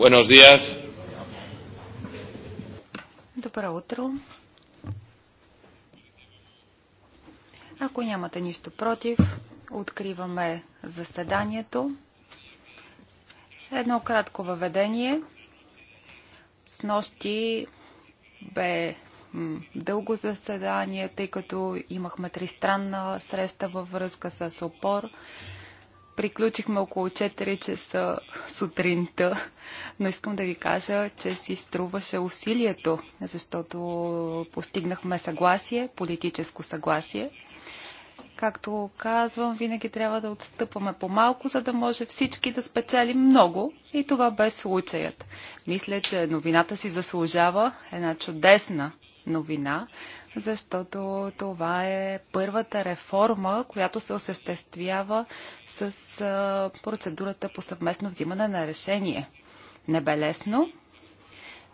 Buenos días. Добро утро. Ако нямате нищо против, откриваме заседанието. Едно кратко въведение. С нощи бе дълго заседание, тъй като имахме тристранна среща във връзка с опор. Приключихме около 4 часа сутринта, но искам да ви кажа, че си струваше усилието, защото постигнахме съгласие, политическо съгласие. Както казвам, винаги трябва да отстъпваме по-малко, за да може всички да спечелим много. И това бе случаят. Мисля, че новината си заслужава една чудесна новина, защото това е първата реформа, която се осъществява с процедурата по съвместно взимане на решение. Небелесно,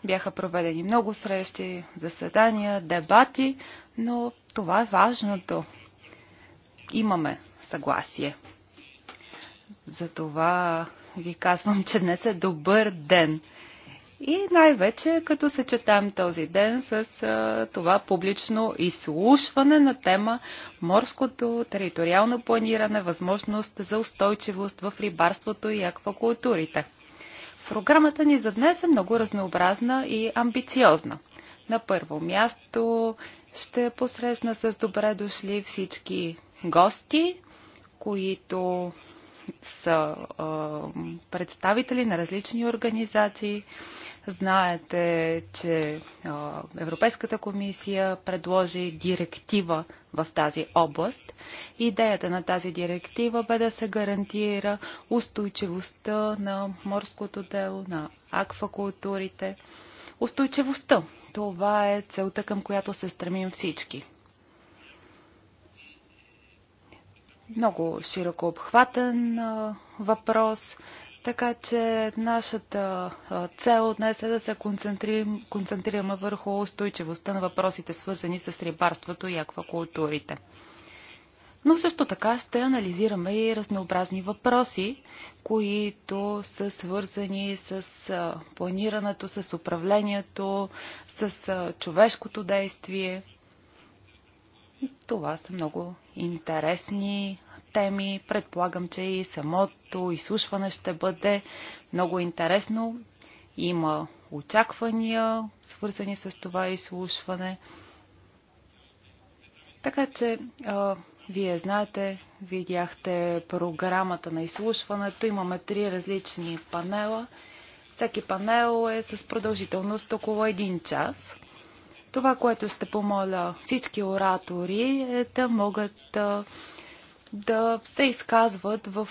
Бяха проведени много срещи, заседания, дебати, но това е важното. Имаме съгласие. Затова ви казвам, че днес е добър ден. И най-вече като съчетаем този ден с а, това публично изслушване на тема морското териториално планиране, възможност за устойчивост в рибарството и аквакултурите. Програмата ни за днес е много разнообразна и амбициозна. На първо място ще посрещна с добре дошли всички гости, които са а, представители на различни организации, Знаете, че Европейската комисия предложи директива в тази област. Идеята на тази директива бе да се гарантира устойчивостта на морското дело, на аквакултурите. Устойчивостта. Това е целта, към която се стремим всички. Много широко обхватен въпрос така че нашата цел днес е да се концентрираме върху устойчивостта на въпросите, свързани с рибарството и аквакултурите. Но също така ще анализираме и разнообразни въпроси, които са свързани с планирането, с управлението, с човешкото действие – това са много интересни теми. Предполагам, че и самото изслушване ще бъде много интересно. Има очаквания, свързани с това изслушване. Така че, а, вие знаете, видяхте програмата на изслушването. Имаме три различни панела. Всеки панел е с продължителност около един час. Това, което ще помоля всички оратори е да могат да, да се изказват в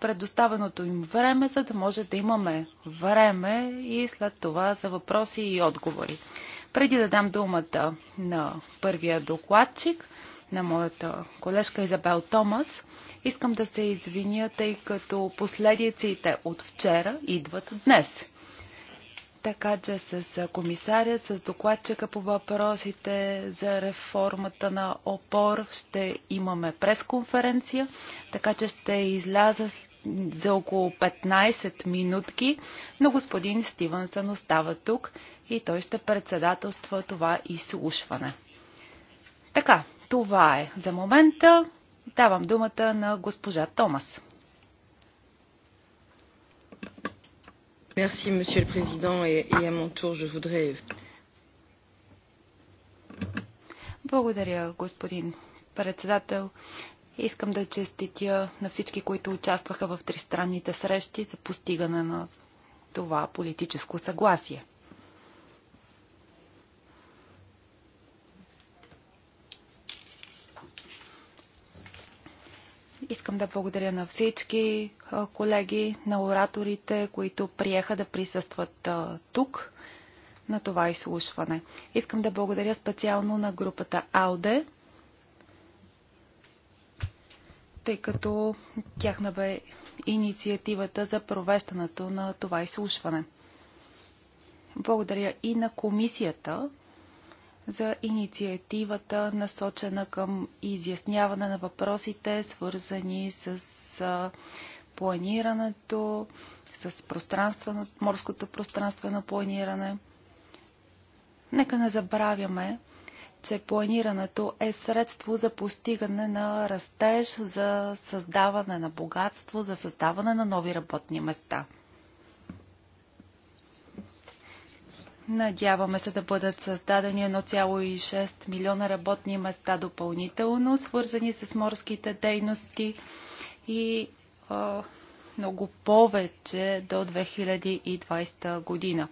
предоставеното им време, за да може да имаме време и след това за въпроси и отговори. Преди да дам думата на първия докладчик, на моята колежка Изабел Томас, искам да се извиня, тъй като последиците от вчера идват днес така че с комисарят, с докладчика по въпросите за реформата на ОПОР ще имаме пресконференция, така че ще изляза за около 15 минутки, но господин Стивенсън остава тук и той ще председателства това изслушване. Така, това е за момента. Давам думата на госпожа Томас. Merci, Monsieur le Président, et, et à mon tour, je voudrais. Благодаря, господин председател. Искам да честитя на всички, които участваха в тристранните срещи за постигане на това политическо съгласие. Искам да благодаря на всички колеги, на ораторите, които приеха да присъстват тук на това изслушване. Искам да благодаря специално на групата АУДЕ, тъй като тяхна бе инициативата за провеждането на това изслушване. Благодаря и на комисията, за инициативата, насочена към изясняване на въпросите, свързани с планирането, с пространствено, морското пространствено планиране. Нека не забравяме, че планирането е средство за постигане на растеж, за създаване на богатство, за създаване на нови работни места – Надяваме се да бъдат създадени 1,6 милиона работни места допълнително, свързани с морските дейности и а, много повече до 2020 година.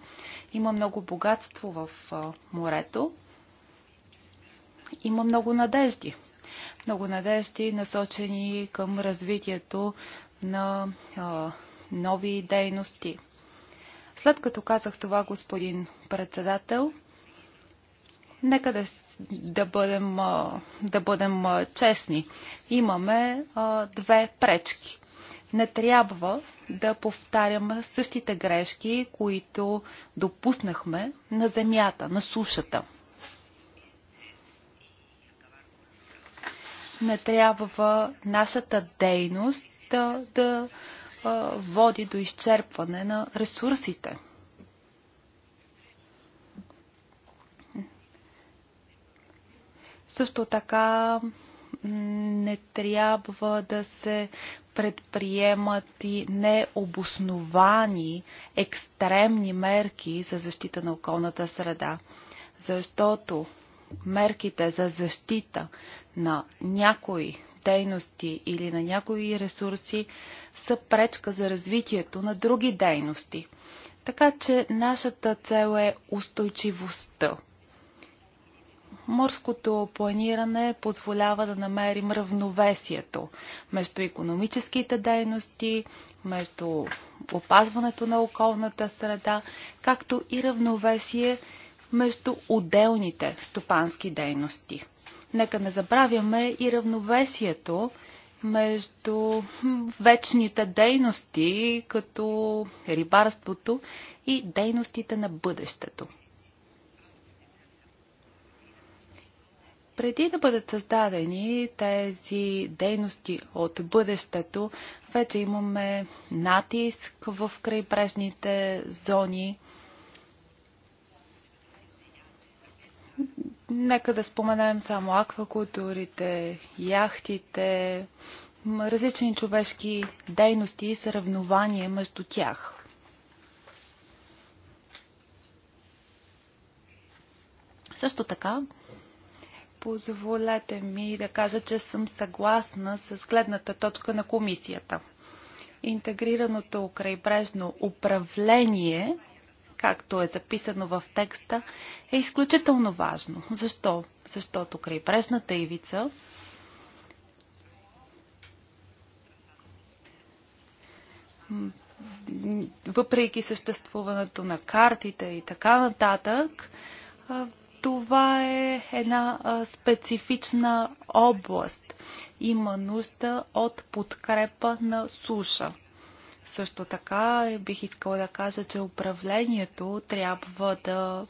Има много богатство в а, морето. Има много надежди. Много надежди, насочени към развитието на а, нови дейности – след като казах това, господин председател, нека да, да, бъдем, да бъдем честни. Имаме две пречки. Не трябва да повтаряме същите грешки, които допуснахме на земята, на сушата. Не трябва нашата дейност да, да води до изчерпване на ресурсите. Също така не трябва да се предприемат и необосновани екстремни мерки за защита на околната среда, защото мерките за защита на някои дейности или на някои ресурси са пречка за развитието на други дейности. Така че нашата цел е устойчивостта. Морското планиране позволява да намерим равновесието между економическите дейности, между опазването на околната среда, както и равновесие между отделните стопански дейности. Нека не забравяме и равновесието между вечните дейности, като рибарството и дейностите на бъдещето. преди да бъдат създадени тези дейности от бъдещето, вече имаме натиск в крайбрежните зони. Нека да споменаем само аквакултурите, яхтите, различни човешки дейности и съревнования между тях. Също така, позволете ми да кажа, че съм съгласна с гледната точка на комисията. Интегрираното крайбрежно управление – както е записано в текста, е изключително важно. Защо? Защото край пресната ивица въпреки съществуването на картите и така нататък, това е една специфична област. Има нужда от подкрепа на суша. Също така бих искала да кажа, че управлението трябва да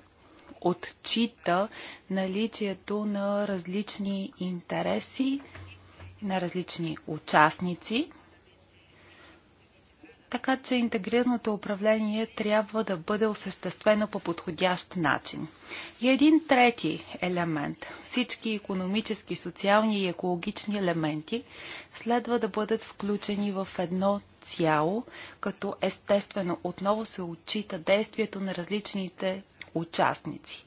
отчита наличието на различни интереси, на различни участници – така че интегрираното управление трябва да бъде осъществено по подходящ начин. И един трети елемент – всички економически, социални и екологични елементи следва да бъдат включени в едно цяло, като естествено отново се отчита действието на различните участници.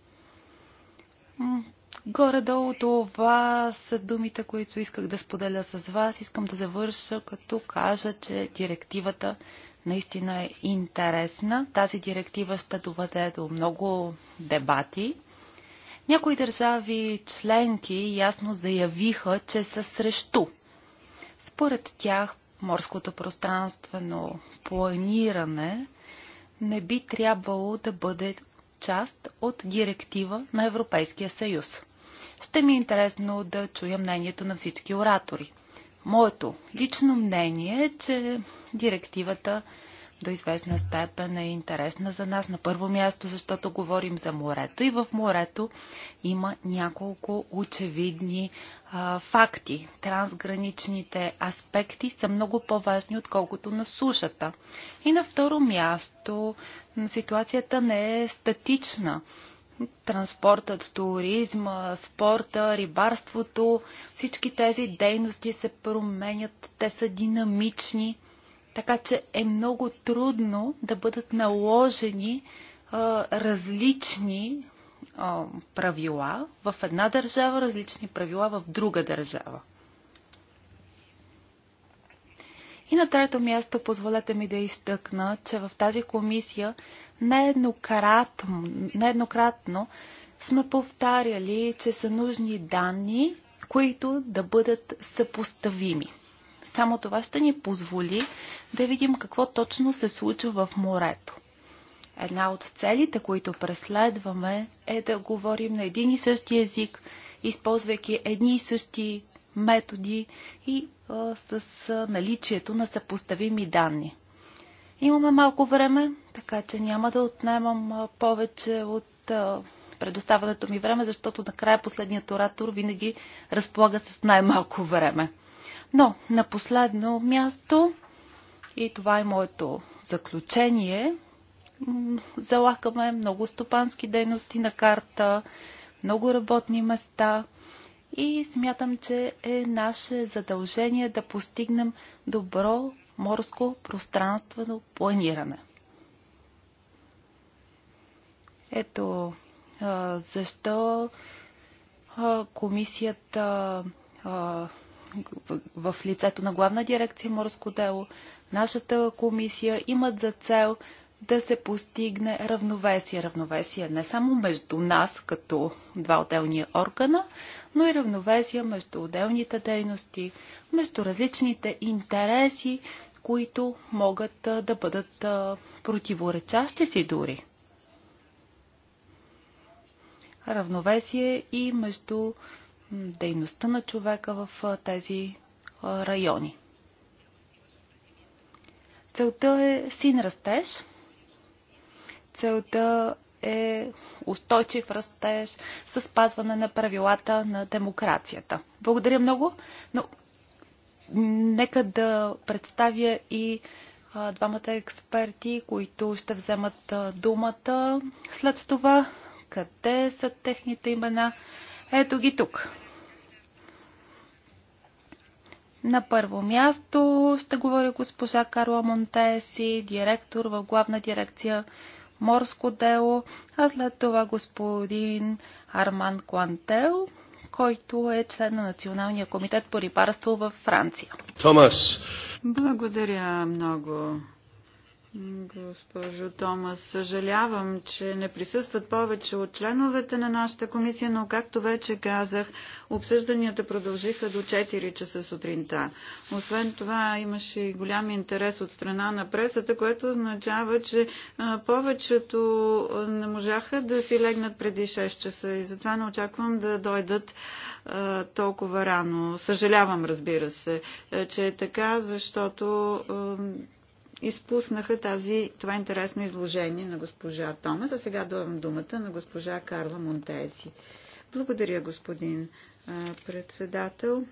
Горе-долу това са думите, които исках да споделя с вас. Искам да завърша, като кажа, че директивата наистина е интересна. Тази директива ще доведе до много дебати. Някои държави членки ясно заявиха, че са срещу. Според тях морското пространствено планиране не би трябвало да бъде част от директива на Европейския съюз. Ще ми е интересно да чуя мнението на всички оратори. Моето лично мнение е, че директивата до известна степен е интересна за нас. На първо място, защото говорим за морето и в морето има няколко очевидни а, факти. Трансграничните аспекти са много по-важни, отколкото на сушата. И на второ място, ситуацията не е статична транспортът, туризма, спорта, рибарството, всички тези дейности се променят, те са динамични така че е много трудно да бъдат наложени а, различни а, правила в една държава, различни правила в друга държава. И на трето място позволете ми да изтъкна, че в тази комисия нееднократно, нееднократно сме повтаряли, че са нужни данни, които да бъдат съпоставими. Само това ще ни позволи да видим какво точно се случва в морето. Една от целите, които преследваме, е да говорим на един и същи език, използвайки едни и същи методи и а, с наличието на съпоставими данни. Имаме малко време, така че няма да отнемам повече от а, предоставането ми време, защото накрая последният оратор винаги разполага с най-малко време. Но на последно място, и това е моето заключение, залагаме много стопански дейности на карта, много работни места и смятам, че е наше задължение да постигнем добро морско пространствено планиране. Ето защо комисията в лицето на главна дирекция Морско дело, нашата комисия имат за цел да се постигне равновесие. Равновесие не само между нас, като два отделни органа, но и равновесие между отделните дейности, между различните интереси, които могат да бъдат противоречащи си дори. Равновесие и между дейността на човека в тези райони. Целта е син растеж. Целта е устойчив растеж с спазване на правилата на демокрацията. Благодаря много, но нека да представя и двамата експерти, които ще вземат думата. След това, къде са техните имена? Ето ги тук. На първо място сте говори госпожа Карла Монтеси, директор в главна дирекция Морско дело, а след това господин Арман Куантел, който е член на Националния комитет по рибарство във Франция. Томас. Благодаря много, Госпожо Томас, съжалявам, че не присъстват повече от членовете на нашата комисия, но както вече казах, обсъжданията продължиха до 4 часа сутринта. Освен това имаше и голям интерес от страна на пресата, което означава, че повечето не можаха да си легнат преди 6 часа и затова не очаквам да дойдат толкова рано. Съжалявам, разбира се, че е така, защото изпуснаха тази, това интересно изложение на госпожа Томас, а сега давам думата на госпожа Карла Монтези. Благодаря, господин председател.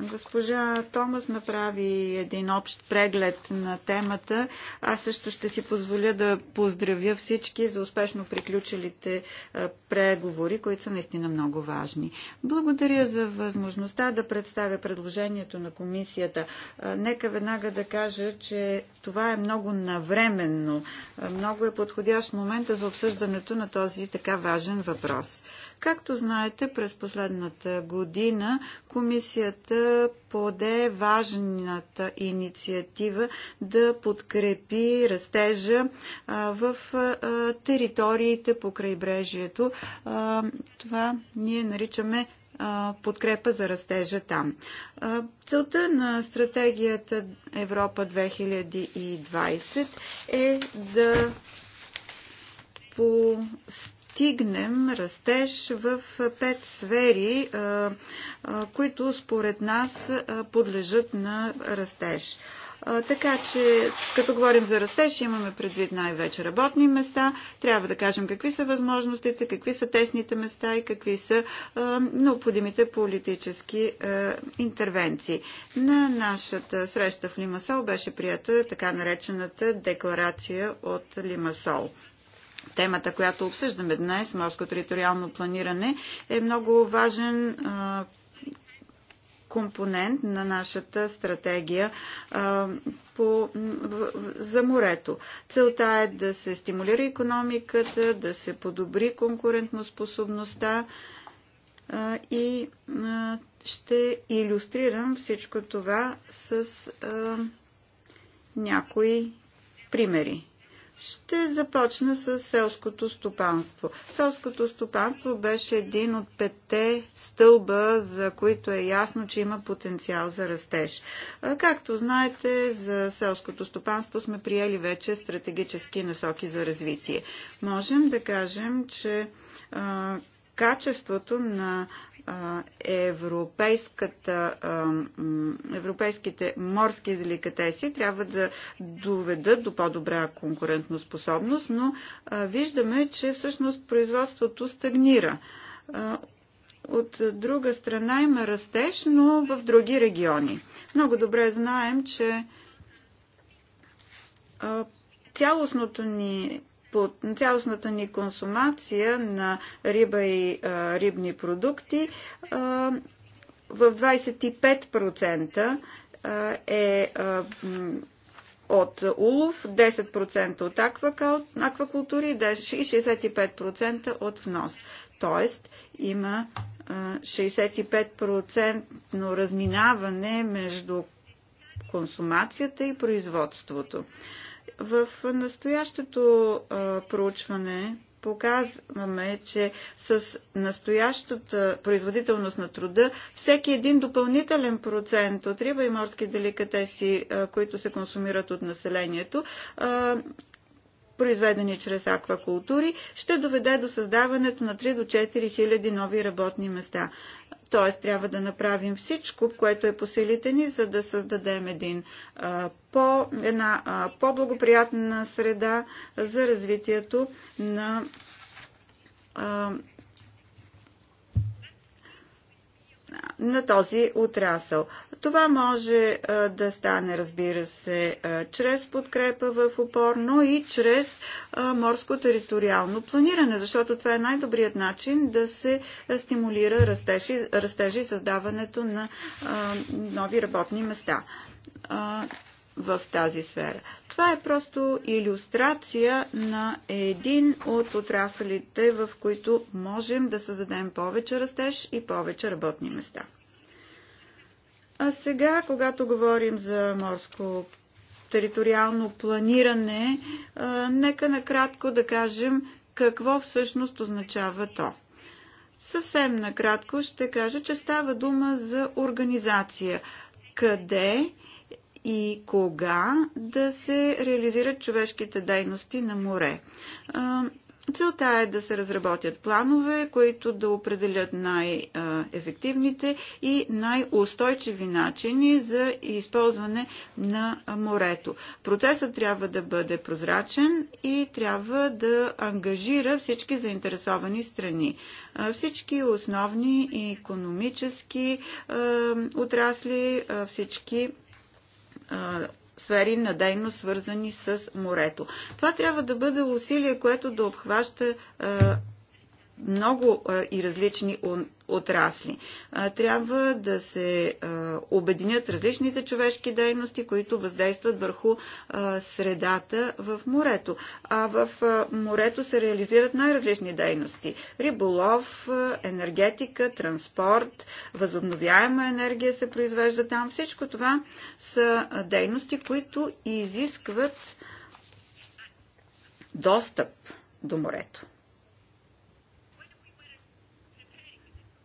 Госпожа Томас направи един общ преглед на темата. Аз също ще си позволя да поздравя всички за успешно приключилите е, преговори, които са наистина много важни. Благодаря за възможността да представя предложението на комисията. Е, нека веднага да кажа, че това е много навременно. Е, много е подходящ момента за обсъждането на този така важен въпрос. Както знаете, през последната година комисията поде важната инициатива да подкрепи растежа в териториите по крайбрежието. Това ние наричаме подкрепа за растежа там. Целта на стратегията Европа 2020 е да постигнем растеж в пет сфери, които според нас подлежат на растеж. Така че, като говорим за растеж, имаме предвид най-вече работни места. Трябва да кажем какви са възможностите, какви са тесните места и какви са е, необходимите политически е, интервенции. На нашата среща в Лимасол беше прията така наречената декларация от Лимасол темата, която обсъждаме днес, морско териториално планиране, е много важен компонент на нашата стратегия а, по, в, за морето. Целта е да се стимулира економиката, да се подобри конкурентноспособността а, и а, ще иллюстрирам всичко това с някои примери. Ще започна с селското стопанство. Селското стопанство беше един от петте стълба, за които е ясно, че има потенциал за растеж. Както знаете, за селското стопанство сме приели вече стратегически насоки за развитие. Можем да кажем, че качеството на европейските морски деликатеси трябва да доведат до по-добра конкурентноспособност, но виждаме, че всъщност производството стагнира. От друга страна има растеж, но в други региони. Много добре знаем, че цялостното ни по цялостната ни консумация на риба и а, рибни продукти а, в 25% е а, от улов, 10% от аквакултури и 65% от внос. Тоест има 65% разминаване между консумацията и производството в настоящото а, проучване показваме, че с настоящата производителност на труда, всеки един допълнителен процент от риба и морски деликатеси, а, които се консумират от населението, а, произведени чрез аквакултури, ще доведе до създаването на 3 до 4 хиляди нови работни места. Т.е. трябва да направим всичко, което е по силите ни, за да създадем един, а, по, една по-благоприятна среда за развитието на а, на този отрасъл. Това може да стане, разбира се, чрез подкрепа в опор, но и чрез морско териториално планиране, защото това е най-добрият начин да се стимулира растежи, и създаването на нови работни места в тази сфера. Това е просто иллюстрация на един от отраслите, в които можем да създадем повече растеж и повече работни места. А сега, когато говорим за морско териториално планиране, нека накратко да кажем какво всъщност означава то. Съвсем накратко ще кажа, че става дума за организация. Къде и кога да се реализират човешките дейности на море. Целта е да се разработят планове, които да определят най-ефективните и най-устойчиви начини за използване на морето. Процесът трябва да бъде прозрачен и трябва да ангажира всички заинтересовани страни. Всички основни и економически отрасли, всички сфери на дейност, свързани с морето. Това трябва да бъде усилие, което да обхваща много и различни отрасли. Трябва да се обединят различните човешки дейности, които въздействат върху средата в морето. А в морето се реализират най-различни дейности. Риболов, енергетика, транспорт, възобновяема енергия се произвежда там. Всичко това са дейности, които изискват достъп до морето.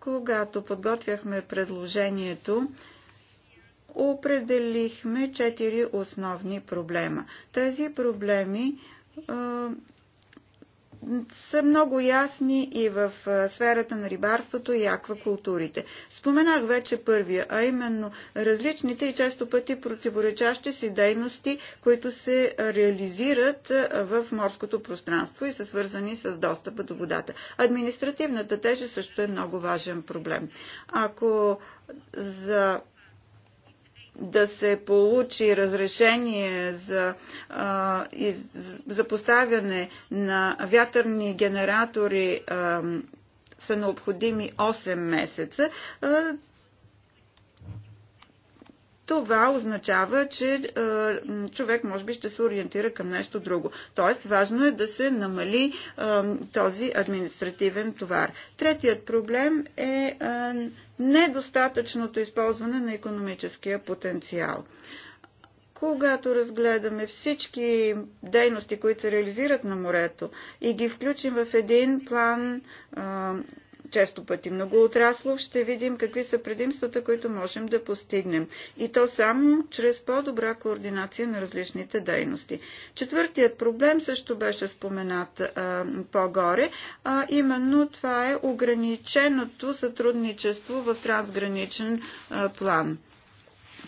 Когато подготвяхме предложението, определихме четири основни проблема. Тези проблеми са много ясни и в сферата на рибарството и аквакултурите. Споменах вече първия, а именно различните и често пъти противоречащи си дейности, които се реализират в морското пространство и са свързани с достъпа до водата. Административната тежест също е много важен проблем. Ако за да се получи разрешение за, а, из, за поставяне на вятърни генератори а, са необходими 8 месеца това означава, че е, човек може би ще се ориентира към нещо друго. Тоест, важно е да се намали е, този административен товар. Третият проблем е, е недостатъчното използване на економическия потенциал когато разгледаме всички дейности, които се реализират на морето и ги включим в един план често пъти много отраслов, ще видим какви са предимствата, които можем да постигнем. И то само чрез по-добра координация на различните дейности. Четвъртият проблем също беше споменат по-горе, а именно това е ограниченото сътрудничество в трансграничен а, план.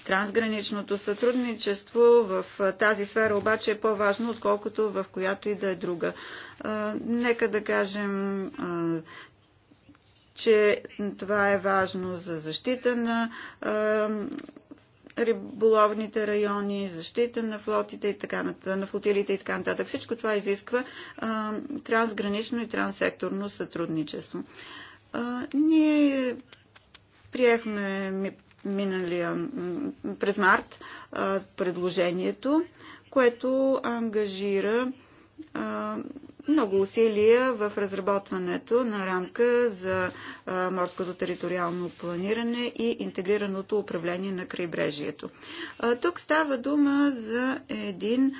Трансграничното сътрудничество в тази сфера обаче е по-важно, отколкото в която и да е друга. Нека да кажем че това е важно за защита на риболовните райони, защита на флотите и така нататък, на флотилите и така нататък. Всичко това изисква а, трансгранично и транссекторно сътрудничество. А, ние приехме миналия през март а, предложението, което ангажира много усилия в разработването на рамка за морското териториално планиране и интегрираното управление на крайбрежието. Тук става дума за един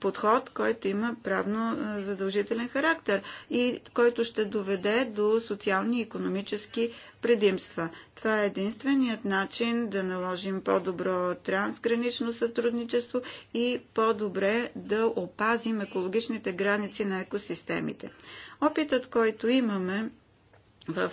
подход, който има правно задължителен характер и който ще доведе до социални и економически предимства. Това е единственият начин да наложим по-добро трансгранично сътрудничество и по-добре да опазим екологичните граници собственици на екосистемите. Опитът, който имаме в,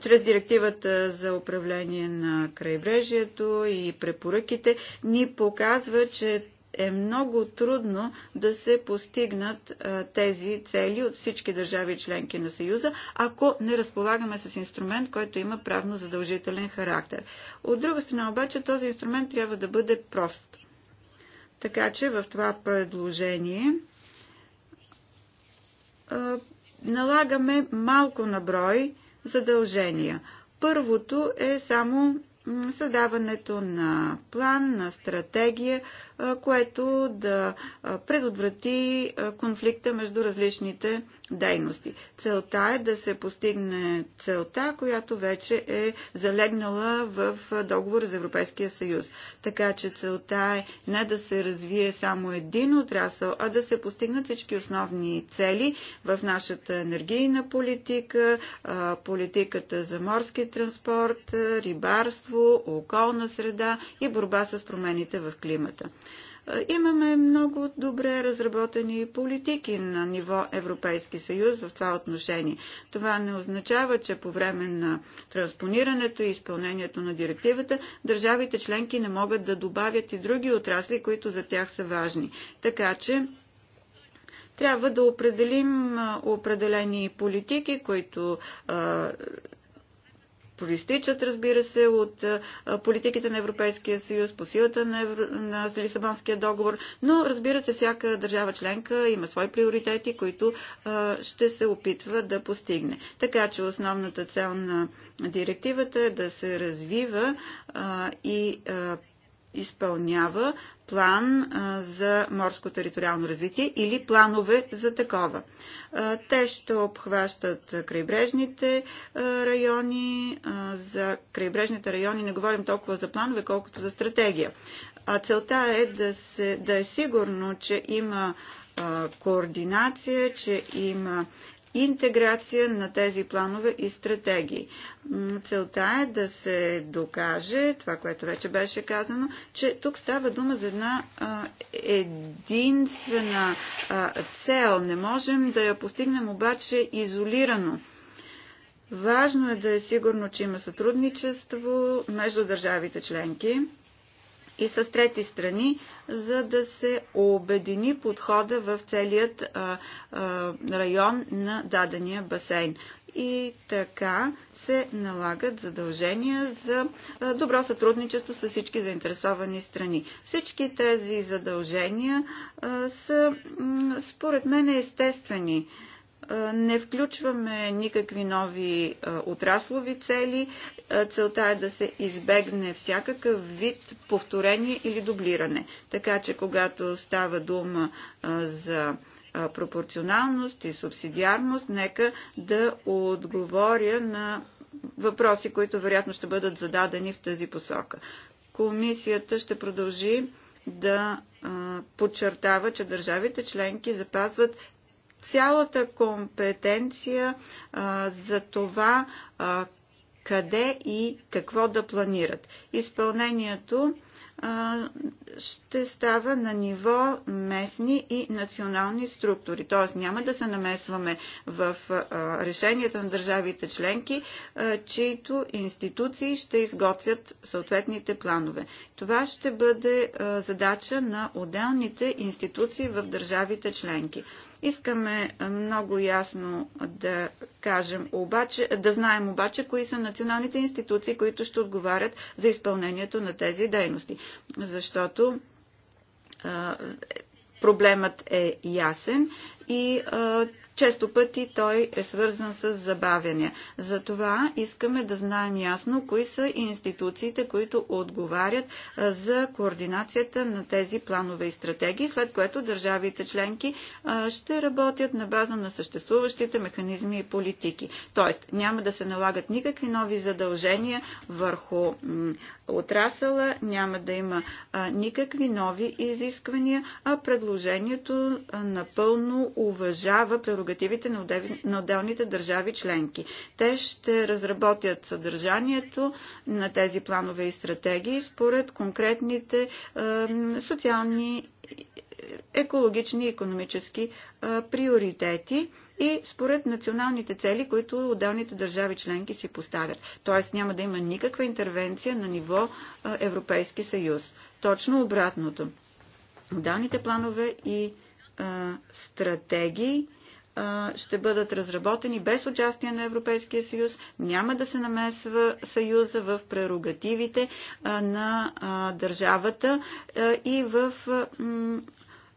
чрез директивата за управление на крайбрежието и препоръките ни показва, че е много трудно да се постигнат а, тези цели от всички държави членки на Съюза, ако не разполагаме с инструмент, който има правно задължителен характер. От друга страна обаче този инструмент трябва да бъде прост. Така че в това предложение налагаме малко на брой задължения. Първото е само създаването на план, на стратегия, което да предотврати конфликта между различните дейности. Целта е да се постигне целта, която вече е залегнала в договор за Европейския съюз. Така че целта е не да се развие само един отрасъл, а да се постигнат всички основни цели в нашата енергийна политика, политиката за морски транспорт, рибарство, пространство, околна среда и борба с промените в климата. Е, имаме много добре разработени политики на ниво Европейски съюз в това отношение. Това не означава, че по време на транспонирането и изпълнението на директивата държавите членки не могат да добавят и други отрасли, които за тях са важни. Така че трябва да определим определени политики, които проистичат, разбира се, от политиките на Европейския съюз по силата на, Евро... на Лисабонския договор, но разбира се, всяка държава членка има свои приоритети, които ще се опитва да постигне. Така че основната цел на директивата е да се развива и изпълнява план за морско териториално развитие или планове за такова. Те ще обхващат крайбрежните райони. За крайбрежните райони не говорим толкова за планове, колкото за стратегия. А целта е да, се, да е сигурно, че има координация, че има интеграция на тези планове и стратегии. Целта е да се докаже това, което вече беше казано, че тук става дума за една а, единствена а, цел. Не можем да я постигнем обаче изолирано. Важно е да е сигурно, че има сътрудничество между държавите членки и с трети страни, за да се обедини подхода в целият а, а, район на дадения басейн. И така се налагат задължения за добро сътрудничество с всички заинтересовани страни. Всички тези задължения а, са, според мен, естествени. А, е, не включваме никакви нови е, отраслови цели. Е, целта е да се избегне всякакъв вид повторение или дублиране. Така че когато става дума за пропорционалност и субсидиарност, нека да отговоря на въпроси, които вероятно ще бъдат зададени в тази посока. Комисията ще продължи да подчертава, че държавите членки запазват цялата компетенция а, за това а, къде и какво да планират. Изпълнението а, ще става на ниво местни и национални структури. Т.е. няма да се намесваме в а, решенията на държавите членки, а, чието институции ще изготвят съответните планове. Това ще бъде задача на отделните институции в държавите членки. Искаме много ясно да кажем обаче, да знаем обаче кои са националните институции, които ще отговарят за изпълнението на тези дейности. Защото е, проблемът е ясен и а, често пъти той е свързан с забавяне. Затова искаме да знаем ясно кои са институциите, които отговарят за координацията на тези планове и стратегии, след което държавите членки ще работят на база на съществуващите механизми и политики. Тоест, няма да се налагат никакви нови задължения върху отрасъла, няма да има никакви нови изисквания, а предложението напълно уважава прерогативите прерогативите на отделните държави членки. Те ще разработят съдържанието на тези планове и стратегии според конкретните социални екологични и економически приоритети и според националните цели, които отделните държави членки си поставят. Тоест няма да има никаква интервенция на ниво Европейски съюз. Точно обратното. Отделните планове и стратегии ще бъдат разработени без участие на Европейския съюз. Няма да се намесва съюза в прерогативите на държавата и в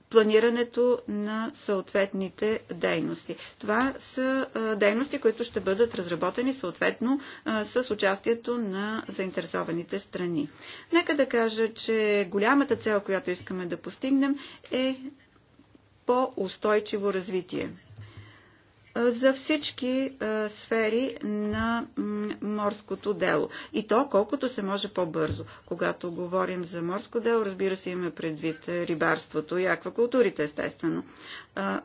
планирането на съответните дейности. Това са дейности, които ще бъдат разработени съответно с участието на заинтересованите страни. Нека да кажа, че голямата цел, която искаме да постигнем е по-устойчиво развитие за всички сфери на морското дело. И то колкото се може по-бързо. Когато говорим за морско дело, разбира се, имаме предвид рибарството и аквакултурите, естествено.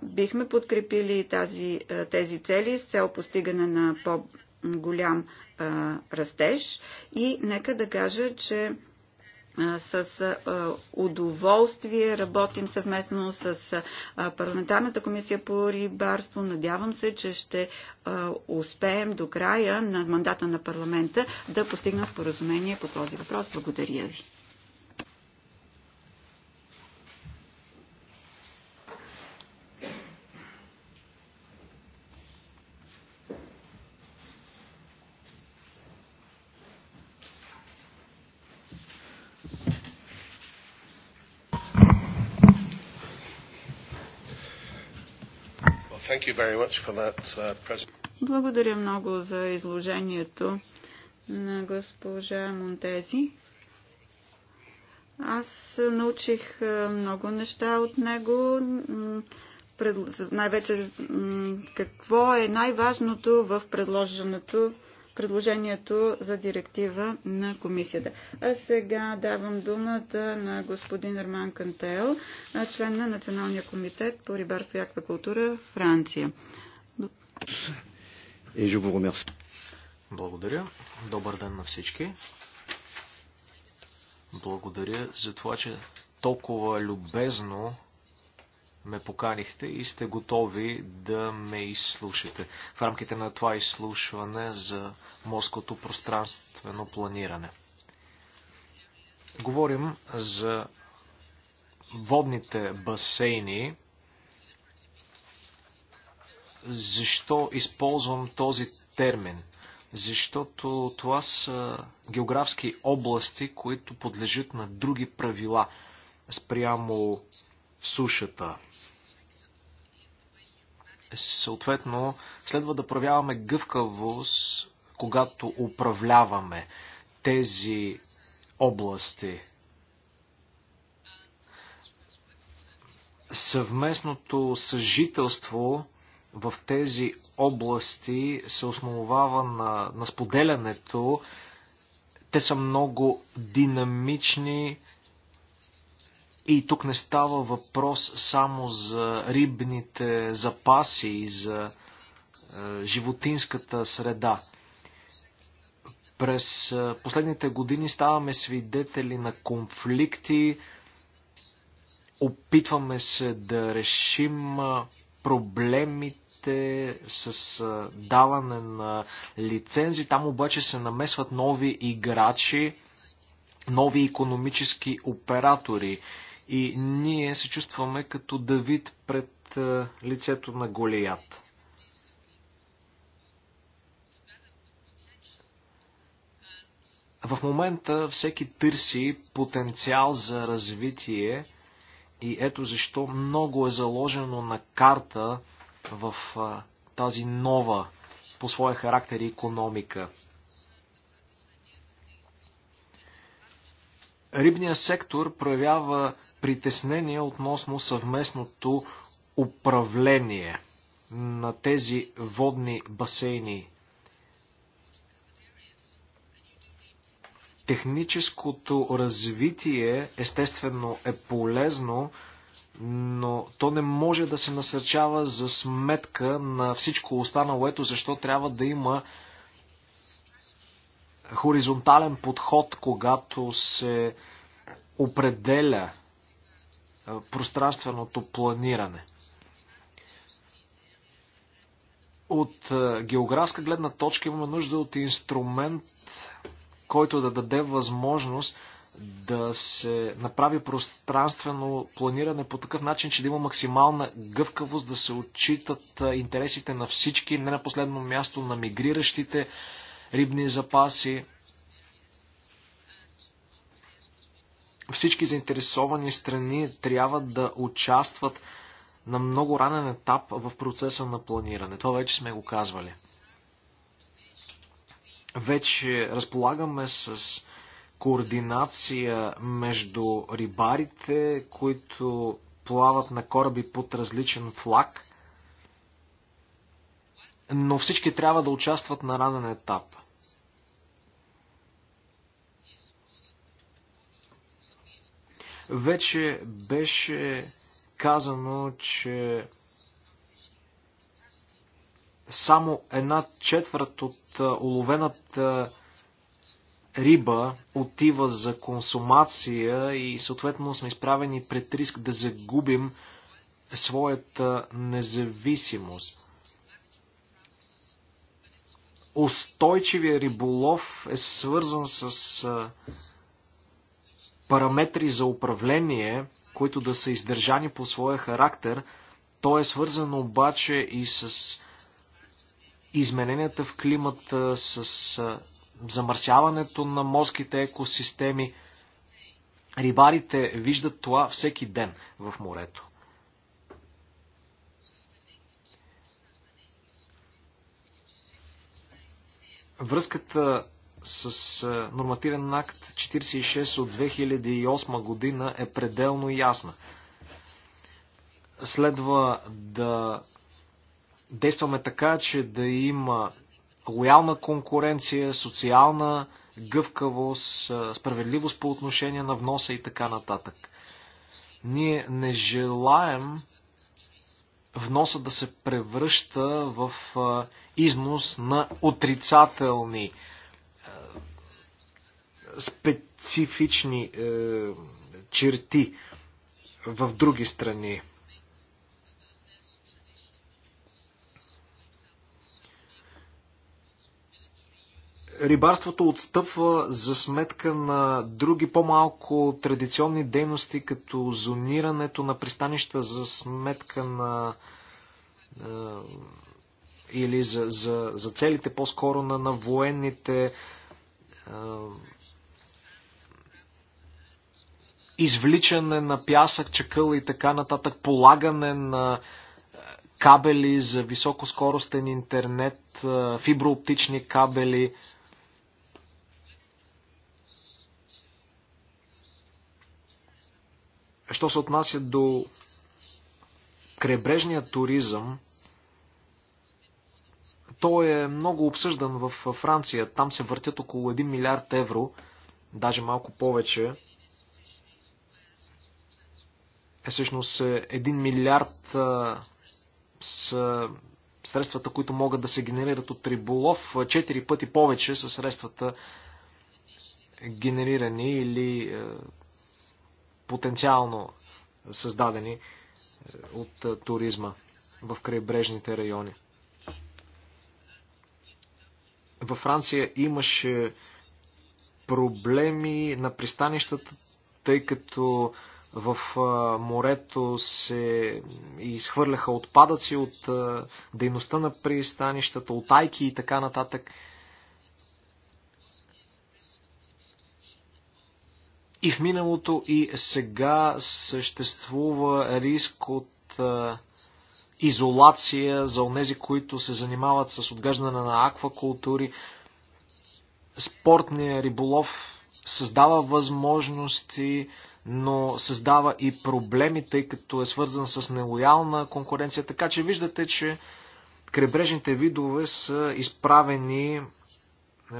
Бихме подкрепили тази, тези цели с цел постигане на по-голям растеж. И нека да кажа, че с удоволствие работим съвместно с парламентарната комисия по рибарство. Надявам се, че ще успеем до края на мандата на парламента да постигна споразумение по този въпрос. Благодаря ви. Uh, Благодаря много за изложението на госпожа Монтези. Аз научих много неща от него, най-вече какво е най-важното в предложеното предложението за директива на комисията. А сега давам думата на господин Арман Кантел, член на Националния комитет по рибарство и аквакултура Франция. Благодаря. Добър ден на всички. Благодаря за това, че толкова любезно ме поканихте и сте готови да ме изслушате. В рамките на това изслушване за морското пространствено планиране. Говорим за водните басейни. Защо използвам този термин? Защото това са географски области, които подлежат на други правила спрямо сушата, Съответно, следва да проявяваме гъвкавост, когато управляваме тези области. Съвместното съжителство в тези области се основава на, на споделянето. Те са много динамични, и тук не става въпрос само за рибните запаси и за е, животинската среда. През е, последните години ставаме свидетели на конфликти, опитваме се да решим е, проблемите с е, даване на лицензи. Там обаче се намесват нови играчи, нови економически оператори и ние се чувстваме като Давид пред е, лицето на Голият. В момента всеки търси потенциал за развитие и ето защо много е заложено на карта в е, тази нова по своя характер и економика. Рибният сектор проявява притеснения относно съвместното управление на тези водни басейни. Техническото развитие естествено е полезно, но то не може да се насърчава за сметка на всичко останало. Ето защо трябва да има хоризонтален подход, когато се определя пространственото планиране. От географска гледна точка имаме нужда от инструмент, който да даде възможност да се направи пространствено планиране по такъв начин, че да има максимална гъвкавост, да се отчитат интересите на всички, не на последно място на мигриращите рибни запаси. Всички заинтересовани страни трябва да участват на много ранен етап в процеса на планиране. Това вече сме го казвали. Вече разполагаме с координация между рибарите, които плават на кораби под различен флаг, но всички трябва да участват на ранен етап – Вече беше казано, че само една четвърт от уловената риба отива за консумация и съответно сме изправени пред риск да загубим своята независимост. Устойчивия риболов е свързан с параметри за управление, които да са издържани по своя характер. То е свързано обаче и с измененията в климата, с замърсяването на морските екосистеми. Рибарите виждат това всеки ден в морето. Връзката с нормативен акт 46 от 2008 година е пределно ясна. Следва да действаме така, че да има лоялна конкуренция, социална гъвкавост, справедливост по отношение на вноса и така нататък. Ние не желаем вноса да се превръща в износ на отрицателни специфични е, черти в други страни. Рибарството отстъпва за сметка на други по-малко традиционни дейности, като зонирането на пристанища за сметка на е, или за, за, за целите по-скоро на, на военните е, извличане на пясък, чакъл и така нататък, полагане на е, кабели за високоскоростен интернет, е, фиброоптични кабели. Що се отнася до крайбрежния туризъм, той е много обсъждан в Франция. Там се въртят около 1 милиард евро, даже малко повече, е всъщност 1 е, милиард е, с средствата, които могат да се генерират от риболов, 4 е, пъти повече са средствата генерирани или потенциално създадени от туризма в крайбрежните райони. Във Франция имаше проблеми на пристанищата, тъй като в морето се изхвърляха отпадъци от дейността на пристанищата, от айки и така нататък. И в миналото, и сега съществува риск от изолация за онези, които се занимават с отглеждане на аквакултури. Спортният риболов създава възможности но създава и проблеми, тъй като е свързан с нелоялна конкуренция. Така че виждате, че крайбрежните видове са изправени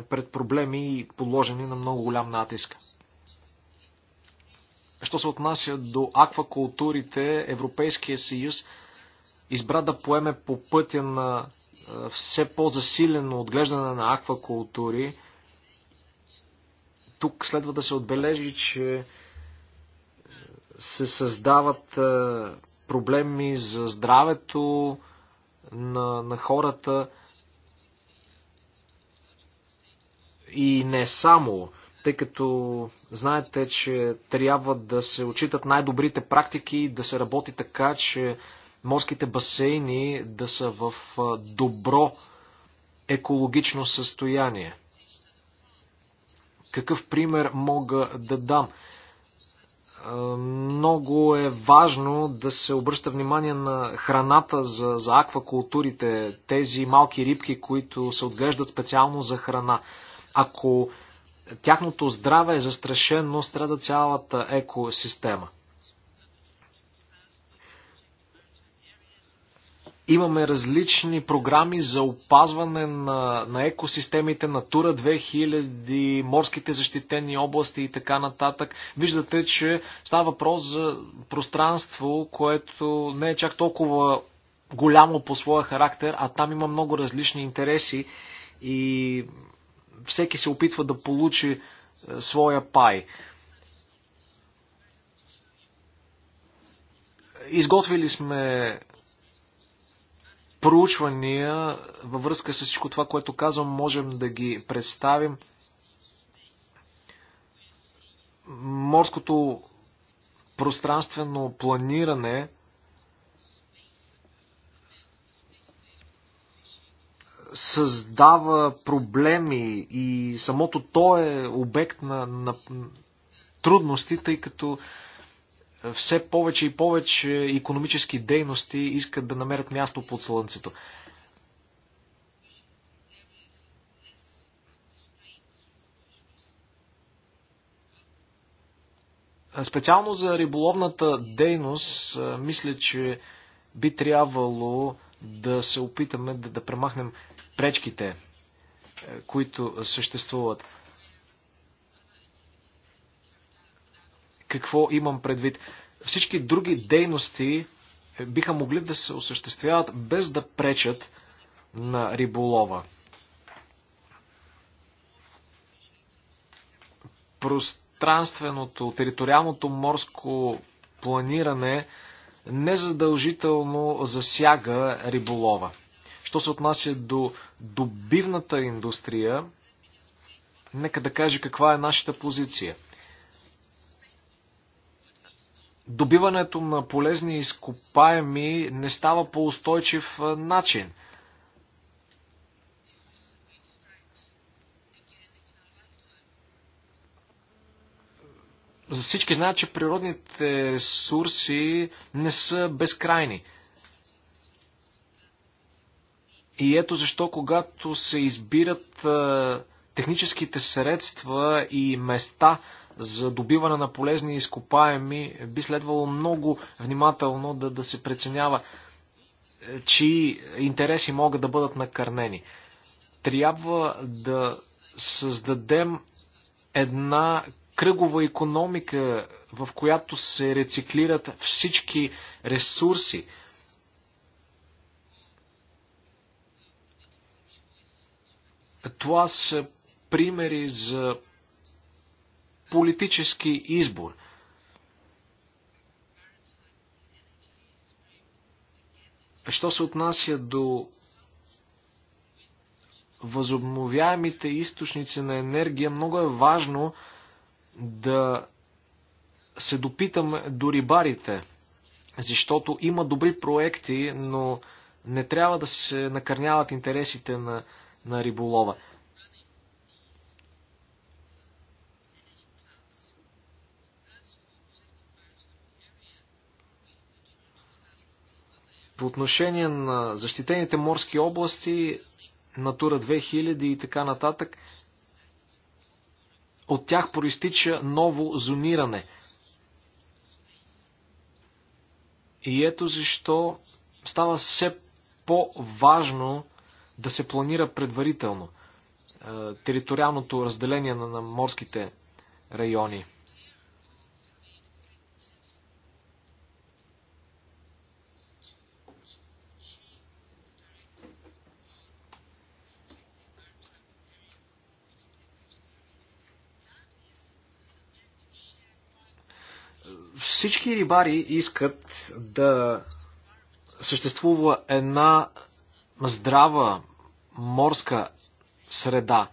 пред проблеми и положени на много голям натиск. Що се отнася до аквакултурите, Европейския съюз избра да поеме по пътя на все по-засилено отглеждане на аквакултури. Тук следва да се отбележи, че се създават е, проблеми за здравето на, на хората и не само, тъй като знаете, че трябва да се отчитат най-добрите практики, да се работи така, че морските басейни да са в е, добро екологично състояние. Какъв пример мога да дам? много е важно да се обръща внимание на храната за, за аквакултурите, тези малки рибки, които се отглеждат специално за храна. Ако тяхното здраве е застрашено, страда цялата екосистема. Имаме различни програми за опазване на, на екосистемите, Натура 2000, морските защитени области и така нататък. Виждате, че става въпрос за пространство, което не е чак толкова голямо по своя характер, а там има много различни интереси и всеки се опитва да получи е, своя пай. Изготвили сме проучвания във връзка с всичко това, което казвам, можем да ги представим. Морското пространствено планиране създава проблеми и самото то е обект на, на трудности, тъй като все повече и повече економически дейности искат да намерят място под слънцето. Специално за риболовната дейност, мисля, че би трябвало да се опитаме да, да премахнем пречките, които съществуват. какво имам предвид. Всички други дейности е, биха могли да се осъществяват без да пречат на риболова. Пространственото, териториалното морско планиране незадължително засяга риболова. Що се отнася до добивната индустрия, нека да каже каква е нашата позиция добиването на полезни изкопаеми не става по устойчив начин. За всички знаят, че природните ресурси не са безкрайни. И ето защо, когато се избират техническите средства и места, за добиване на полезни изкопаеми, би следвало много внимателно да, да се преценява е, чии интереси могат да бъдат накърнени. Трябва да създадем една кръгова економика, в която се рециклират всички ресурси. Това са примери за политически избор. Що се отнася до възобновяемите източници на енергия, много е важно да се допитаме до рибарите, защото има добри проекти, но не трябва да се накърняват интересите на, на риболова. По отношение на защитените морски области, Натура 2000 и така нататък, от тях проистича ново зониране. И ето защо става все по-важно да се планира предварително е, териториалното разделение на, на морските райони. Всички рибари искат да съществува една здрава морска среда.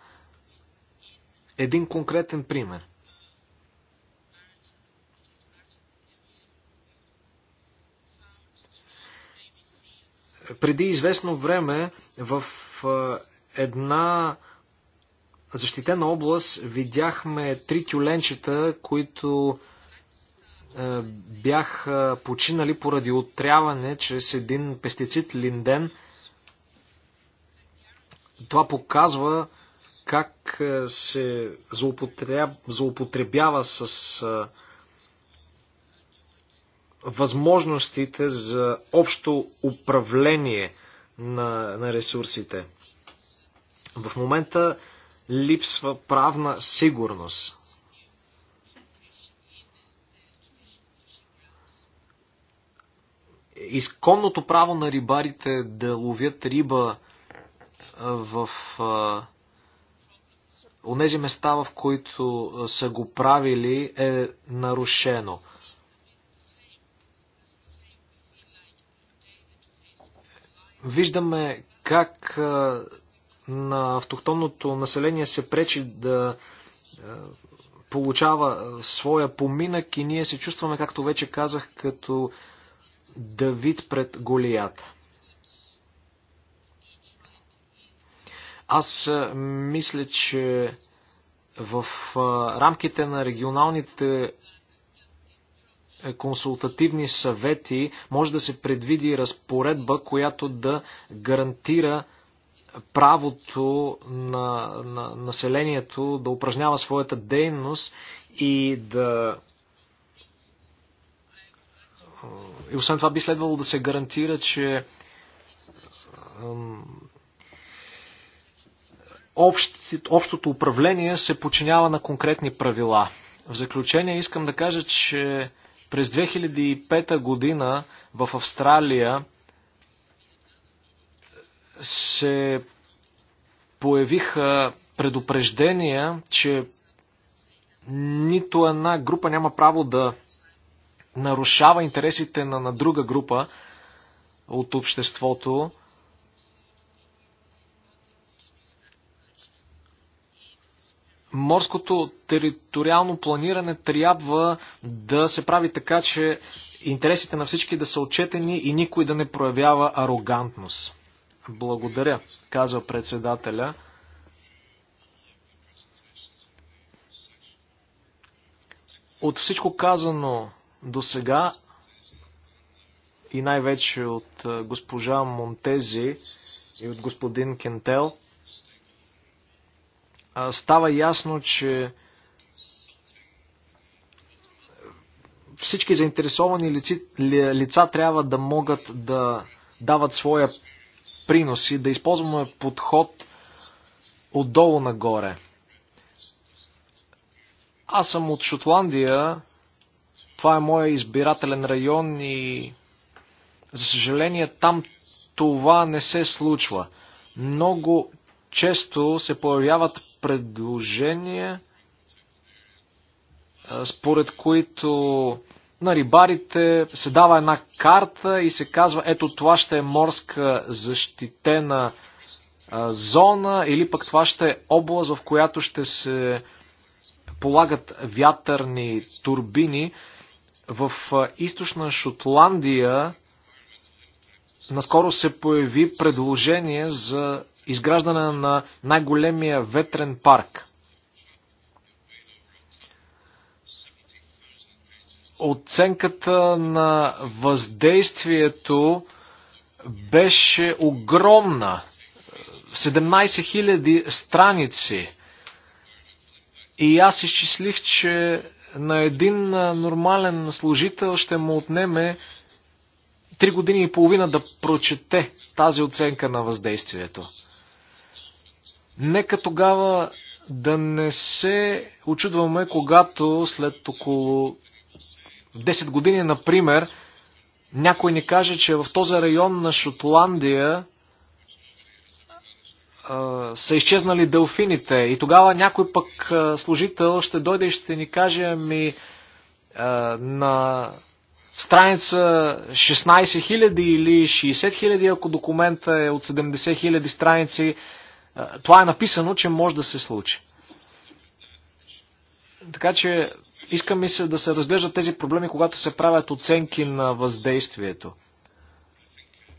Един конкретен пример. Преди известно време в една защитена област видяхме три тюленчета, които е, бях е, починали поради отряване чрез един пестицид линден. Това показва как е, се злоупотребява с възможностите за общо управление на, на ресурсите. В момента липсва правна сигурност. изконното право на рибарите да ловят риба в онези места, в които са го правили, е нарушено. Виждаме как на автохтонното население се пречи да получава своя поминък и ние се чувстваме, както вече казах, като Давид пред Голията. Аз мисля, че в рамките на регионалните е, консултативни съвети може да се предвиди разпоредба, която да гарантира правото на, на населението да упражнява своята дейност и да и освен това би следвало да се гарантира, че общото управление се подчинява на конкретни правила. В заключение искам да кажа, че през 2005 година в Австралия се появиха предупреждения, че нито една група няма право да нарушава интересите на, на друга група от обществото. Морското териториално планиране трябва да се прави така, че интересите на всички да са отчетени и никой да не проявява арогантност. Благодаря, казва председателя. От всичко казано до сега и най-вече от госпожа Монтези и от господин Кентел става ясно, че всички заинтересовани лици, лица трябва да могат да дават своя принос и да използваме подход отдолу нагоре. Аз съм от Шотландия това е моя избирателен район и за съжаление там това не се случва. Много често се появяват предложения, според които на рибарите се дава една карта и се казва, ето това ще е морска защитена зона или пък това ще е област, в която ще се полагат вятърни турбини. В източна Шотландия наскоро се появи предложение за изграждане на най-големия ветрен парк. Оценката на въздействието беше огромна. 17 000 страници. И аз изчислих, че на един нормален служител ще му отнеме 3 години и половина да прочете тази оценка на въздействието. Нека тогава да не се очудваме, когато след около 10 години, например, някой ни каже, че в този район на Шотландия са изчезнали делфините и тогава някой пък служител ще дойде и ще ни каже ми на страница 16 000 или 60 000, ако документа е от 70 000 страници, това е написано, че може да се случи. Така че искам ми се да се разглеждат тези проблеми, когато се правят оценки на въздействието.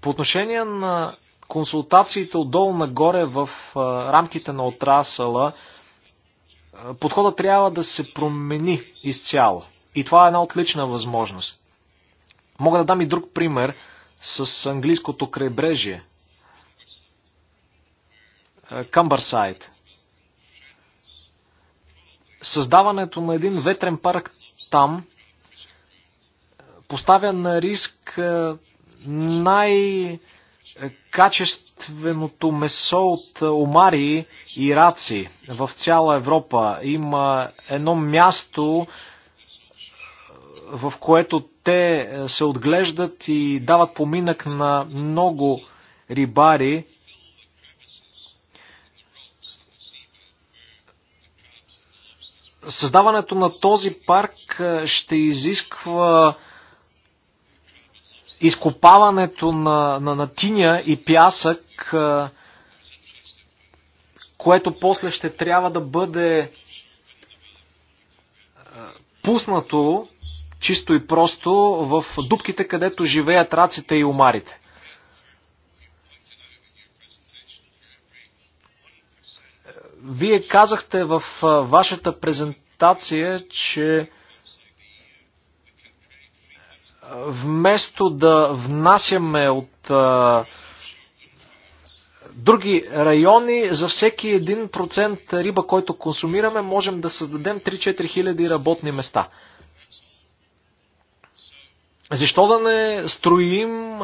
По отношение на консултациите отдолу нагоре в рамките на отрасъла, подходът трябва да се промени изцяло. И това е една отлична възможност. Мога да дам и друг пример с английското крайбрежие. Камбърсайд. Създаването на един ветрен парк там поставя на риск най- качественото месо от е, омари и раци в цяла Европа. Има едно място, е, в което те е, се отглеждат и дават поминък на много рибари. Създаването на този парк ще изисква изкопаването на, на, на тиня и пясък, което после ще трябва да бъде пуснато чисто и просто в дубките, където живеят раците и омарите. Вие казахте в вашата презентация, че вместо да внасяме от а, други райони, за всеки 1% риба, който консумираме, можем да създадем 3-4 хиляди работни места. Защо да не строим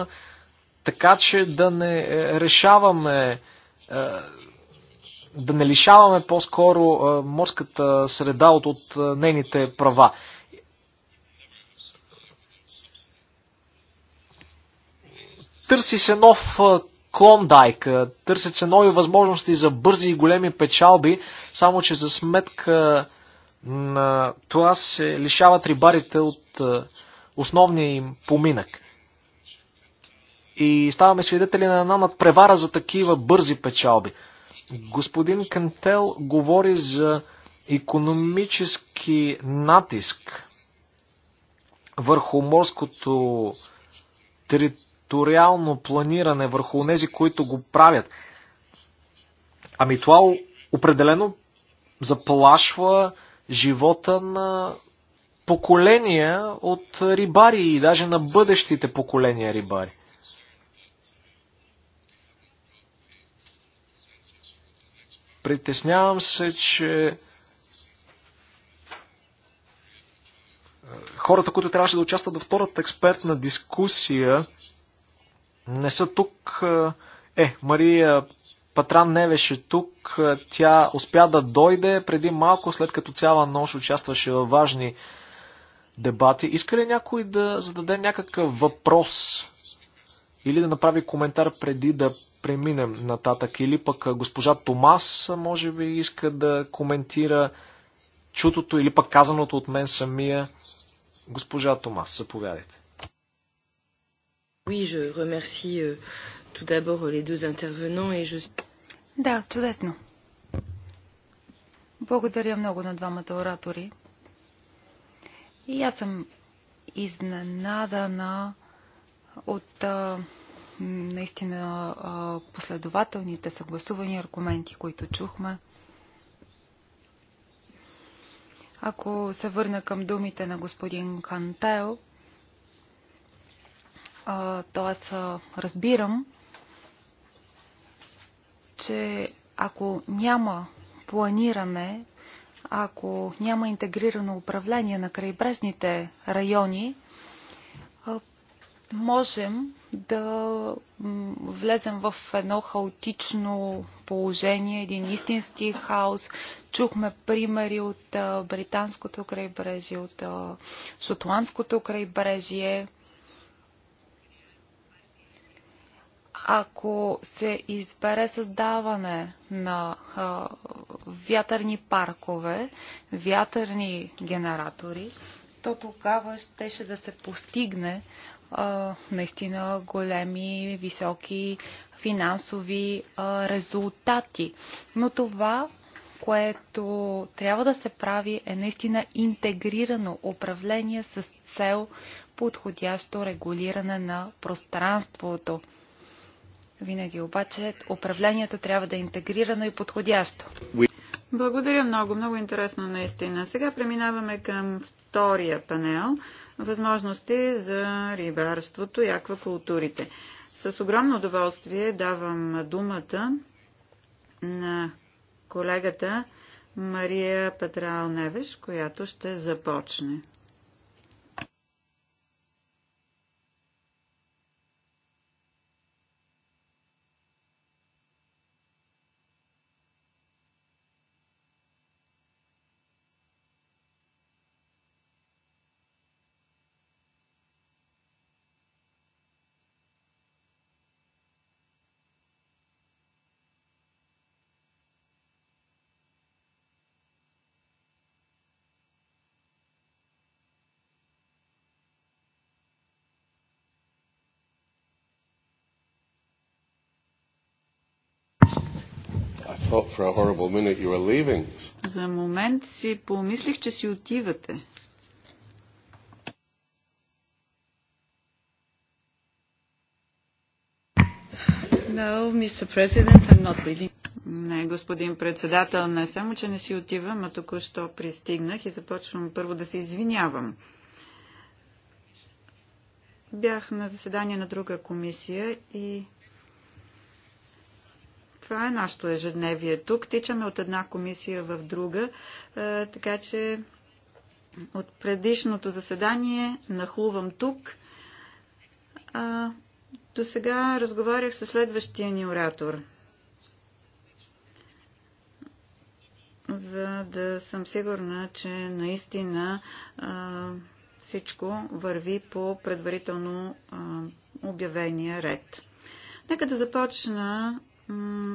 така, че да не решаваме, да не лишаваме по-скоро морската среда от, от нейните права? Търси се нов клондайк, търсят се нови възможности за бързи и големи печалби, само че за сметка на това се лишават рибарите от основния им поминък. И ставаме свидетели на една надпревара за такива бързи печалби. Господин Кантел говори за економически натиск върху морското територия реално планиране върху тези, които го правят. Ами това определено заплашва живота на поколения от рибари и даже на бъдещите поколения рибари. Притеснявам се, че е, хората, които трябваше да участват във втората експертна дискусия, не са тук. Е, е, Мария Патран не беше тук. Е, тя успя да дойде преди малко, след като цяла нощ участваше във важни дебати. Иска ли някой да зададе някакъв въпрос или да направи коментар преди да преминем нататък? Или пък е, госпожа Томас, може би, иска да коментира чутото или пък казаното от мен самия. Госпожа Томас, заповядайте. Oui, je remercie euh, tout d'abord euh, les deux intervenants et je... Да, чудесно. Благодаря много на двамата оратори. И аз съм изненадана от а, наистина а, последователните съгласувани аргументи, които чухме. Ако се върна към думите на господин Кантел, Тоест, разбирам, че ако няма планиране, ако няма интегрирано управление на крайбрежните райони, можем да влезем в едно хаотично положение, един истински хаос. Чухме примери от британското крайбрежие, от шотландското крайбрежие. ако се избере създаване на а, вятърни паркове, вятърни генератори, то тогава щеше да се постигне а, наистина големи, високи финансови а, резултати. Но това което трябва да се прави е наистина интегрирано управление с цел подходящо регулиране на пространството. Винаги обаче управлението трябва да е интегрирано и подходящо. Благодаря много, много интересно наистина. Сега преминаваме към втория панел възможности за рибарството и аквакултурите. С огромно удоволствие давам думата на колегата Мария Петрал Невеш, която ще започне. for a horrible minute you were leaving. За момент си помислих, че си отивате. No, Mr. President, I'm not leaving. Не, господин председател, не само, че не си отивам, а току-що пристигнах и започвам първо да се извинявам. Бях на заседание на друга комисия и това е нашето ежедневие. Тук тичаме от една комисия в друга, е, така че от предишното заседание нахлувам тук. До сега разговарях с следващия ни оратор. За да съм сигурна, че наистина а, всичко върви по предварително а, обявения ред. Нека да започна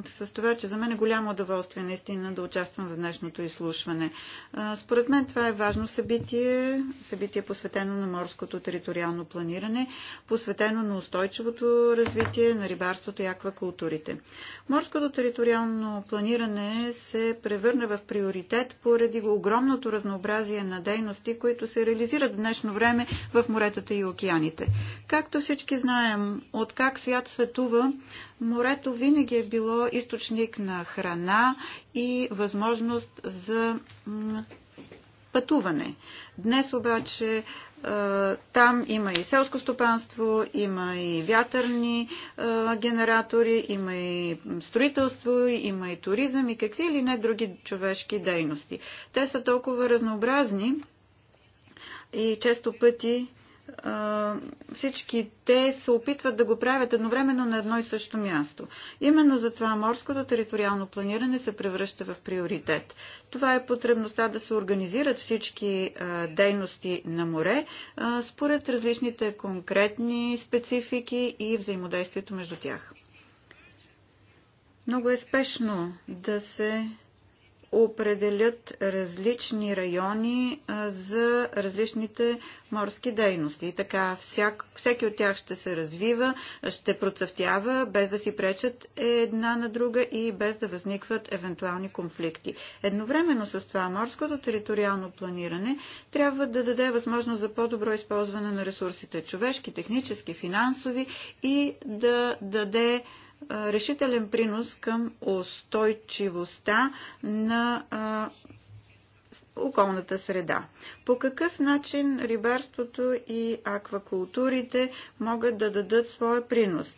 с това, че за мен е голямо удоволствие наистина да участвам в днешното изслушване. Според мен това е важно събитие, събитие посветено на морското териториално планиране, посветено на устойчивото развитие на рибарството и аквакултурите. Морското териториално планиране се превърна в приоритет поради огромното разнообразие на дейности, които се реализират в днешно време в моретата и океаните. Както всички знаем, от как свят светува, Морето винаги е било източник на храна и възможност за пътуване. Днес обаче е, там има и селско стопанство, има и вятърни е, генератори, има и строителство, има и туризъм и какви или не други човешки дейности. Те са толкова разнообразни и често пъти всички те се опитват да го правят едновременно на едно и също място. Именно затова морското териториално планиране се превръща в приоритет. Това е потребността да се организират всички дейности на море според различните конкретни специфики и взаимодействието между тях. Много е спешно да се определят различни райони за различните морски дейности. И така всяк, всеки от тях ще се развива, ще процъфтява, без да си пречат една на друга и без да възникват евентуални конфликти. Едновременно с това морското териториално планиране трябва да даде възможност за по-добро използване на ресурсите човешки, технически, финансови и да даде решителен принос към устойчивостта на околната среда. По какъв начин рибарството и аквакултурите могат да дадат своя принос?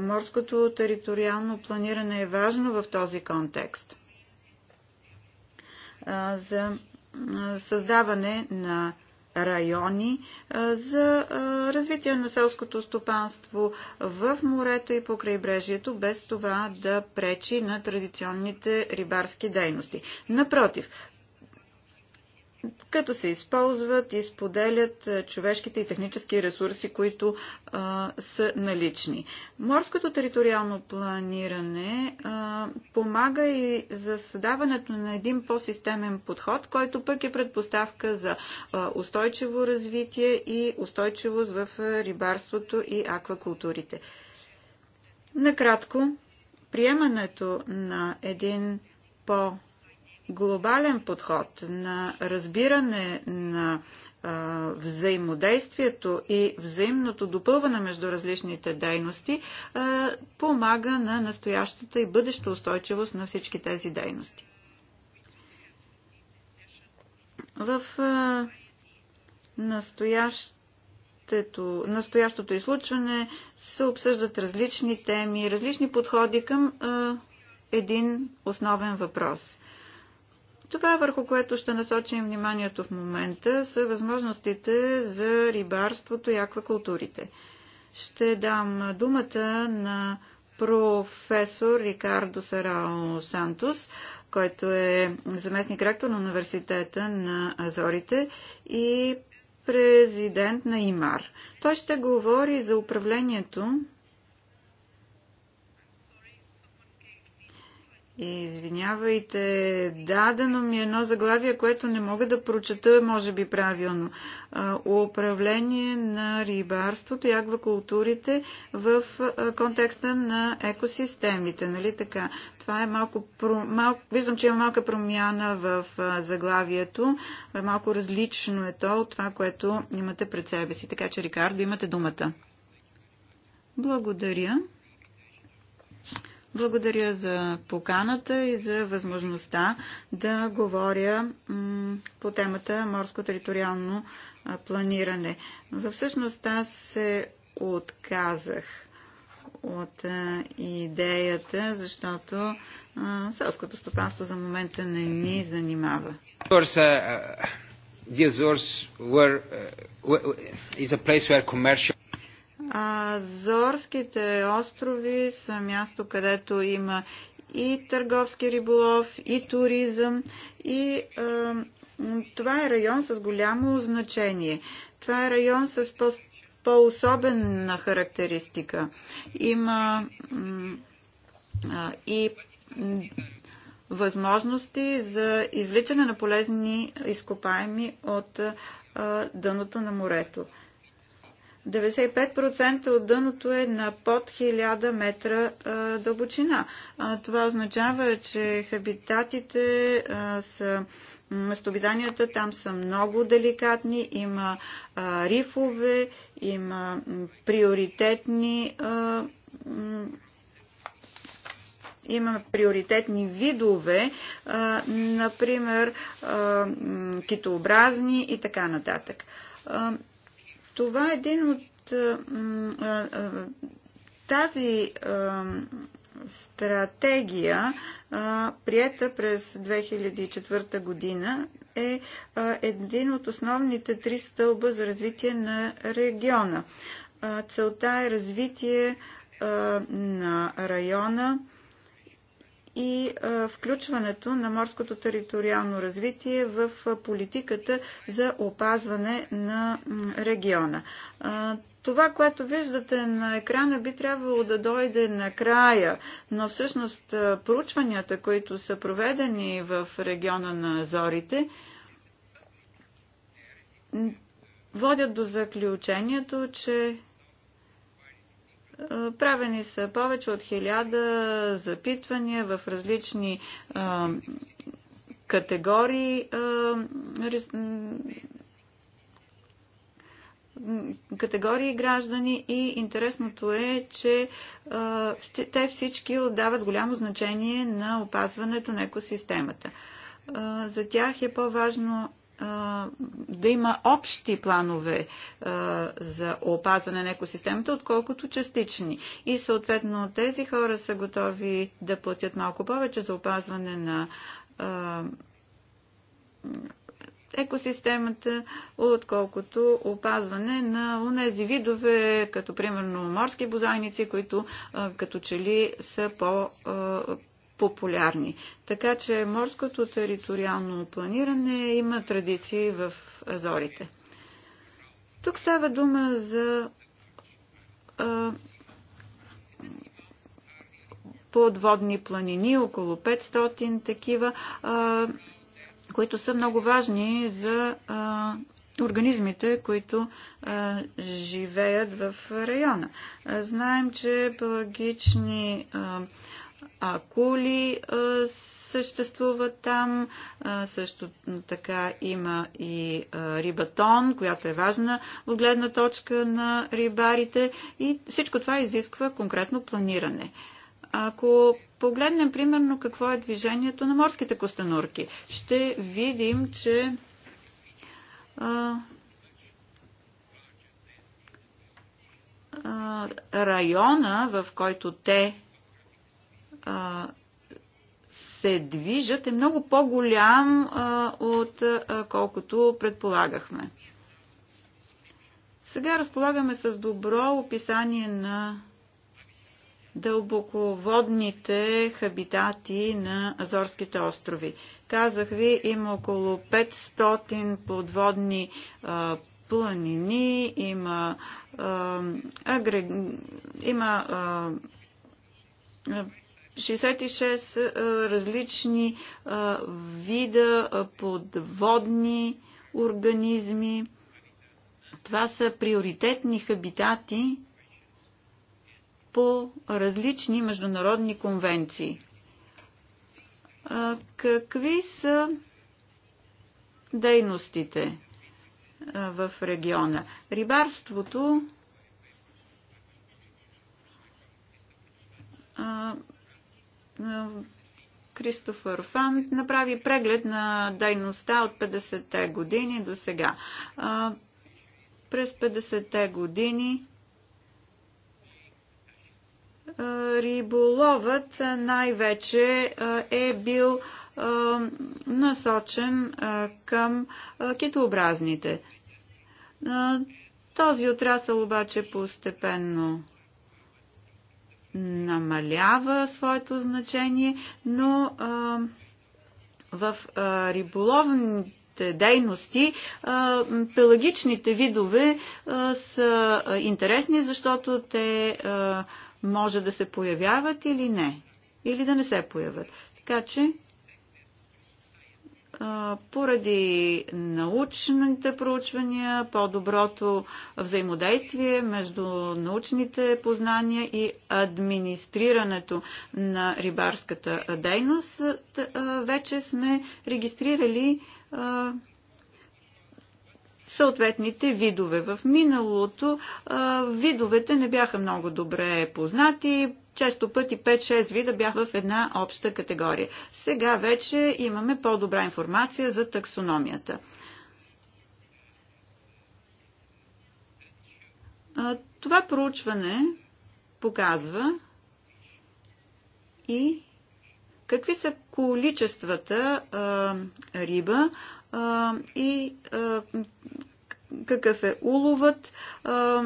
Морското териториално планиране е важно в този контекст за създаване на райони за развитие на селското стопанство в морето и по крайбрежието, без това да пречи на традиционните рибарски дейности. Напротив, като се използват и споделят е, човешките и технически ресурси, които а, са налични. Морското териториално планиране а, помага и за създаването на един по-системен подход, който пък е предпоставка за а, устойчиво развитие и устойчивост в е, рибарството и аквакултурите. Накратко, приемането на един по- глобален подход, на разбиране на а, взаимодействието и взаимното допълване между различните дейности, а, помага на настоящата и бъдеща устойчивост на всички тези дейности. В а, настоящ настоящото излучване се обсъждат различни теми, различни подходи към а, един основен въпрос – това, върху което ще насочим вниманието в момента, са възможностите за рибарството и аквакултурите. Ще дам думата на професор Рикардо Сарао Сантос, който е заместник ректор на университета на Азорите и президент на ИМАР. Той ще говори за управлението Извинявайте, дадено ми е едно заглавие, което не мога да прочета, може би правилно. Управление на рибарството и аквакултурите в контекста на екосистемите, нали така? Това е малко, малко... Виждам, че има е малка промяна в заглавието. Е, малко различно е то от това, което имате пред себе си. Така че, Рикардо, имате думата. Благодаря. Благодаря за поканата и за възможността да говоря по темата морско териториално планиране. Във всъщност аз се отказах от идеята, защото селското стопанство за момента не ни занимава. Uh, uh, the Azores were, uh, is a place where commercial Азорските острови са място, където има и търговски риболов, и туризъм, и а, това е район с голямо значение. Това е район с по-особена по характеристика. Има а, и възможности за извличане на полезни изкопаеми от а, дъното на морето. 95% от дъното е на под 1000 метра дълбочина. това означава, че хабитатите са местообитанията там са много деликатни, има а, рифове, има приоритетни а, има приоритетни видове, а, например а, китообразни и така нататък. А, това е един от тази стратегия, прията през 2004 година, е един от основните три стълба за развитие на региона. Целта е развитие на района, и включването на морското териториално развитие в политиката за опазване на региона. Това, което виждате на екрана, би трябвало да дойде накрая, но всъщност проучванията, които са проведени в региона на Азорите, водят до заключението, че Правени са повече от хиляда запитвания в различни а, категории а, категории граждани и интересното е, че а, те всички отдават голямо значение на опазването на екосистемата. За тях е по-важно да има общи планове за опазване на екосистемата, отколкото частични. И съответно тези хора са готови да платят малко повече за опазване на екосистемата, отколкото опазване на онези видове, като примерно морски бозайници, които като че ли са по, популярни. Така че морското териториално планиране има традиции в Азорите. Тук става дума за а, подводни планини, около 500 такива, а, които са много важни за а, организмите, които а, живеят в района. Знаем, че пелагични а, Акули ли съществува там, също така има и рибатон, която е важна от гледна точка на рибарите и всичко това изисква конкретно планиране. Ако погледнем примерно какво е движението на морските костенурки, ще видим, че а, а, района, в който те се движат е много по-голям от колкото предполагахме. Сега разполагаме с добро описание на дълбоководните хабитати на Азорските острови. Казах ви, има около 500 подводни а, планини, има, а, агрег... има а, 66 е, различни е, вида е, подводни организми. Това са приоритетни хабитати по различни международни конвенции. Какви са дейностите в региона? Рибарството Кристофър Фан направи преглед на дейността от 50-те години до сега. През 50-те години риболовът най-вече е бил насочен към китообразните. Този отрасъл обаче постепенно намалява своето значение, но а, в а, риболовните дейности, пелагичните видове са интересни, защото те може да се появяват или не, или да не се появят. Така че поради научните проучвания, по-доброто взаимодействие между научните познания и администрирането на рибарската дейност, вече сме регистрирали съответните видове. В миналото видовете не бяха много добре познати, често пъти 5-6 вида бяха в една обща категория. Сега вече имаме по-добра информация за таксономията. Това проучване показва и какви са количествата а, риба, а, и а, какъв е уловът. А,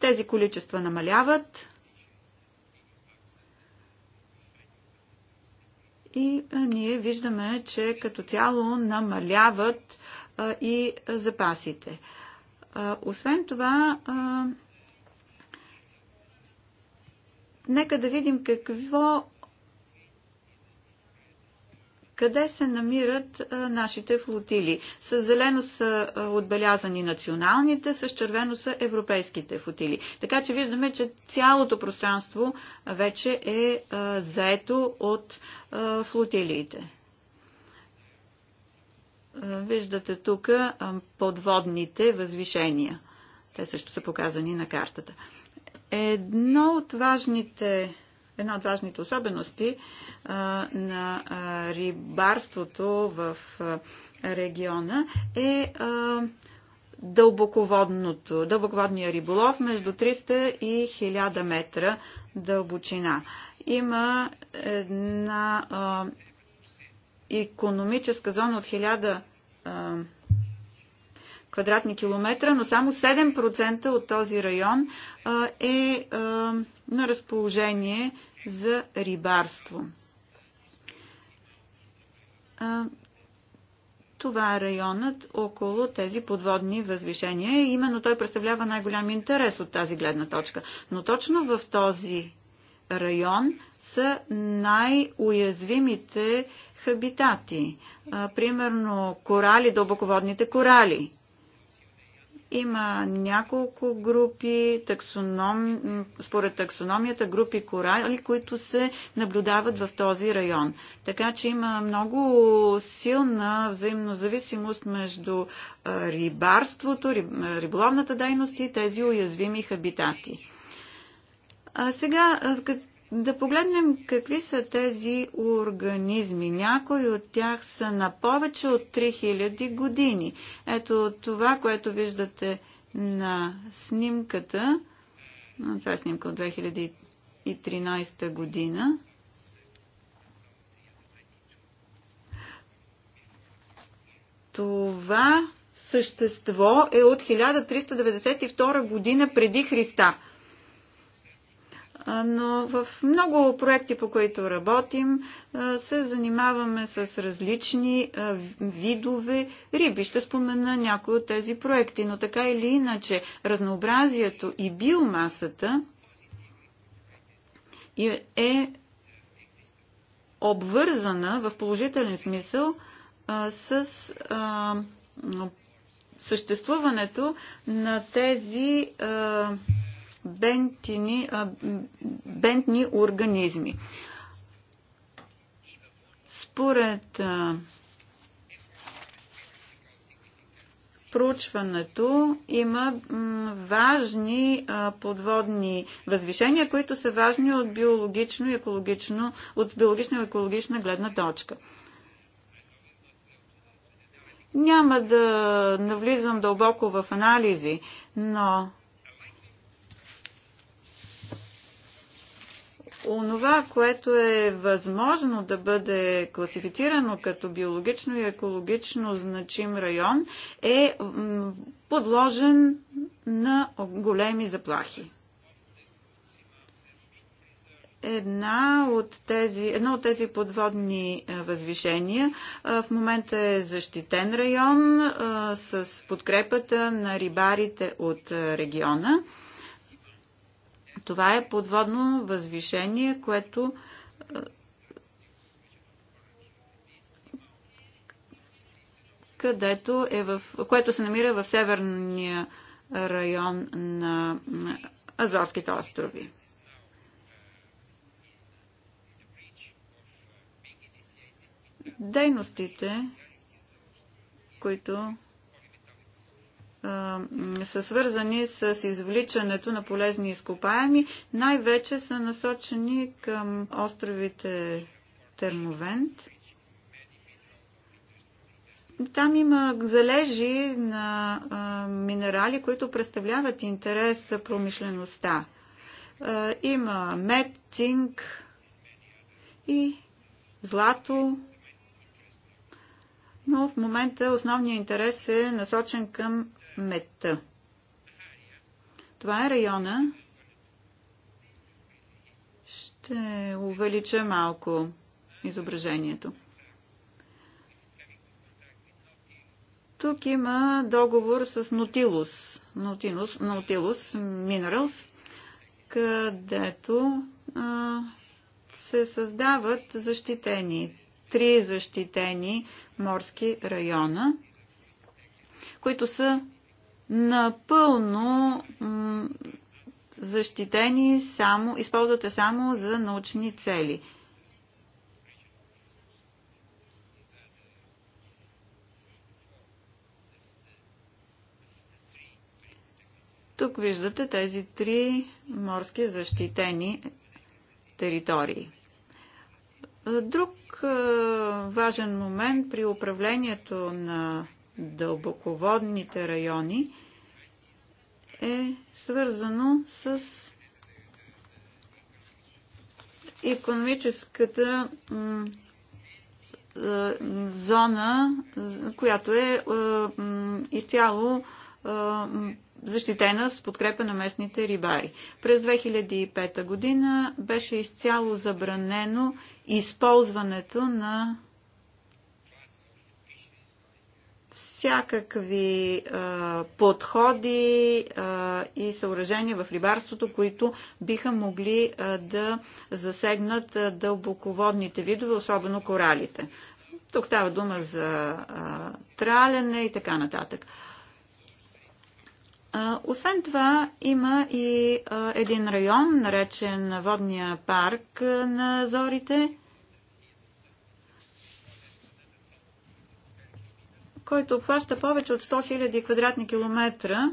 тези количества намаляват. И ние виждаме, че като цяло намаляват а, и запасите. А, освен това, а, нека да видим какво къде се намират нашите флотили. С зелено са отбелязани националните, с червено са европейските флотили. Така че виждаме, че цялото пространство вече е заето от флотилиите. Виждате тук подводните възвишения. Те също са показани на картата. Едно от важните една от важните особености на рибарството в региона е дълбоководното, дълбоководния риболов между 300 и 1000 метра дълбочина. Има една економическа зона от 1000 а, квадратни километра, но само 7% от този район а, е а, на разположение за рибарство. Това е районът около тези подводни възвишения и именно той представлява най-голям интерес от тази гледна точка. Но точно в този район са най-уязвимите хабитати. А, примерно корали, дълбоководните корали. Има няколко групи, таксоном... според таксономията, групи корали, които се наблюдават в този район. Така че има много силна взаимнозависимост между рибарството, риболовната дейност и тези уязвими хабитати. А сега, да погледнем какви са тези организми. Някои от тях са на повече от 3000 години. Ето това, което виждате на снимката, това е снимка от 2013 година, това същество е от 1392 година преди Христа но в много проекти, по които работим, се занимаваме с различни видове риби. Ще спомена някои от тези проекти, но така или иначе разнообразието и биомасата е обвързана в положителен смисъл с съществуването на тези бентини, бентни организми. Според проучването има важни подводни възвишения, които са важни от биологично и екологично, от биологична и екологична гледна точка. Няма да навлизам дълбоко в анализи, но онова, което е възможно да бъде класифицирано като биологично и екологично значим район, е подложен на големи заплахи. Една от тези, едно от тези подводни е, възвишения е, в момента е защитен район е, с подкрепата на рибарите от региона – това е подводно възвишение, което е, където е в, което се намира в северния район на Азорските острови. Дейностите, които са свързани с извличането на полезни изкопаеми, най-вече са насочени към островите Термовент. Там има залежи на минерали, които представляват интерес за промишлеността. има мед, цинк и злато, но в момента основният интерес е насочен към Мета. Това е района. Ще увелича малко изображението. Тук има договор с Nautilus, Nautilus, Nautilus Minerals, където а, се създават защитени, три защитени морски района, които са напълно защитени само, използвате само за научни цели. Тук виждате тези три морски защитени територии. Друг е, важен момент при управлението на дълбоководните райони е свързано с економическата зона, която е изцяло защитена с подкрепа на местните рибари. През 2005 година беше изцяло забранено използването на всякакви а, подходи а, и съоръжения в рибарството, които биха могли а, да засегнат а, дълбоководните видове, особено коралите. Тук става дума за а, тралене и така нататък. освен това, има и един район, наречен Водния парк на Зорите – който обхваща повече от 100 000 квадратни километра.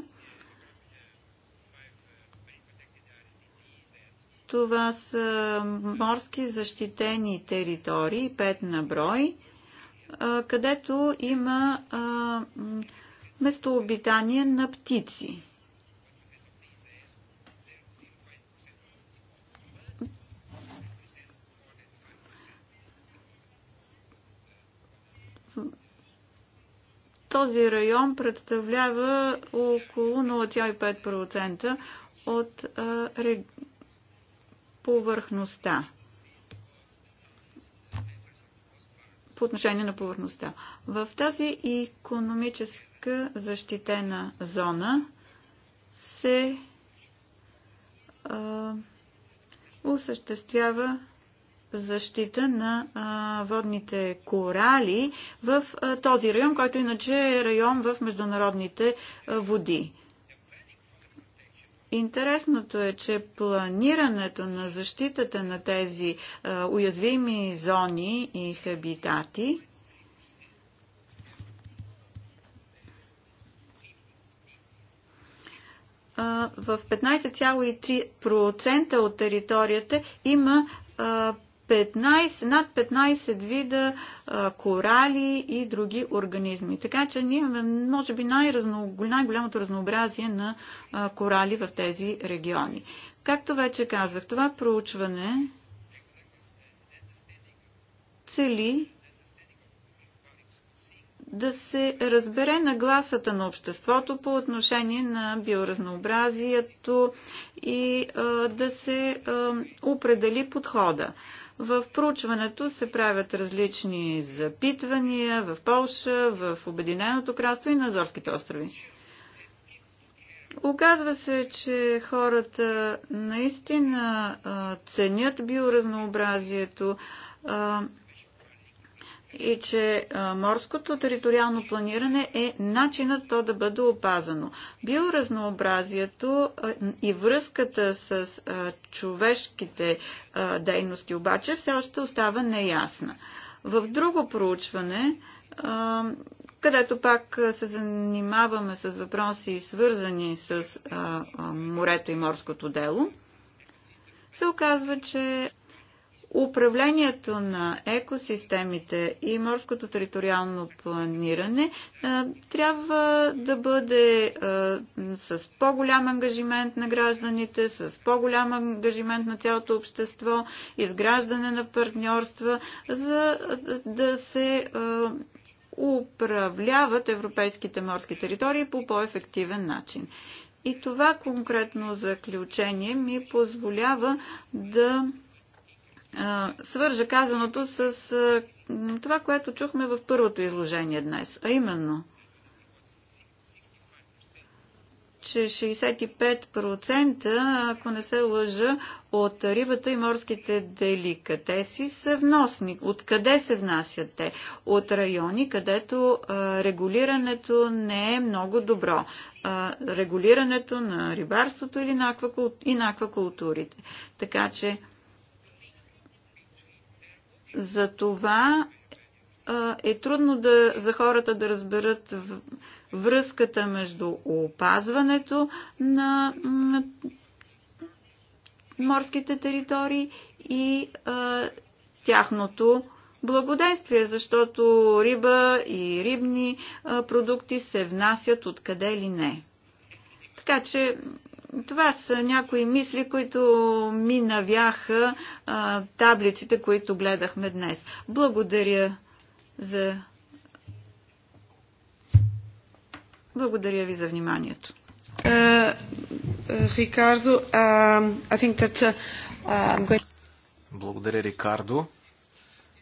Това са морски защитени територии, пет на брой, където има местообитание на птици. Този район представлява около 0,5% от повърхността. По отношение на повърхността. В тази економическа защитена зона се осъществява защита на а, водните корали в а, този район, който иначе е район в международните а, води. Интересното е, че планирането на защитата на тези а, уязвими зони и хабитати а, в 15,3% от територията има а, 15, над 15 вида а, корали и други организми. Така че ние имаме, може би, най-разно, най-голямото разнообразие на а, корали в тези региони. Както вече казах, това проучване цели да се разбере нагласата на обществото по отношение на биоразнообразието и а, да се а, определи подхода. В проучването се правят различни запитвания в Полша, в Обединеното кралство и на Азорските острови. Оказва се, че хората наистина ценят биоразнообразието, и че морското териториално планиране е начинът то да бъде опазано. Биоразнообразието и връзката с човешките дейности обаче все още остава неясна. В друго проучване, където пак се занимаваме с въпроси свързани с морето и морското дело, се оказва, че управлението на екосистемите и морското териториално планиране трябва да бъде с по-голям ангажимент на гражданите, с по-голям ангажимент на цялото общество, изграждане на партньорства, за да се управляват европейските морски територии по по-ефективен начин. И това конкретно заключение ми позволява да свържа казаното с това, което чухме в първото изложение днес, а именно, че 65%, ако не се лъжа, от рибата и морските деликатеси са вносни. Откъде се внасят те? От райони, където регулирането не е много добро. Регулирането на рибарството или на аквакултурите. Така че за това е трудно да, за хората да разберат връзката между опазването на, на морските територии и а, тяхното благодействие, защото риба и рибни а, продукти се внасят откъде ли не. Така че това са някои мисли, които ми навяха а, таблиците, които гледахме днес. Благодаря за. Благодаря ви за вниманието. Е, е, Рикардо, uh, uh, Благодаря, Рикардо.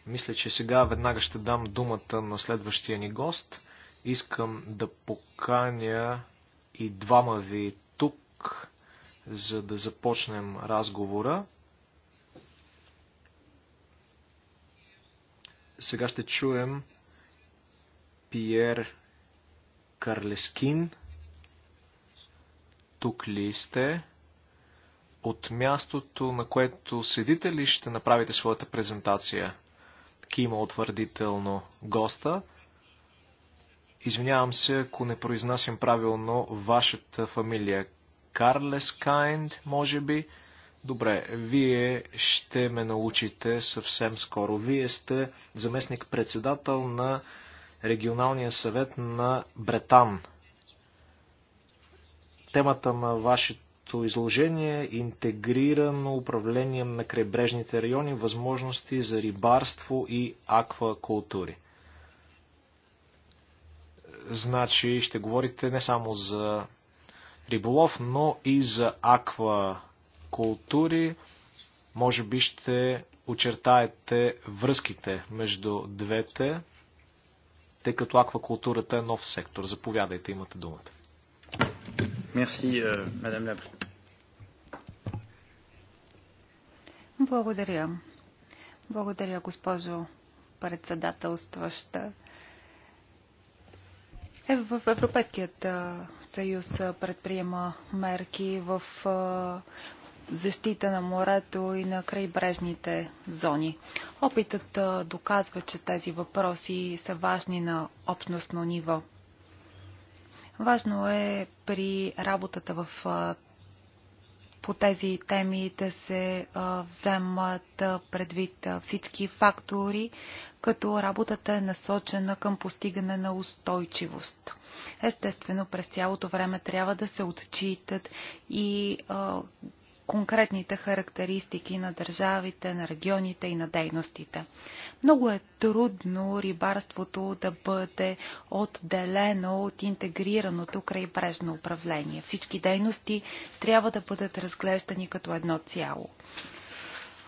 Мисля, че сега веднага ще дам думата на следващия ни гост. Искам да поканя и двама ви тук за да започнем разговора. Сега ще чуем Пиер Карлескин. Тук ли сте? От мястото, на което седите ли, ще направите своята презентация? Кима утвърдително госта. Извинявам се, ако не произнасям правилно вашата фамилия. Карлес Кайнд, може би. Добре, вие ще ме научите съвсем скоро. Вие сте заместник-председател на регионалния съвет на Бретан. Темата на вашето изложение е интегрирано управление на крайбрежните райони, възможности за рибарство и аквакултури. Значи ще говорите не само за риболов, но и за аквакултури. Може би ще очертаете връзките между двете, тъй като аквакултурата е нов сектор. Заповядайте, имате думата. Мерси, мадам Лабри. Благодаря. Благодаря, госпожо председателстваща. Е, в Европейският съюз предприема мерки в защита на морето и на крайбрежните зони. Опитът доказва, че тези въпроси са важни на общностно ниво. Важно е при работата в по тези теми да се вземат предвид всички фактори, като работата е насочена към постигане на устойчивост. Естествено, през цялото време трябва да се отчитат и конкретните характеристики на държавите, на регионите и на дейностите. Много е трудно рибарството да бъде отделено от интегрираното крайбрежно управление. Всички дейности трябва да бъдат разглеждани като едно цяло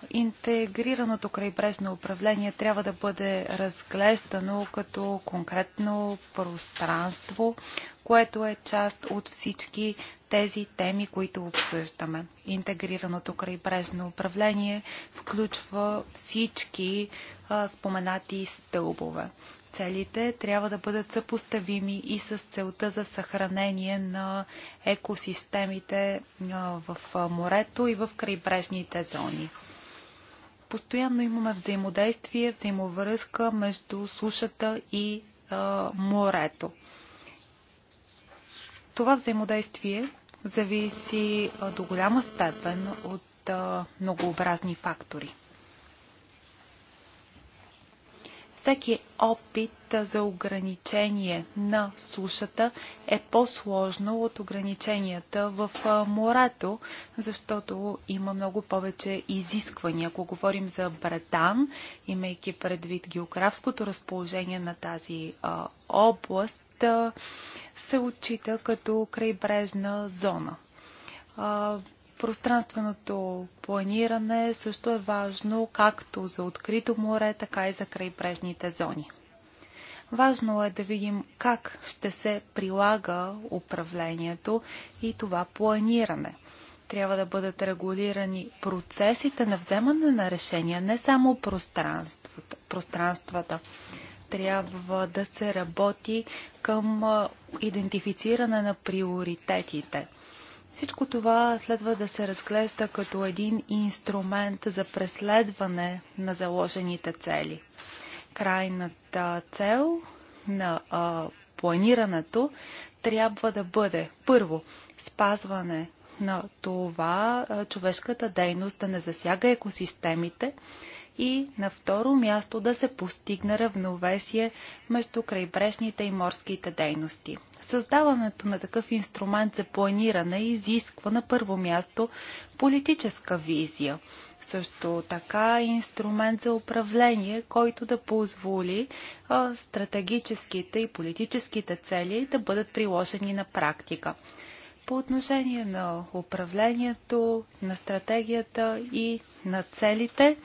интегрираното крайбрежно управление трябва да бъде разглеждано като конкретно пространство, което е част от всички тези теми, които обсъждаме. Интегрираното крайбрежно управление включва всички а, споменати стълбове. Целите трябва да бъдат съпоставими и с целта за съхранение на екосистемите в морето и в крайбрежните зони. Постоянно имаме взаимодействие, взаимовръзка между сушата и а, морето. Това взаимодействие зависи а, до голяма степен от а, многообразни фактори. Всеки опит за ограничение на сушата е по-сложно от ограниченията в морето, защото има много повече изисквания. Ако говорим за Бретан, имайки предвид географското разположение на тази а, област, а, се отчита като крайбрежна зона. А, Пространственото планиране също е важно както за открито море, така и за крайбрежните зони. Важно е да видим как ще се прилага управлението и това планиране. Трябва да бъдат регулирани процесите на вземане на решения, не само пространствата. пространствата. Трябва да се работи към идентифициране на приоритетите – всичко това следва да се разглежда като един инструмент за преследване на заложените цели. Крайната цел на а, планирането трябва да бъде първо спазване на това човешката дейност да не засяга екосистемите и на второ място да се постигне равновесие между крайбрежните и морските дейности. Създаването на такъв инструмент за планиране изисква на първо място политическа визия. Също така инструмент за управление, който да позволи а, стратегическите и политическите цели да бъдат приложени на практика по отношение на управлението, на стратегията и на целите,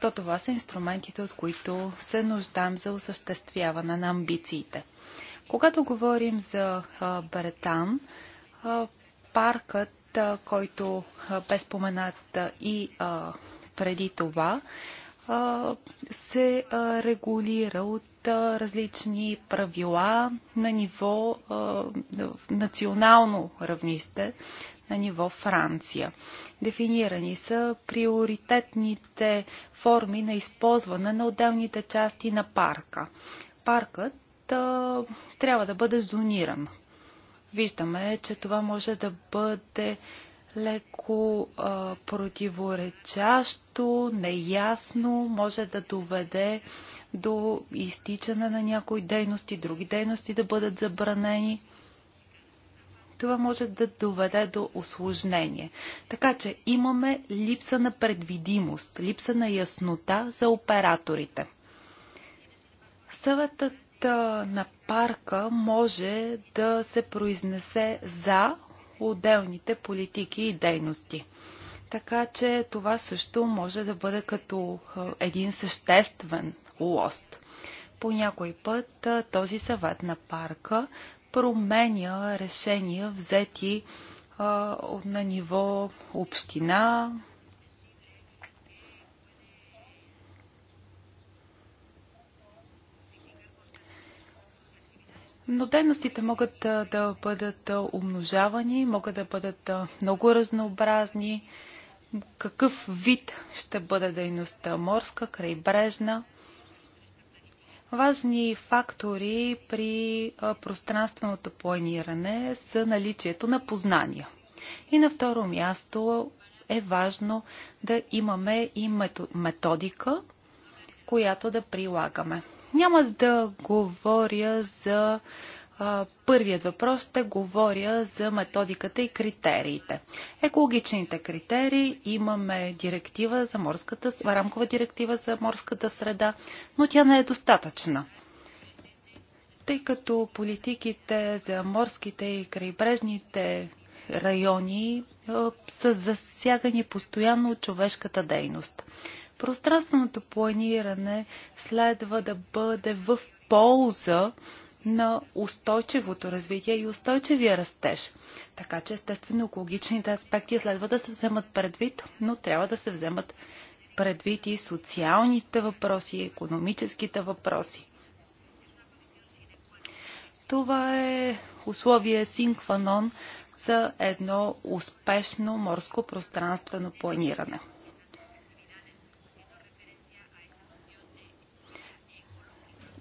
то това са инструментите, от които се нуждам за осъществяване на амбициите. Когато говорим за Бретан, паркът, който бе споменат и преди това, се регулира от различни правила на ниво национално равнище, на ниво Франция. Дефинирани са приоритетните форми на използване на отделните части на парка. Паркът а, трябва да бъде зониран. Виждаме, че това може да бъде леко а, противоречащо, неясно, може да доведе до изтичане на някои дейности, други дейности да бъдат забранени. Това може да доведе до осложнение. Така че имаме липса на предвидимост, липса на яснота за операторите. Съветът на парка може да се произнесе за отделните политики и дейности. Така че това също може да бъде като един съществен лост. По някой път този съвет на парка променя решения взети на ниво община, Но дейностите могат да бъдат умножавани, могат да бъдат много разнообразни. Какъв вид ще бъде дейността? Морска, крайбрежна? Важни фактори при пространственото планиране са наличието на познания. И на второ място е важно да имаме и методика, която да прилагаме. Няма да говоря за а, първият въпрос, ще говоря за методиката и критериите. Екологичните критерии имаме директива за морската, рамкова директива за морската среда, но тя не е достатъчна тъй като политиките за морските и крайбрежните райони са засягани постоянно от човешката дейност. Пространственото планиране следва да бъде в полза на устойчивото развитие и устойчивия растеж. Така че, естествено, екологичните аспекти следва да се вземат предвид, но трябва да се вземат предвид и социалните въпроси, и економическите въпроси. Това е условие синкванон за едно успешно морско пространствено планиране.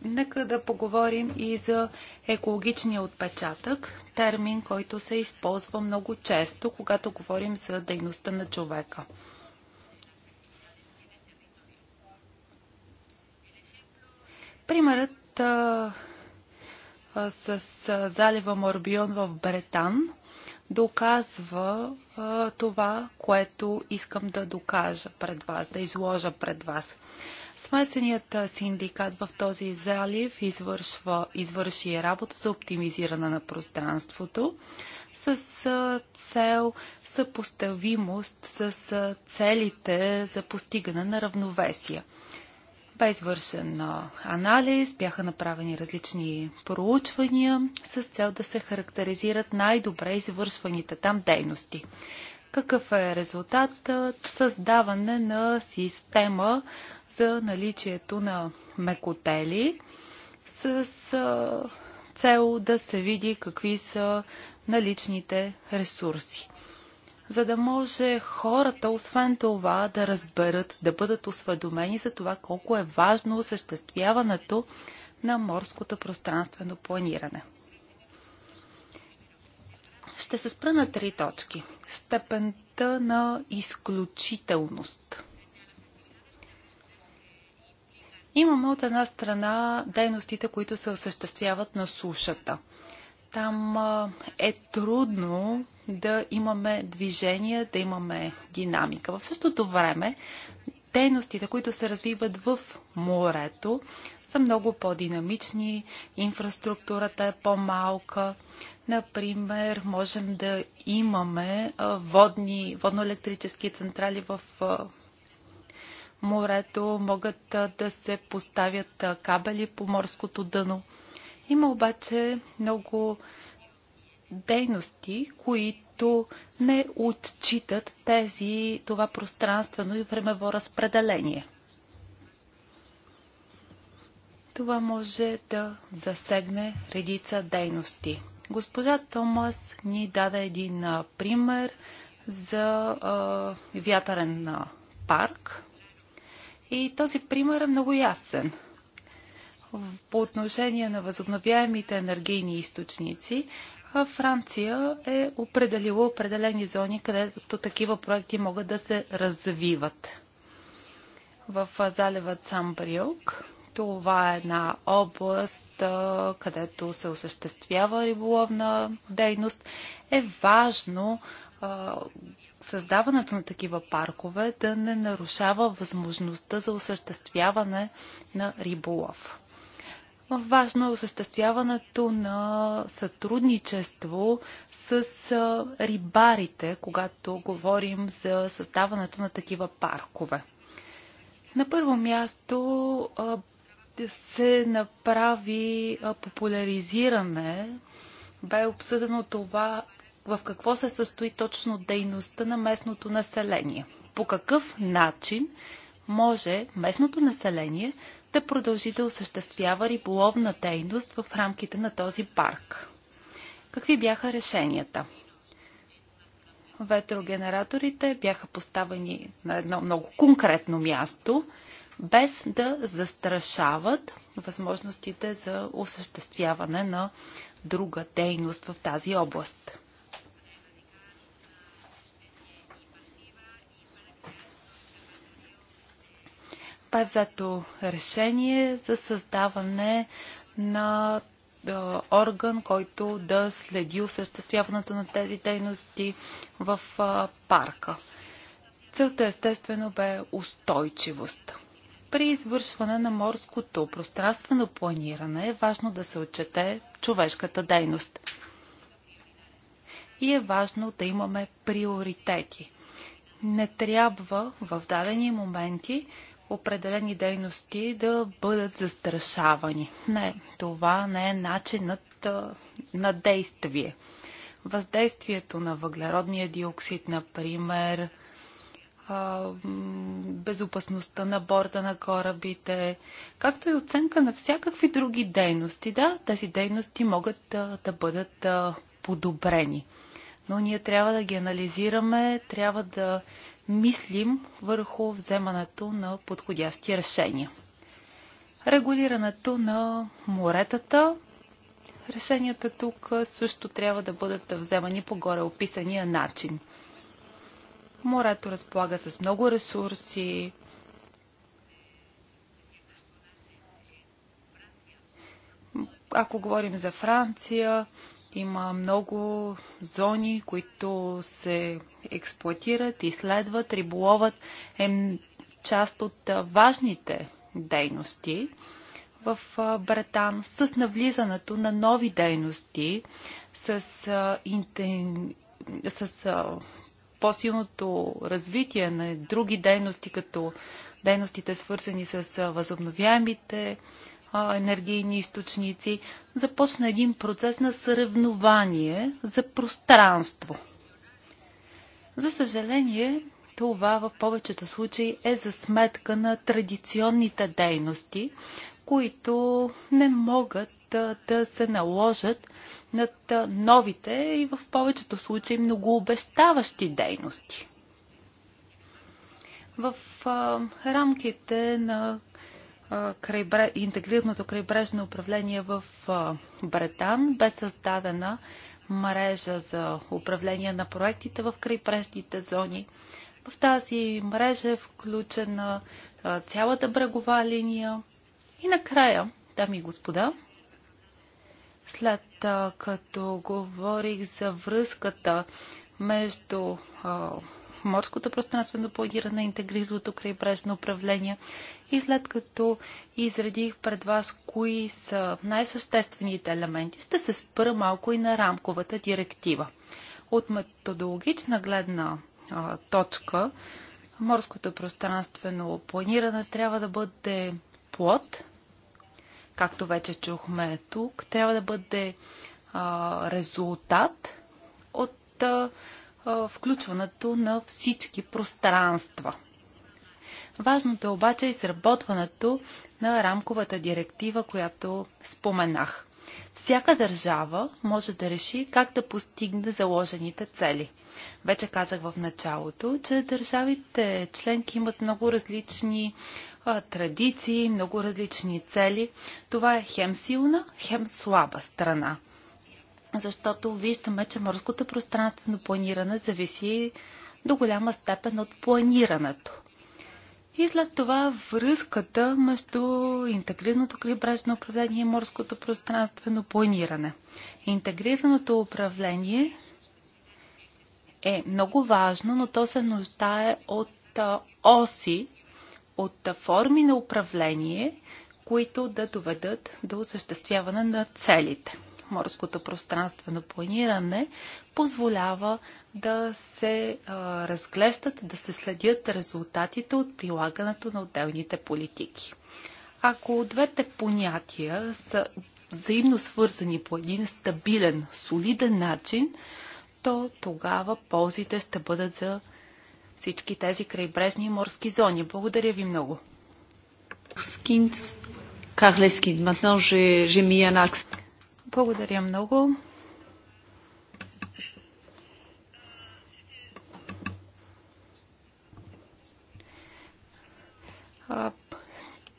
Нека да поговорим и за екологичния отпечатък, термин, който се използва много често, когато говорим за дейността на човека. Примерът а, а, с а, залива Морбион в Бретан доказва а, това, което искам да докажа пред вас, да изложа пред вас. Смесеният синдикат в този залив извършва, извърши работа за оптимизиране на пространството с цел съпоставимост с целите за постигане на равновесие. Бе извършен анализ, бяха направени различни проучвания с цел да се характеризират най-добре извършваните там дейности. Какъв е резултатът? Е, създаване на система за наличието на мекотели с е, цел да се види какви са наличните ресурси. За да може хората, освен това, да разберат, да бъдат осведомени за това колко е важно осъществяването на морското пространствено планиране. Ще се спра на три точки. Степента на изключителност. Имаме от една страна дейностите, които се осъществяват на сушата. Там е трудно да имаме движение, да имаме динамика. В същото време дейностите, които се развиват в морето, са много по-динамични, инфраструктурата е по-малка. Например, можем да имаме водни, водно-електрически централи в морето, могат да се поставят кабели по морското дъно. Има обаче много дейности, които не отчитат тези, това пространствено и времево разпределение. Това може да засегне редица дейности. Госпожа Томас ни даде един пример за е, вятърен парк. И този пример е много ясен по отношение на възобновяемите енергийни източници, Франция е определила определени зони, където такива проекти могат да се развиват. В залива Цамбриок това е една област, където се осъществява риболовна дейност. Е важно създаването на такива паркове да не нарушава възможността за осъществяване на риболов. Важно е осъществяването на сътрудничество с рибарите, когато говорим за създаването на такива паркове. На първо място се направи популяризиране, бе обсъдено това в какво се състои точно дейността на местното население. По какъв начин може местното население да продължи да осъществява риболовна дейност в рамките на този парк. Какви бяха решенията? Ветрогенераторите бяха поставени на едно много конкретно място, без да застрашават възможностите за осъществяване на друга дейност в тази област. бе взето решение за създаване на орган, който да следи осъществяването на тези дейности в парка. Целта естествено бе устойчивост. При извършване на морското пространствено планиране е важно да се отчете човешката дейност. И е важно да имаме приоритети. Не трябва в дадени моменти определени дейности да бъдат застрашавани. Не, това не е начинът на действие. Въздействието на въглеродния диоксид, например, безопасността на борда на корабите, както и оценка на всякакви други дейности. Да, тези дейности могат да, да бъдат подобрени. Но ние трябва да ги анализираме, трябва да мислим върху вземането на подходящи решения. Регулирането на моретата. Решенията тук също трябва да бъдат вземани по горе описания начин. Морето разполага с много ресурси, ако говорим за Франция, има много зони, които се експлуатират, изследват, риболовът е част от важните дейности в Братан с навлизането на нови дейности, с, интен... с по-силното развитие на други дейности, като дейностите свързани с възобновяемите енергийни източници, започна един процес на съревнование за пространство. За съжаление, това в повечето случаи е за сметка на традиционните дейности, които не могат да, да се наложат над новите и в повечето случаи многообещаващи дейности. В а, рамките на крайбре... интегрираното крайбрежно управление в Бретан бе създадена мрежа за управление на проектите в крайбрежните зони. В тази мрежа е включена цялата брегова линия. И накрая, дами и господа, след като говорих за връзката между морското пространствено планиране, интегрираното крайбрежно управление. И след като изредих пред вас кои са най-съществените елементи, ще се спра малко и на рамковата директива. От методологична гледна а, точка, морското пространствено планиране трябва да бъде плод, както вече чухме тук, трябва да бъде а, резултат от а, включването на всички пространства. Важното е обаче изработването на рамковата директива, която споменах. Всяка държава може да реши как да постигне заложените цели. Вече казах в началото, че държавите членки имат много различни а, традиции, много различни цели. Това е хем силна, хем слаба страна защото виждаме, че морското пространствено планиране зависи до голяма степен от планирането. И след това връзката между интегрираното крайбрежно управление и морското пространствено планиране. Интегрираното управление е много важно, но то се нуждае от оси, от форми на управление, които да доведат до осъществяване на целите морското пространствено планиране позволява да се а, разглеждат, да се следят резултатите от прилагането на отделните политики. Ако двете понятия са взаимно свързани по един стабилен, солиден начин, то тогава ползите ще бъдат за всички тези крайбрежни и морски зони. Благодаря ви много. Скинс, Карлескин, maintenant j'ai mis un axe. Благодаря много.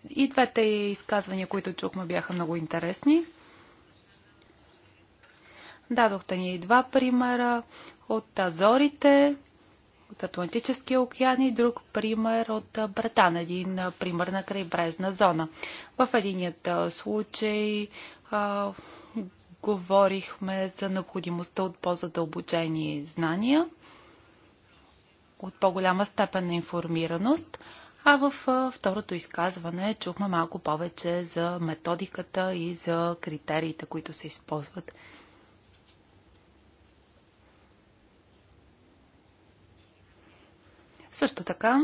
И двете изказвания, които чухме, бяха много интересни. Дадохте ни два примера от Азорите, от Атлантическия океан и друг пример от Братан, един пример на крайбрежна зона. В единият случай говорихме за необходимостта от по-задълбочени знания, от по-голяма степен на информираност, а в второто изказване чухме малко повече за методиката и за критериите, които се използват. Също така,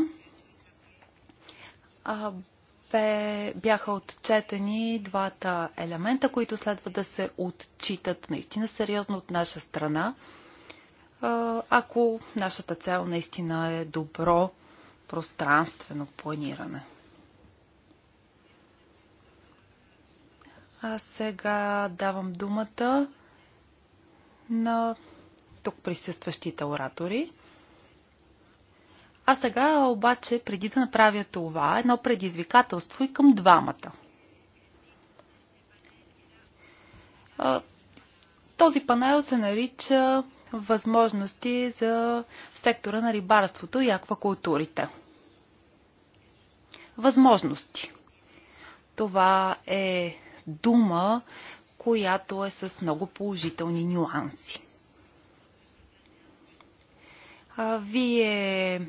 бе, бяха отчетени двата елемента, които следва да се отчитат наистина сериозно от наша страна, ако нашата цел наистина е добро пространствено планиране. А сега давам думата на тук присъстващите оратори. А сега обаче, преди да направя това, едно предизвикателство и към двамата. Този панел се нарича възможности за сектора на рибарството и аквакултурите. Възможности. Това е дума, която е с много положителни нюанси. Вие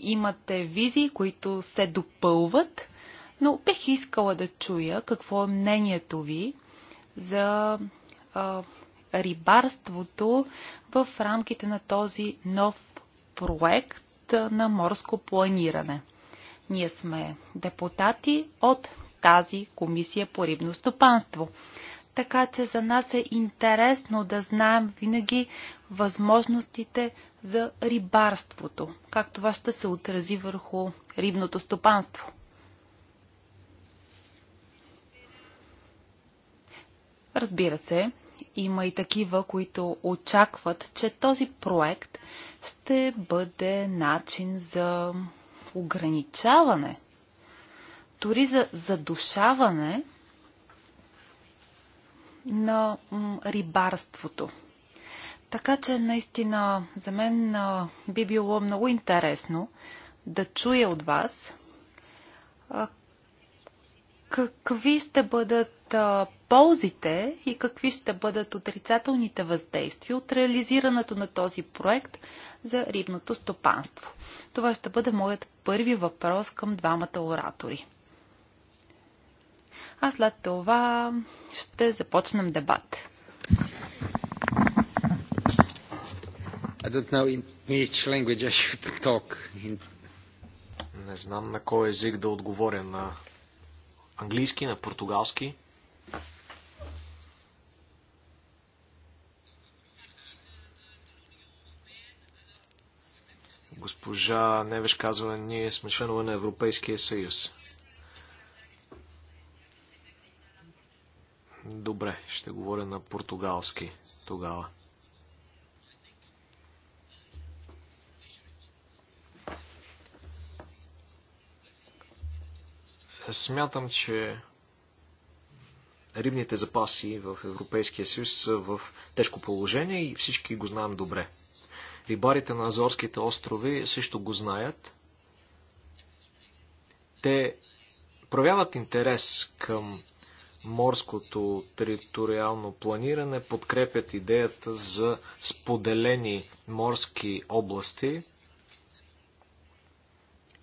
имате визии, които се допълват, но бих искала да чуя какво е мнението ви за рибарството в рамките на този нов проект на морско планиране. Ние сме депутати от тази комисия по рибно стопанство така че за нас е интересно да знаем винаги възможностите за рибарството, как това ще се отрази върху рибното стопанство. Разбира се, има и такива, които очакват, че този проект ще бъде начин за ограничаване, дори за задушаване на рибарството. Така че наистина за мен би било много интересно да чуя от вас какви ще бъдат ползите и какви ще бъдат отрицателните въздействия от реализирането на този проект за рибното стопанство. Това ще бъде моят първи въпрос към двамата оратори. А след това ще започнем дебат. I don't know in which language I should talk. In... Не знам на кой език да отговоря. На английски, на португалски. Госпожа Невеш казва, ние сме членове на Европейския съюз. Добре, ще говоря на португалски тогава. Смятам, че рибните запаси в Европейския съюз са в тежко положение и всички го знаем добре. Рибарите на Азорските острови също го знаят. Те проявяват интерес към морското териториално планиране подкрепят идеята за споделени морски области.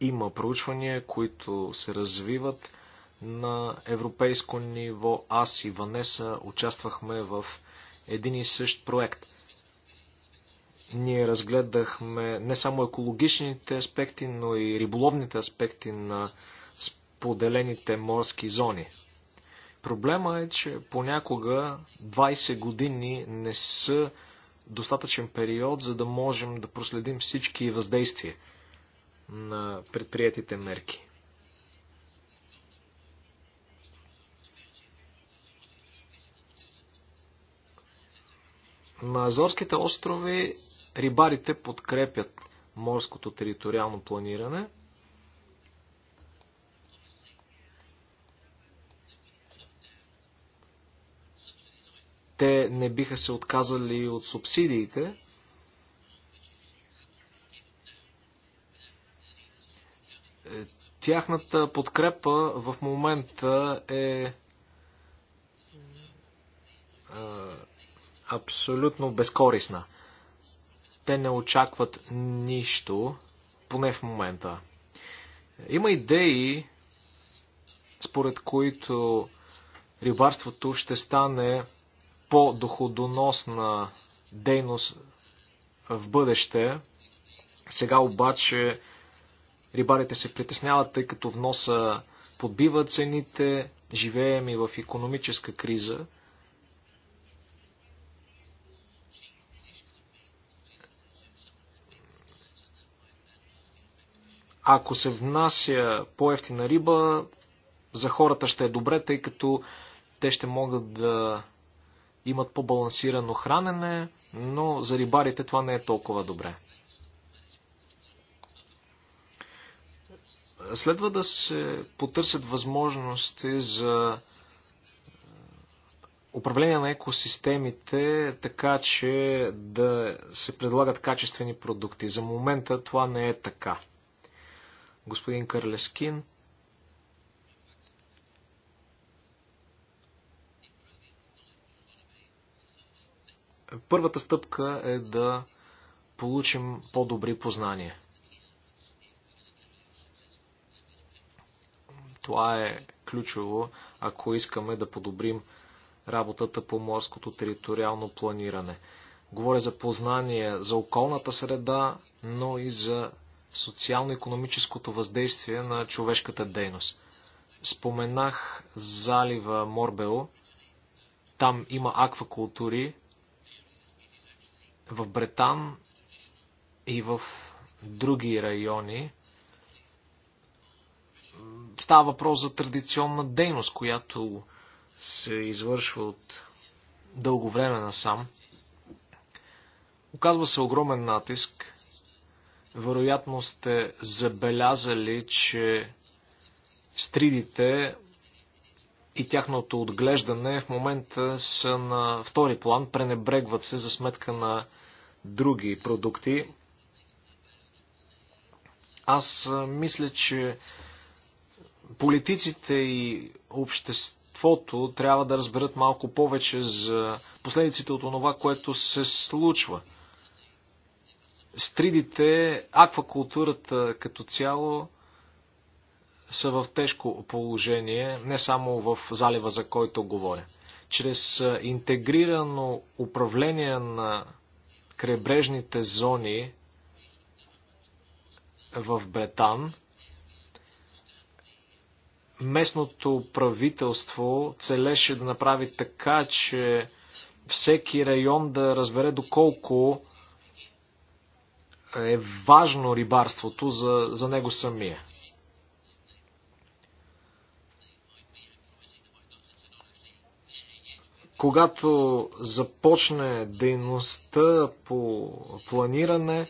Има проучвания, които се развиват на европейско ниво. Аз и Ванеса участвахме в един и същ проект. Ние разгледахме не само екологичните аспекти, но и риболовните аспекти на споделените морски зони. Проблема е, че понякога 20 години не са достатъчен период, за да можем да проследим всички въздействия на предприятите мерки. На Азорските острови рибарите подкрепят морското териториално планиране – те не биха се отказали от субсидиите. Е, тяхната подкрепа в момента е, е абсолютно безкорисна. Те не очакват нищо, поне в момента. Има идеи, според които рибарството ще стане по-доходоносна дейност в бъдеще. Сега обаче рибарите се притесняват, тъй като вноса подбива цените, живеем и в економическа криза. Ако се внася по-ефтина риба, за хората ще е добре, тъй като те ще могат да имат по-балансирано хранене, но за рибарите това не е толкова добре. Следва да се потърсят възможности за е, управление на екосистемите, така че да се предлагат качествени продукти. За момента това не е така. Господин Карлескин. Първата стъпка е да получим по-добри познания. Това е ключово, ако искаме да подобрим работата по морското териториално планиране. Говоря за познание за околната среда, но и за социално-економическото въздействие на човешката дейност. Споменах залива Морбело. Там има аквакултури, в Бретан и в други райони става въпрос за традиционна дейност, която се извършва от дълго време насам. Оказва се огромен натиск. Вероятно сте забелязали, че стридите и тяхното отглеждане в момента са на втори план, пренебрегват се за сметка на други продукти. Аз мисля, че политиците и обществото трябва да разберат малко повече за последиците от това, което се случва. Стридите, аквакултурата като цяло са в тежко положение, не само в залива, за който говоря. Чрез интегрирано управление на крайбрежните зони в Бретан, местното правителство целеше да направи така, че всеки район да разбере доколко е важно рибарството за, за него самия. когато започне дейността по планиране,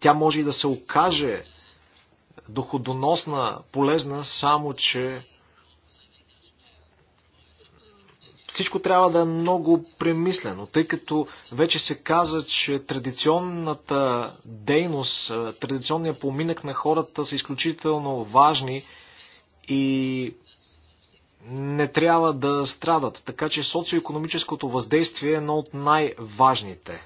тя може и да се окаже доходоносна, полезна, само че всичко трябва да е много премислено, тъй като вече се каза, че традиционната дейност, традиционният поминък на хората са изключително важни и не трябва да страдат. Така че социоекономическото въздействие е едно от най-важните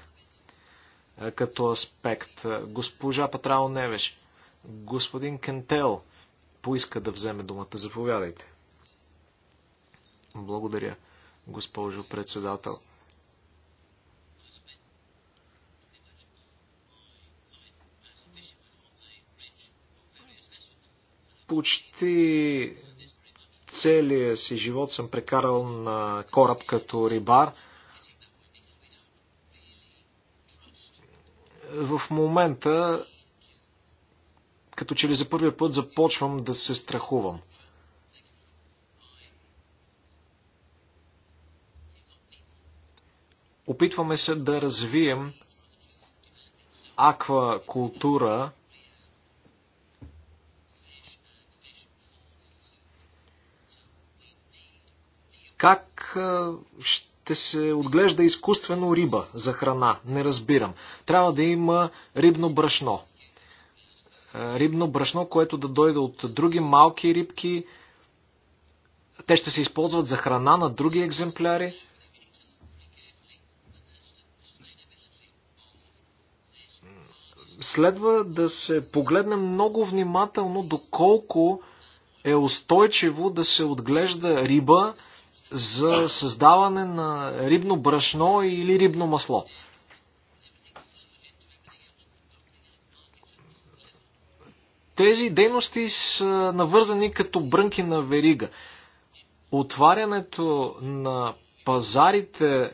е, като аспект. Е, госпожа Патрао Невеш, господин Кентел поиска да вземе думата. Заповядайте. Благодаря, госпожо председател. Почти целия си живот съм прекарал на кораб като рибар. В момента, като че ли за първия път започвам да се страхувам. Опитваме се да развием аквакултура, Как ще се отглежда изкуствено риба за храна? Не разбирам. Трябва да има рибно брашно. Рибно брашно, което да дойде от други малки рибки. Те ще се използват за храна на други екземпляри. следва да се погледне много внимателно доколко е устойчиво да се отглежда риба за създаване на рибно брашно или рибно масло. Тези дейности са навързани като брънки на верига. Отварянето на пазарите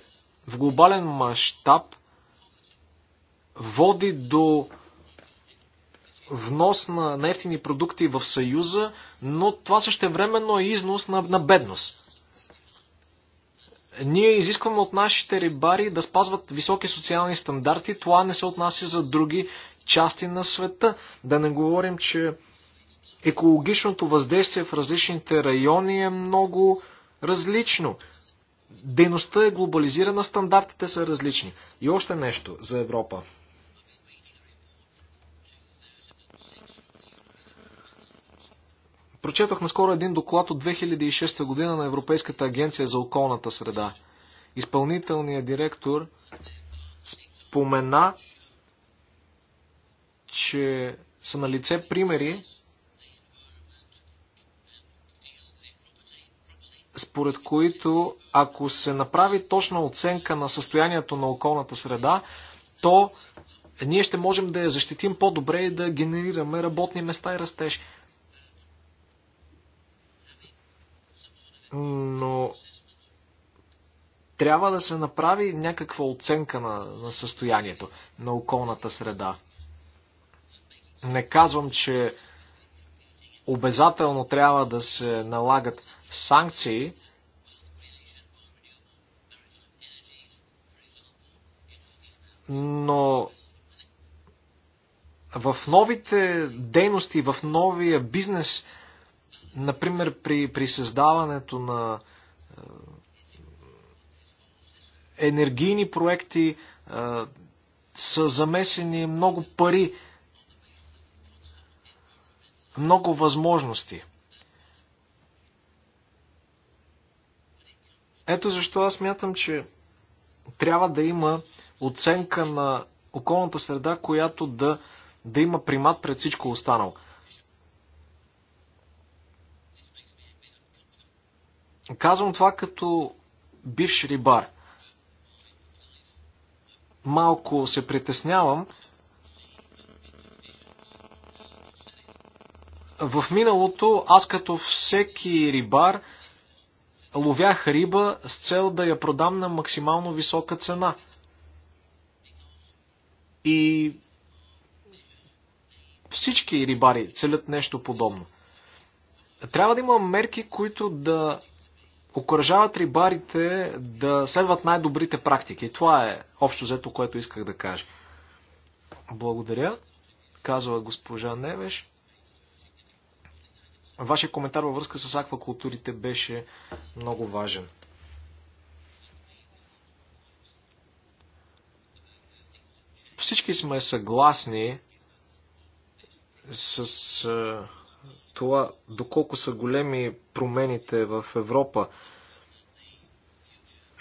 в глобален мащаб води до внос на нефтини продукти в Съюза, но това същевременно е износ на, на бедност. Ние изискваме от нашите рибари да спазват високи социални стандарти. Това не се отнася за други части на света. Да не говорим, че екологичното въздействие в различните райони е много различно. Дейността е глобализирана, стандартите са различни. И още нещо за Европа. Прочетох наскоро един доклад от 2006 година на Европейската агенция за околната среда. Изпълнителният директор спомена, че са на лице примери, според които ако се направи точна оценка на състоянието на околната среда, то ние ще можем да я защитим по-добре и да генерираме работни места и растеж. но трябва да се направи някаква оценка на, на състоянието на околната среда. Не казвам, че обязателно трябва да се налагат санкции, но в новите дейности, в новия бизнес, Например, при, при създаването на е, енергийни проекти е, са замесени много пари, много възможности. Ето защо аз мятам, че трябва да има оценка на околната среда, която да, да има примат пред всичко останало. Казвам това като бивш рибар. Малко се притеснявам. В миналото аз като всеки рибар ловях риба с цел да я продам на максимално висока цена. И всички рибари целят нещо подобно. Трябва да има мерки, които да окоръжават рибарите да следват най-добрите практики. Това е общо взето, което исках да кажа. Благодаря, казва госпожа Невеш. Вашия коментар във връзка с аквакултурите беше много важен. Всички сме съгласни с това доколко са големи промените в Европа.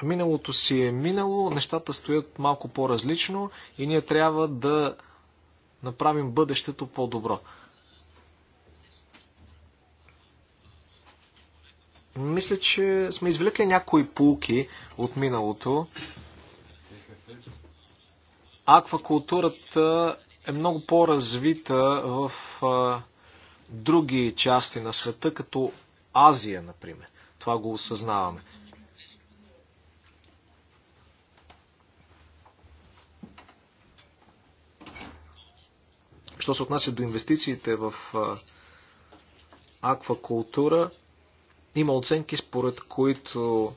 Миналото си е минало, нещата стоят малко по-различно и ние трябва да направим бъдещето по-добро. Мисля, че сме извлекли някои полки от миналото. Аквакултурата е много по-развита в други части на света, като Азия, например. Това го осъзнаваме. Що се отнася до инвестициите в аквакултура, има оценки според които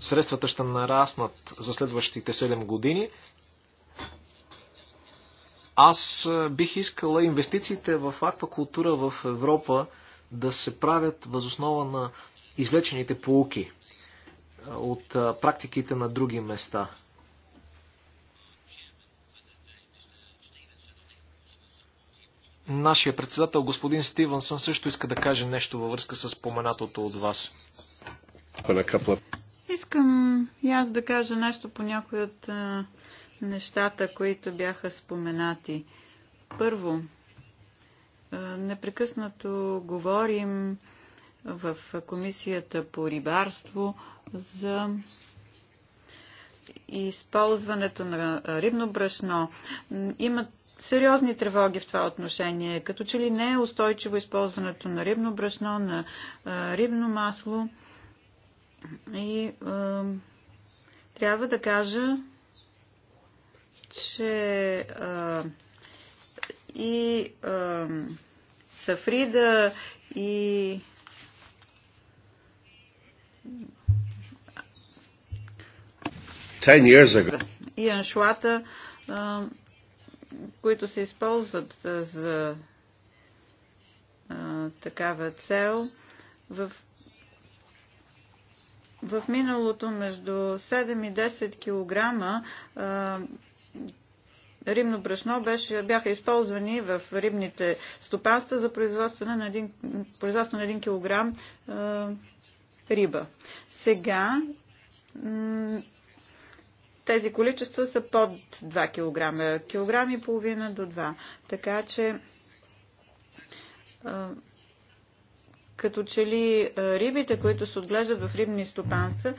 средствата ще нараснат за следващите 7 години аз бих искала инвестициите в аквакултура в Европа да се правят възоснова на извлечените полуки от практиките на други места. Нашия председател, господин Стивенсън, също иска да каже нещо във връзка с споменатото от вас. Искам и аз да кажа нещо по някои от нещата, които бяха споменати. Първо, непрекъснато говорим в Комисията по рибарство за използването на рибно брашно. Имат сериозни тревоги в това отношение. Като че ли не е устойчиво използването на рибно брашно, на рибно масло. И е, трябва да кажа, че а, и а, Сафрида и years ago. и аншуата, а, които се използват за а, такава цел. В в миналото между 7 и 10 кг рибно брашно беше, бяха използвани в рибните стопанства за производство на един производство на 1 кг е, риба. Сега тези количества са под 2 кг, килограм и половина до 2. Така че е, като че ли е, рибите, които се отглеждат в рибни стопанства,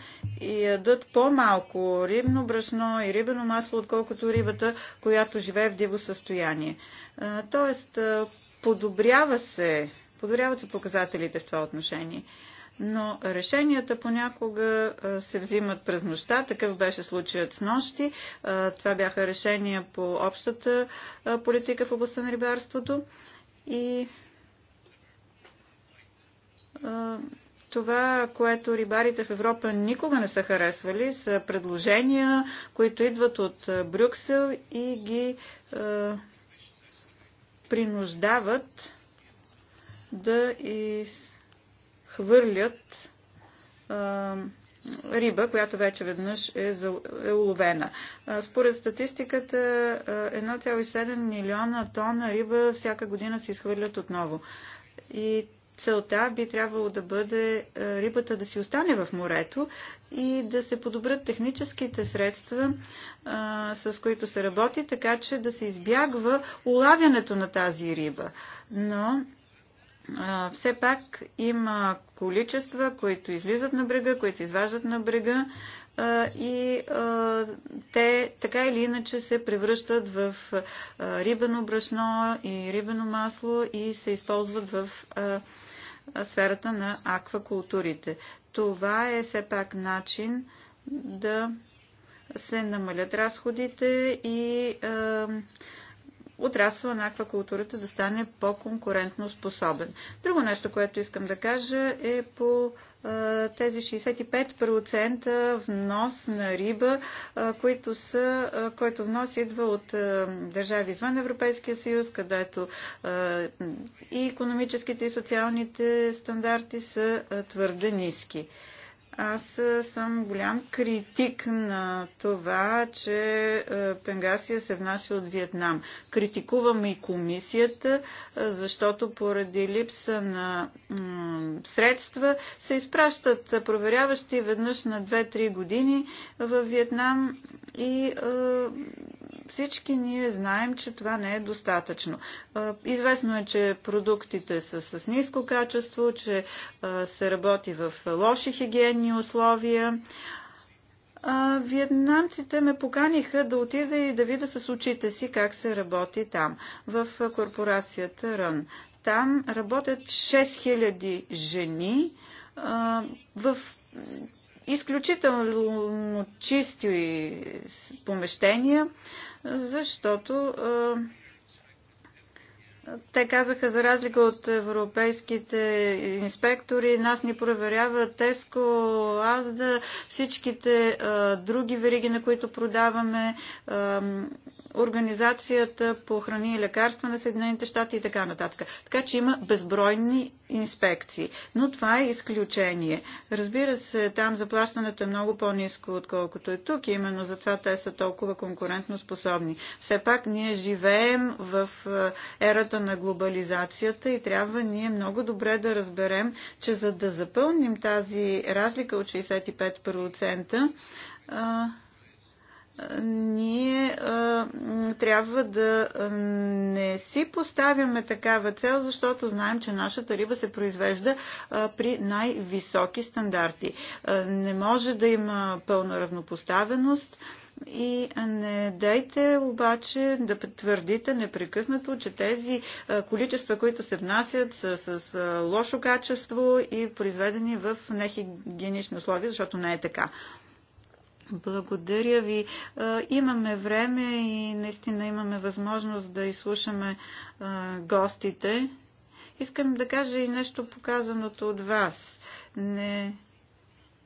ядат по-малко рибно брашно и рибено масло, отколкото рибата, която живее в диво състояние. Е, тоест, е, подобрява се, подобряват се показателите в това отношение. Но решенията понякога се взимат през нощта. Такъв беше случаят с нощи. Това бяха решения по общата политика в областта на рибарството. И това, което рибарите в Европа никога не са харесвали, са предложения, които идват от Брюксел и ги е, принуждават да изхвърлят е, риба, която вече веднъж е, е уловена. Според статистиката 1,7 милиона тона риба всяка година се изхвърлят отново. И целта би трябвало да бъде е, рибата да си остане в морето и да се подобрят техническите средства, а, е, с които се работи, така че да се избягва улавянето на тази риба. Но а, е, все пак има количества, които излизат на брега, които се изваждат на брега а, и а, те така или иначе се превръщат в а, рибено брашно и рибено масло и се използват в а, сферата на аквакултурите. Това е все пак начин да се намалят разходите и е, отрасъла на аквакултурата да стане по-конкурентно способен. Друго нещо, което искам да кажа е по тези 65% внос на риба, които са, който внос идва от държави извън Европейския съюз, където и економическите и социалните стандарти са твърде ниски. Аз съм голям критик на това, че пенгасия се внася от Виетнам. Критикувам и комисията, защото поради липса на средства се изпращат проверяващи веднъж на 2-3 години в Виетнам и всички ние знаем, че това не е достатъчно. Известно е, че продуктите са с ниско качество, че се работи в лоши хигиенни условия. Виетнамците ме поканиха да отида и да видя с очите си как се работи там, в корпорацията РАН. Там работят 6000 жени в изключително чисти помещения, защото те казаха, за разлика от европейските инспектори, нас ни проверява Теско, Азда, всичките а, други вериги, на които продаваме, а, Организацията по храни и лекарства на Съединените щати и така нататък. Така че има безбройни инспекции. Но това е изключение. Разбира се, там заплащането е много по-низко, отколкото е тук. именно затова те са толкова конкурентно способни. Все пак ние живеем в ерата сферата на глобализацията и трябва ние много добре да разберем, че за да запълним тази разлика от 65%, ние а, трябва да не си поставяме такава цел, защото знаем, че нашата риба се произвежда а, при най-високи стандарти. А, не може да има пълна равнопоставеност. А, и не дайте обаче да твърдите непрекъснато, че тези количества, които се внасят са с лошо качество и произведени в нехигиенични условия, защото не е така. Благодаря ви. Имаме време и наистина имаме възможност да изслушаме гостите. Искам да кажа и нещо показаното от вас. Не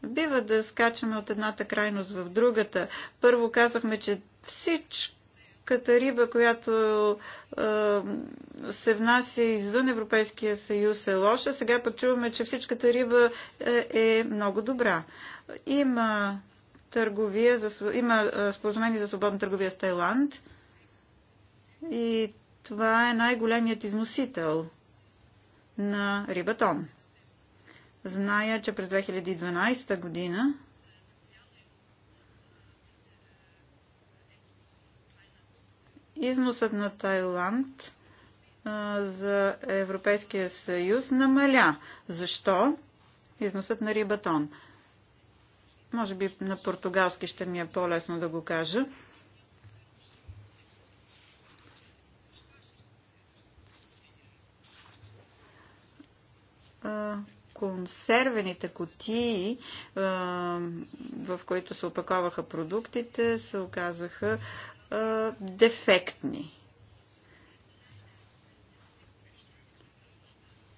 Бива да скачаме от едната крайност в другата. Първо казахме, че всичката риба, която е, се внася извън Европейския съюз е лоша. Сега пък чуваме, че всичката риба е, е много добра. Има търговия, за, има споразумение за свободна търговия с Тайланд и това е най-големият износител на рибатон. Зная, че през 2012 година износът на Тайланд за Европейския съюз намаля. Защо? Износът на рибатон. Може би на португалски ще ми е по-лесно да го кажа консервените котии, в които се опаковаха продуктите, се оказаха дефектни.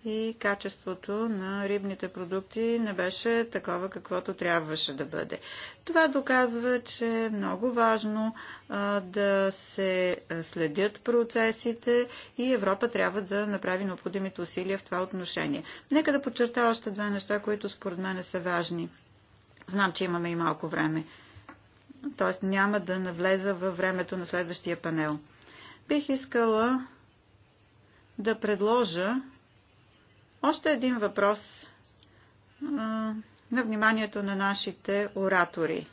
и качеството на рибните продукти не беше такова, каквото трябваше да бъде. Това доказва, че е много важно а, да се следят процесите и Европа трябва да направи необходимите усилия в това отношение. Нека да подчерта още две неща, които според мен са важни. Знам, че имаме и малко време. Тоест няма да навлеза във времето на следващия панел. Бих искала да предложа още един въпрос на вниманието на нашите оратори.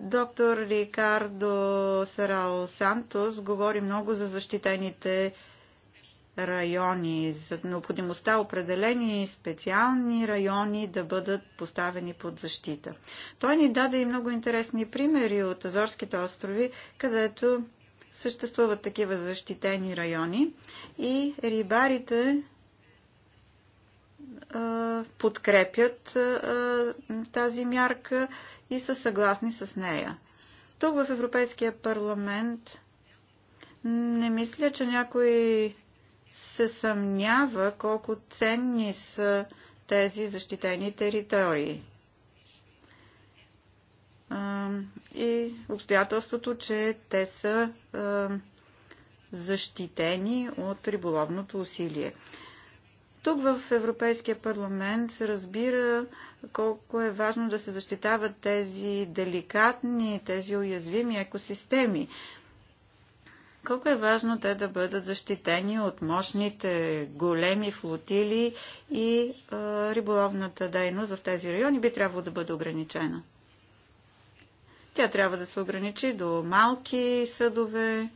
Доктор Рикардо Сарао Сантос говори много за защитените райони, за необходимостта определени специални райони да бъдат поставени под защита. Той ни даде и много интересни примери от Азорските острови, където съществуват такива защитени райони и рибарите подкрепят тази мярка и са съгласни с нея. Тук в Европейския парламент не мисля, че някой се съмнява колко ценни са тези защитени територии и обстоятелството, че те са защитени от риболовното усилие. Тук в Европейския парламент се разбира колко е важно да се защитават тези деликатни, тези уязвими екосистеми. Колко е важно те да бъдат защитени от мощните големи флотили и риболовната дейност в тези райони би трябвало да бъде ограничена. Тя трябва да се ограничи до малки съдове,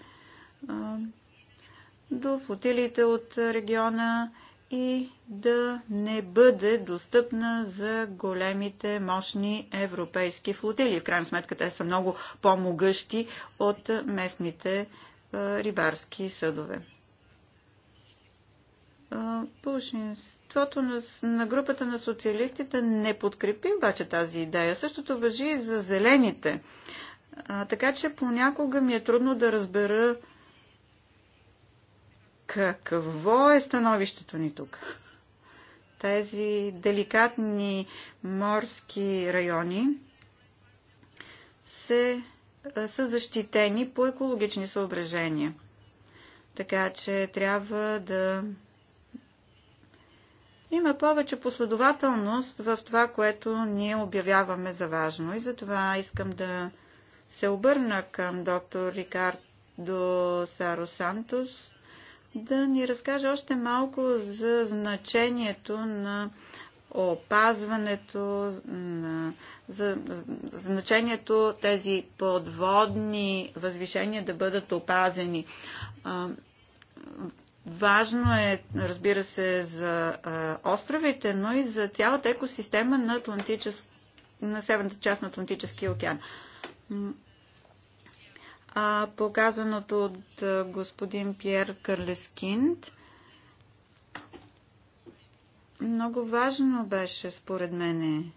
до флотилиите от региона и да не бъде достъпна за големите, мощни европейски флотили. В крайна сметка те са много по-могъщи от местните рибарски съдове. Пушинс Мнозинството на, на групата на социалистите не подкрепи обаче тази идея. Същото въжи и за зелените. А, така че понякога ми е трудно да разбера какво е становището ни тук. Тези деликатни морски райони се, са защитени по екологични съображения. Така че трябва да има повече последователност в това, което ние обявяваме за важно. И затова искам да се обърна към доктор Рикардо Саро Сантос да ни разкаже още малко за значението на опазването, на, за, значението тези подводни възвишения да бъдат опазени Важно е, разбира се, за островите, но и за цялата екосистема на, Атлантическ... на северната част на Атлантическия океан. А, показаното от господин Пьер Карлескинт. много важно беше, според мен,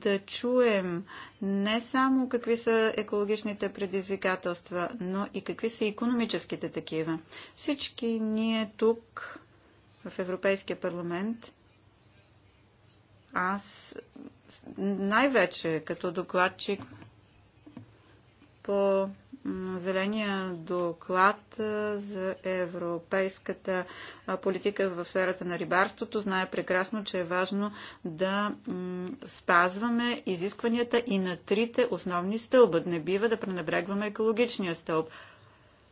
да чуем не само какви са екологичните предизвикателства, но и какви са економическите такива. Всички ние тук в Европейския парламент аз най-вече като докладчик по зеления доклад за европейската политика в сферата на рибарството знае прекрасно, че е важно да спазваме изискванията и на трите основни стълба. Не бива да пренебрегваме екологичния стълб.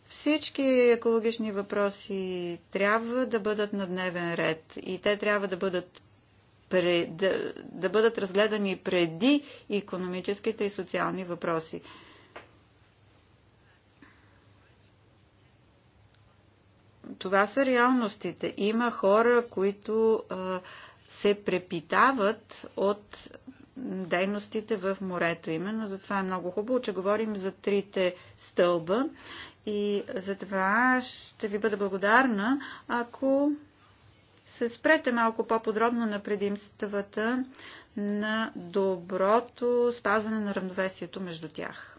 Всички екологични въпроси трябва да бъдат на дневен ред и те трябва да бъдат да, да бъдат разгледани преди економическите и социални въпроси. това са реалностите. Има хора, които а, се препитават от дейностите в морето. Именно затова е много хубаво, че говорим за трите стълба и затова ще ви бъда благодарна, ако се спрете малко по-подробно на предимствата на доброто спазване на равновесието между тях.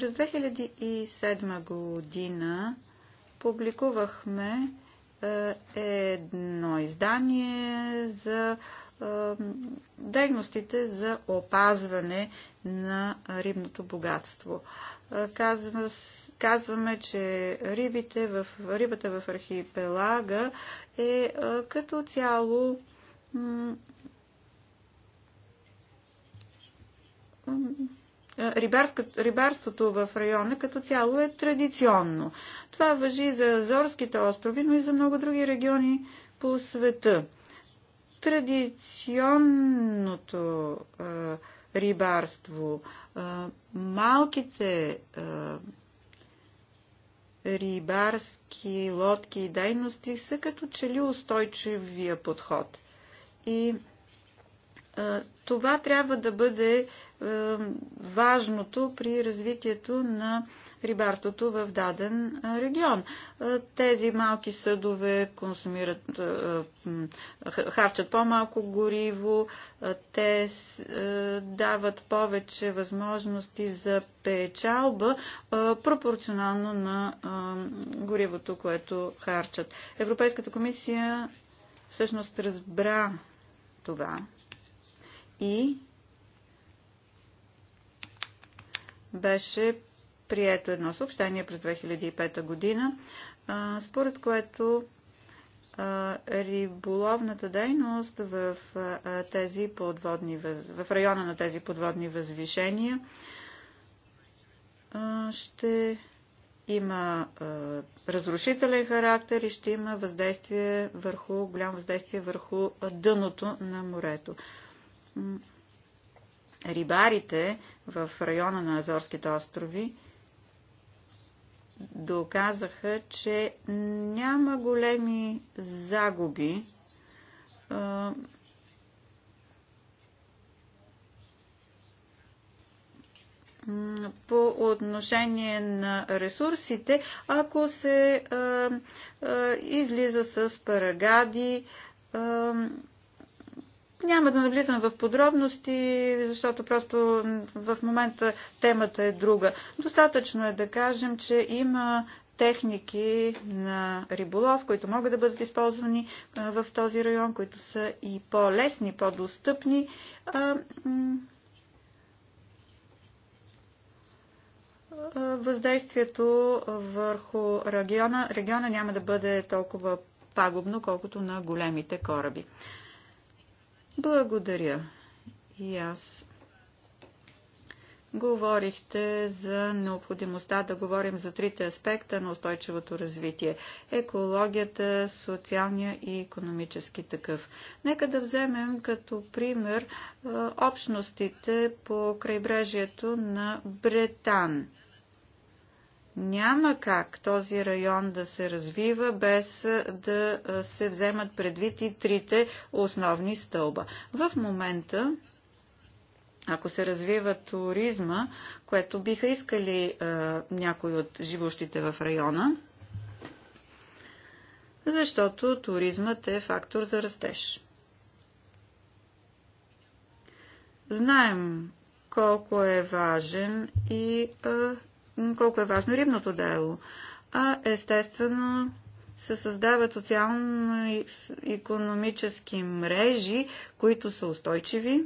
През 2007 година публикувахме е, едно издание за е, дейностите за опазване на рибното богатство. Е, казваме, че рибите в, рибата в архипелага е като цяло е, рибарството в района като цяло е традиционно. Това въжи за Азорските острови, но и за много други региони по света. Традиционното а, е, рибарство, а, е, малките а, рибарски лодки и дайности са като че ли устойчивия подход. И това трябва да бъде е, важното при развитието на рибарството в даден регион. Тези малки съдове консумират, харчат по-малко гориво, те дават повече възможности за печалба пропорционално на горивото, което харчат. Европейската комисия всъщност разбра това и беше прието едно съобщение през 2005 година, според което риболовната дейност в, тези подводни, в района на тези подводни възвишения ще има разрушителен характер и ще има въздействие върху, голямо въздействие върху дъното на морето рибарите в района на Азорските острови доказаха, че няма големи загуби по отношение на ресурсите, ако се а, а, излиза с парагади а, няма да навлизам в подробности, защото просто в момента темата е друга. Достатъчно е да кажем, че има техники на риболов, които могат да бъдат използвани в този район, които са и по-лесни, по-достъпни. Въздействието върху региона, региона няма да бъде толкова пагубно, колкото на големите кораби. Благодаря. И аз. Говорихте за необходимостта да говорим за трите аспекта на устойчивото развитие – екологията, социалния и економически такъв. Нека да вземем като пример общностите по крайбрежието на Бретан – няма как този район да се развива без да се вземат предвид и трите основни стълба. В момента ако се развива туризма, което биха искали е, някои от живущите в района, защото туризмът е фактор за растеж. Знаем колко е важен и е, колко е важно рибното дело. А естествено се създават социално-економически мрежи, които са устойчиви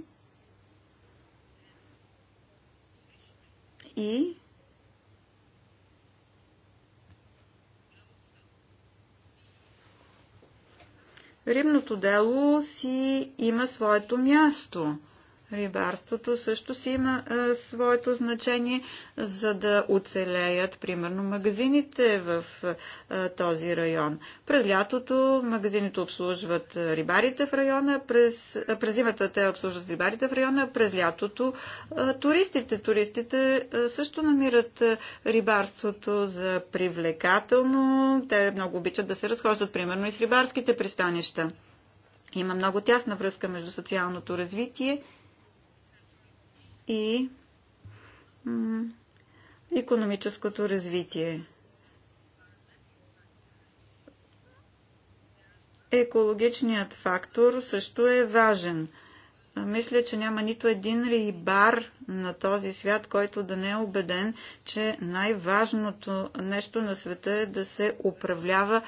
и рибното дело си има своето място – рибарството също си има а, своето значение, за да оцелеят, примерно, магазините в а, този район. През лятото магазините обслужват рибарите в района, през, а, през зимата те обслужват рибарите в района, през лятото а, туристите. Туристите а, също намират а, рибарството за привлекателно. Те много обичат да се разхождат, примерно, и с рибарските пристанища. Има много тясна връзка между социалното развитие и економическото развитие. Екологичният фактор също е важен – мисля, че няма нито един рибар на този свят, който да не е убеден, че най-важното нещо на света е да се управлява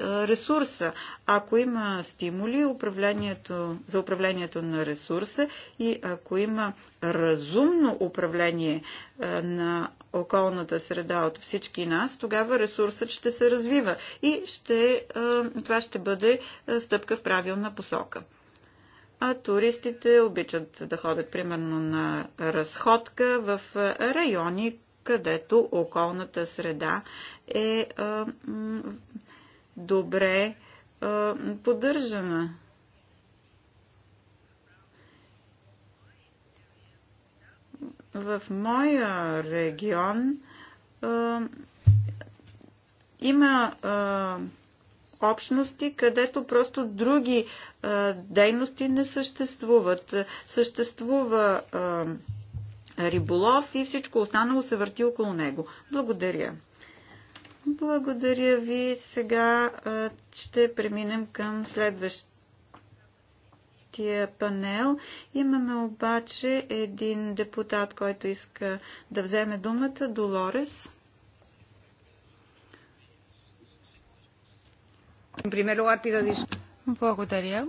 ресурса. Ако има стимули управлението, за управлението на ресурса и ако има разумно управление на околната среда от всички нас, тогава ресурсът ще се развива и ще, това ще бъде стъпка в правилна посока а туристите обичат да ходят примерно на разходка в райони, където околната среда е а, добре а, поддържана. В моя регион а, има а, общности, където просто други а, е, дейности не съществуват. Съществува а, е, риболов и всичко останало се върти около него. Благодаря. Благодаря ви. Сега а, е, ще преминем към следващия панел. Имаме обаче един депутат, който иска да вземе думата. Долорес. Благодаря.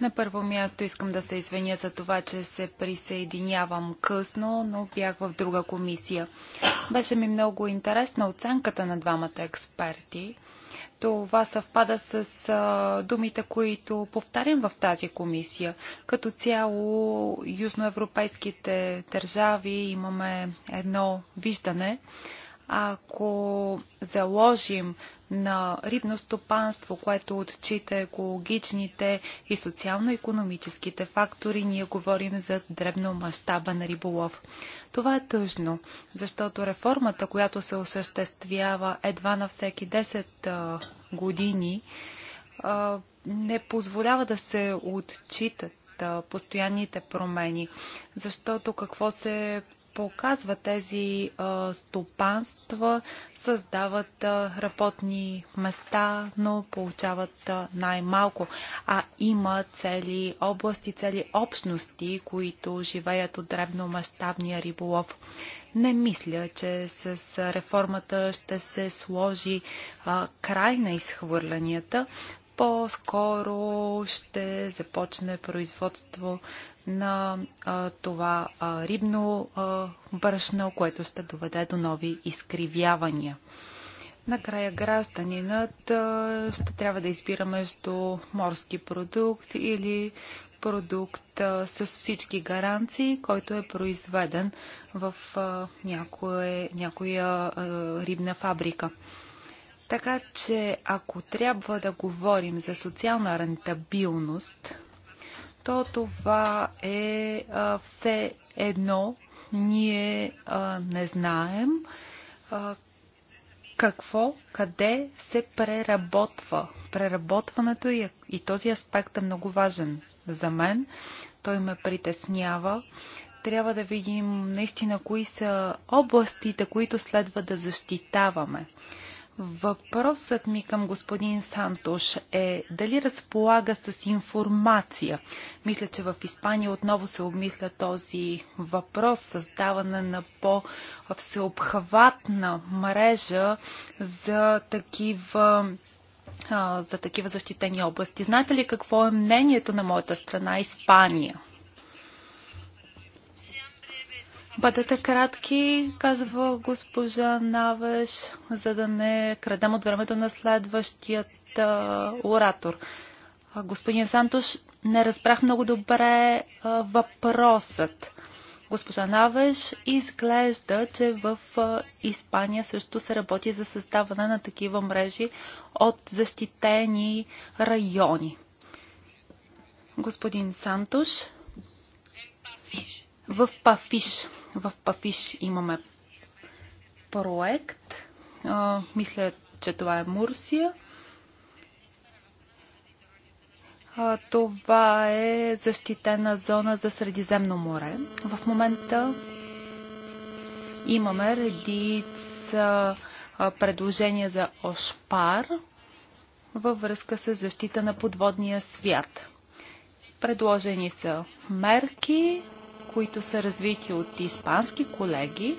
На първо място искам да се извиня за това, че се присъединявам късно, но бях в друга комисия. Беше ми много интересна оценката на двамата експерти. Това съвпада с а, думите, които повтарям в тази комисия. Като цяло, южноевропейските държави имаме едно виждане ако заложим на рибно стопанство, което отчита екологичните и социално-економическите фактори, ние говорим за дребно мащаба на риболов. Това е тъжно, защото реформата, която се осъществява едва на всеки 10 години, не позволява да се отчитат постоянните промени, защото какво се показва тези стопанства, създават работни места, но получават най-малко. А има цели области, цели общности, които живеят от древномащабния риболов. Не мисля, че с реформата ще се сложи край на изхвърлянията, по-скоро ще започне производство на а, това а, рибно а, брашно, което ще доведе до нови изкривявания. Накрая гражданинът а, ще трябва да избира между морски продукт или продукт а, с всички гаранции, който е произведен в а, някое, някоя а, рибна фабрика. Така че ако трябва да говорим за социална рентабилност, то това е а, все едно. Ние а, не знаем а, какво, къде се преработва. Преработването и, и този аспект е много важен за мен. Той ме притеснява. Трябва да видим наистина кои са областите, които следва да защитаваме. Въпросът ми към господин Сантош е дали разполага с информация. Мисля, че в Испания отново се обмисля този въпрос, създаване на по-всеобхватна мрежа за такива за такива защитени области. Знаете ли какво е мнението на моята страна Испания? Бъдете кратки, казва госпожа Навеш, за да не крадем от времето на следващият а, оратор. А, господин Сантош, не разбрах много добре а, въпросът. Госпожа Навеш изглежда, че в а, Испания също се работи за създаване на такива мрежи от защитени райони. Господин Сантош. В Пафиш, в Пафиш имаме проект. А, мисля, че това е Мурсия. А, това е защитена зона за Средиземно море. В момента имаме редица предложения за ОШПАР във връзка с защита на подводния свят. Предложени са мерки, които са развити от испански колеги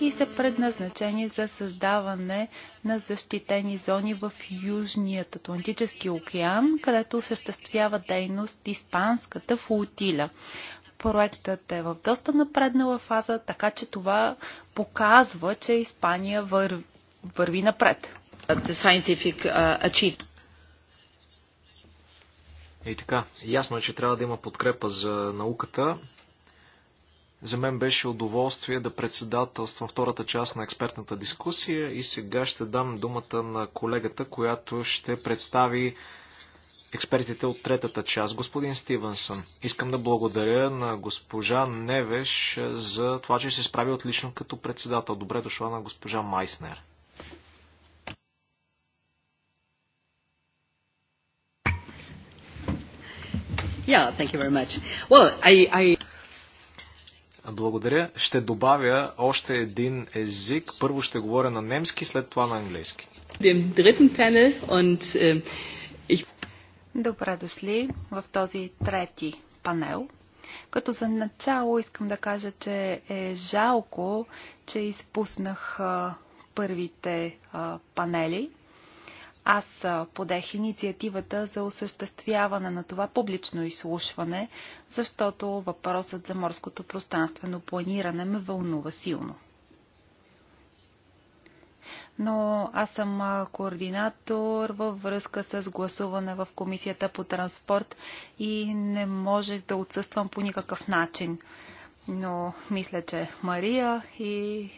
и са предназначени за създаване на защитени зони в Южният Атлантически океан, където осъществява дейност испанската флотиля. Проектът е в доста напреднала фаза, така че това показва, че Испания вър... върви напред. Uh, и така, ясно е, че трябва да има подкрепа за науката. За мен беше удоволствие да председателствам втората част на експертната дискусия и сега ще дам думата на колегата, която ще представи експертите от третата част. Господин Стивенсън, искам да благодаря на госпожа Невеш за това, че се справи отлично като председател. Добре дошла на госпожа Майснер. Yeah, thank you very much. Well, I, I... Благодаря. Ще добавя още един език. Първо ще говоря на немски, след това на английски. Э, Добре дошли в този трети панел. Като за начало искам да кажа, че е жалко, че изпуснах първите панели, аз подех инициативата за осъществяване на това публично изслушване, защото въпросът за морското пространствено планиране ме вълнува силно. Но аз съм координатор във връзка с гласуване в Комисията по транспорт и не можех да отсъствам по никакъв начин но мисля, че Мария и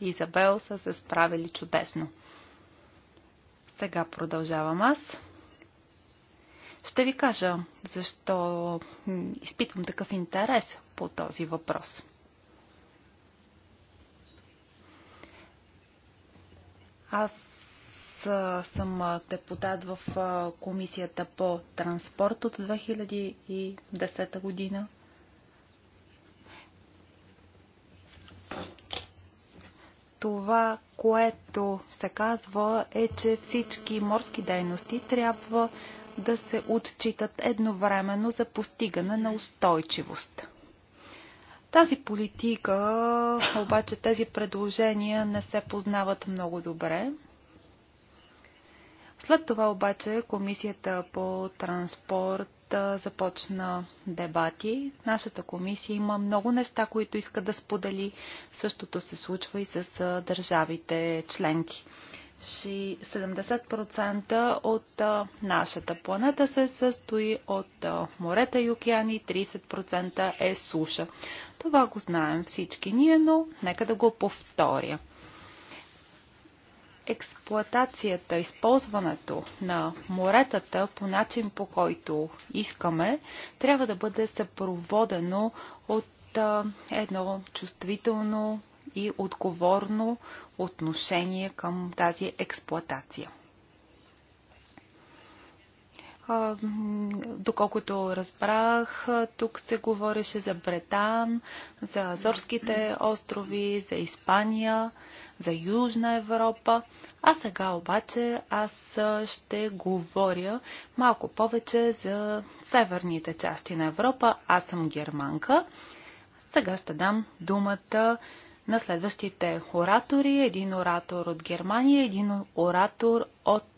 Изабел са се справили чудесно. Сега продължавам аз. Ще ви кажа защо изпитвам такъв интерес по този въпрос. Аз съм депутат в Комисията по транспорт от 2010 година. Това, което се казва е, че всички морски дейности трябва да се отчитат едновременно за постигане на устойчивост. Тази политика, обаче тези предложения не се познават много добре. След това обаче Комисията по транспорт започна дебати. Нашата комисия има много неща, които иска да сподели. Същото се случва и с държавите членки. 70% от нашата планета се състои от морета и океани, 30% е суша. Това го знаем всички ние, но нека да го повторя експлоатацията, използването на моретата по начин по който искаме, трябва да бъде съпроводено от едно чувствително и отговорно отношение към тази експлоатация. Доколкото разбрах, тук се говореше за Бретан, за Азорските острови, за Испания, за Южна Европа. А сега обаче аз ще говоря малко повече за северните части на Европа. Аз съм германка. Сега ще дам думата на следващите оратори. Един оратор от Германия, един оратор от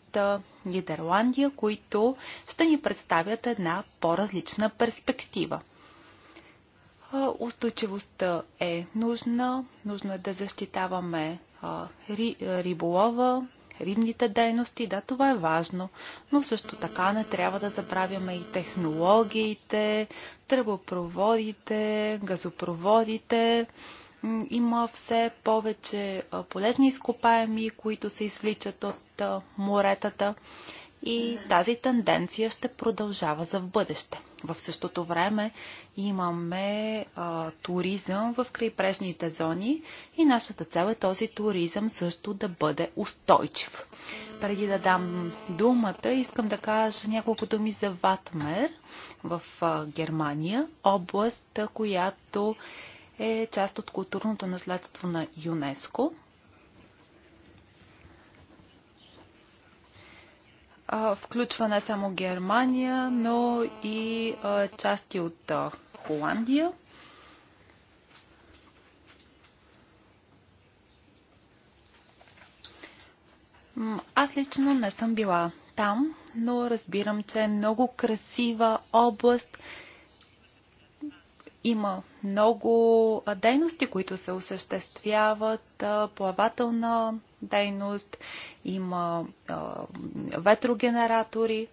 Нидерландия, които ще ни представят една по-различна перспектива. Устойчивостта е нужна. Нужно е да защитаваме риболова, рибните дейности. Да, това е важно, но също така не трябва да забравяме и технологиите, тръбопроводите, газопроводите, има все повече полезни изкопаеми, които се изличат от моретата и тази тенденция ще продължава за в бъдеще. В същото време имаме а, туризъм в крайпрежните зони и нашата цел е този туризъм също да бъде устойчив. Преди да дам думата, искам да кажа няколко думи за Ватмер в а, Германия, област, която е част от културното наследство на ЮНЕСКО. Включва не само Германия, но и части от Холандия. Аз лично не съм била там, но разбирам, че е много красива област има много дейности, които се осъществяват, плавателна дейност, има ветрогенератори.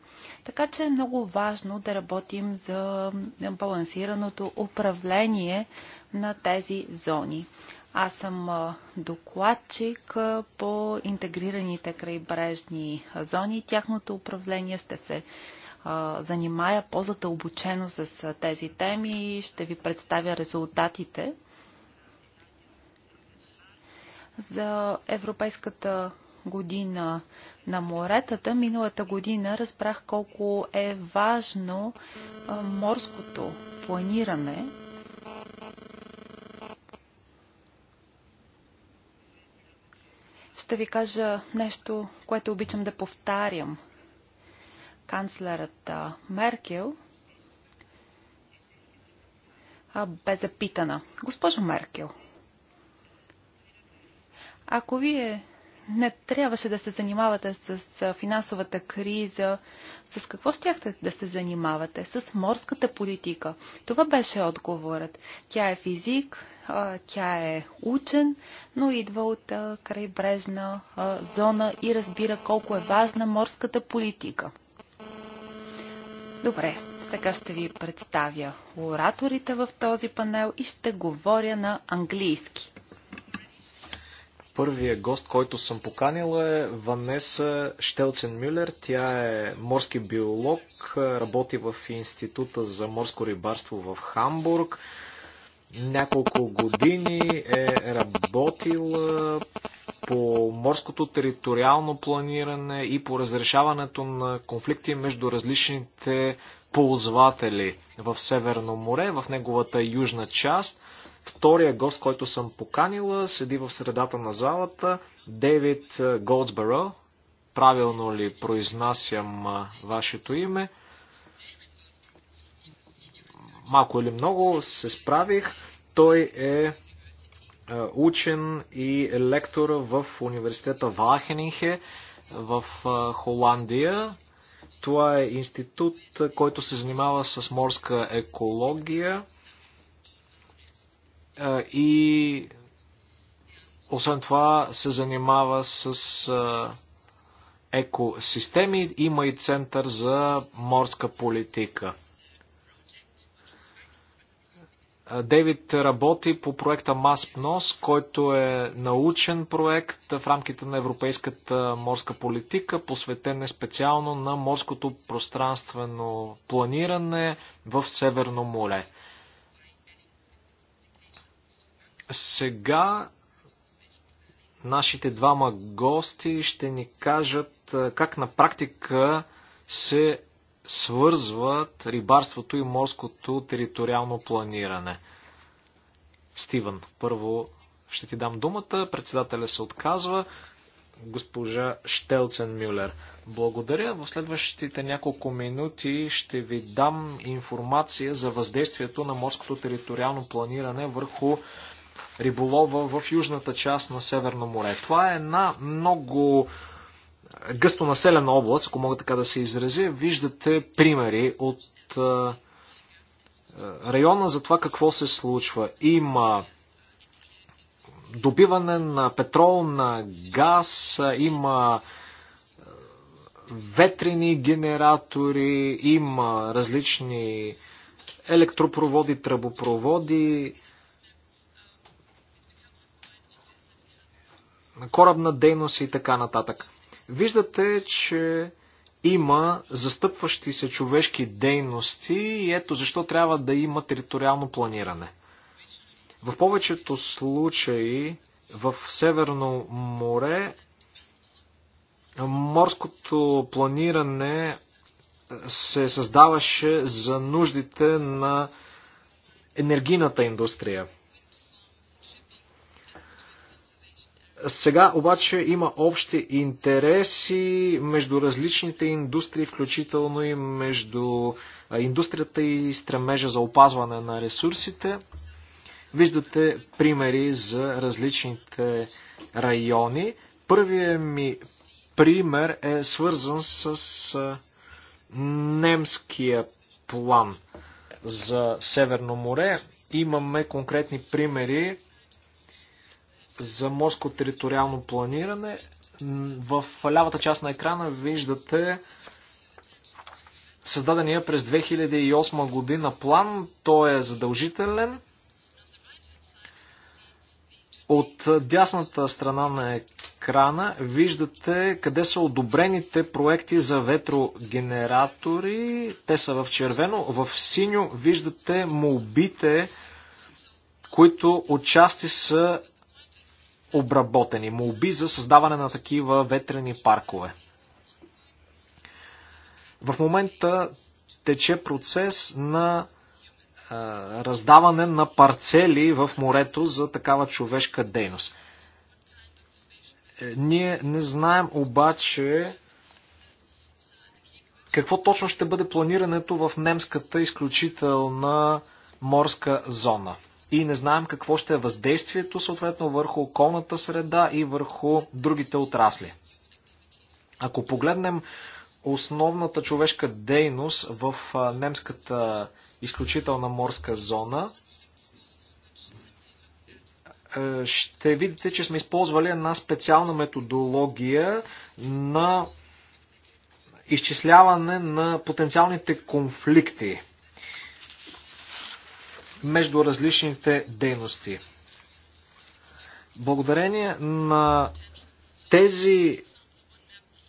Така че е много важно да работим за балансираното управление на тези зони. Аз съм докладчик по интегрираните крайбрежни зони. Тяхното управление ще се занимая по-задълбочено с тези теми и ще ви представя резултатите за Европейската година на моретата. Миналата година разбрах колко е важно морското планиране. Ще ви кажа нещо, което обичам да повтарям – канцлерът Меркел бе запитана. Госпожо Меркел, ако вие не трябваше да се занимавате с финансовата криза, с какво щяхте да се занимавате? С морската политика. Това беше отговорът. Тя е физик, тя е учен, но идва от крайбрежна зона и разбира колко е важна морската политика. Добре, сега ще ви представя ораторите в този панел и ще говоря на английски. Първият гост, който съм поканил е Ванеса Штелцен Мюлер. Тя е морски биолог, работи в Института за морско рибарство в Хамбург. Няколко години е работила по морското териториално планиране и по разрешаването на конфликти между различните ползватели в Северно море, в неговата южна част. Втория гост, който съм поканила, седи в средата на залата, Дейвид Голдсбъро. Правилно ли произнасям вашето име? Малко или много се справих. Той е е, учен и лектор в университета Вахенинхе в е, Холандия. Това е институт, който се занимава с морска екология е, и освен това се занимава с екосистеми. Има и център за морска политика. Дейвид работи по проекта МАСПНОС, който е научен проект в рамките на европейската морска политика, посветен е специално на морското пространствено планиране в Северно море. Сега нашите двама гости ще ни кажат как на практика се свързват рибарството и морското териториално планиране. Стивън, първо ще ти дам думата. Председателя се отказва. Госпожа Штелцен Мюлер. Благодаря. В следващите няколко минути ще ви дам информация за въздействието на морското териториално планиране върху риболова в южната част на Северно море. Това е една много гъсто населена област, ако мога така да се изразя, виждате примери от района за това какво се случва. Има добиване на петрол, на газ, има ветрени генератори, има различни електропроводи, тръбопроводи, корабна дейност и така нататък. Виждате, че има застъпващи се човешки дейности и ето защо трябва да има териториално планиране. В повечето случаи в Северно море морското планиране се създаваше за нуждите на енергийната индустрия. Сега обаче има общи интереси между различните индустрии, включително и между индустрията и стремежа за опазване на ресурсите. Виждате примери за различните райони. Първият ми пример е свързан с немския план за Северно море. Имаме конкретни примери за морско териториално планиране. В лявата част на екрана виждате създадения през 2008 година план. Той е задължителен. От дясната страна на екрана виждате къде са одобрените проекти за ветрогенератори. Те са в червено. В синьо виждате молбите, които отчасти са обработени. Молби за създаване на такива ветрени паркове. В момента тече процес на е, раздаване на парцели в морето за такава човешка дейност. Е, ние не знаем обаче какво точно ще бъде планирането в немската изключителна морска зона и не знаем какво ще е въздействието съответно върху околната среда и върху другите отрасли. Ако погледнем основната човешка дейност в немската изключителна морска зона, е, ще видите, че сме използвали една специална методология на изчисляване на потенциалните конфликти между различните дейности. Благодарение на тези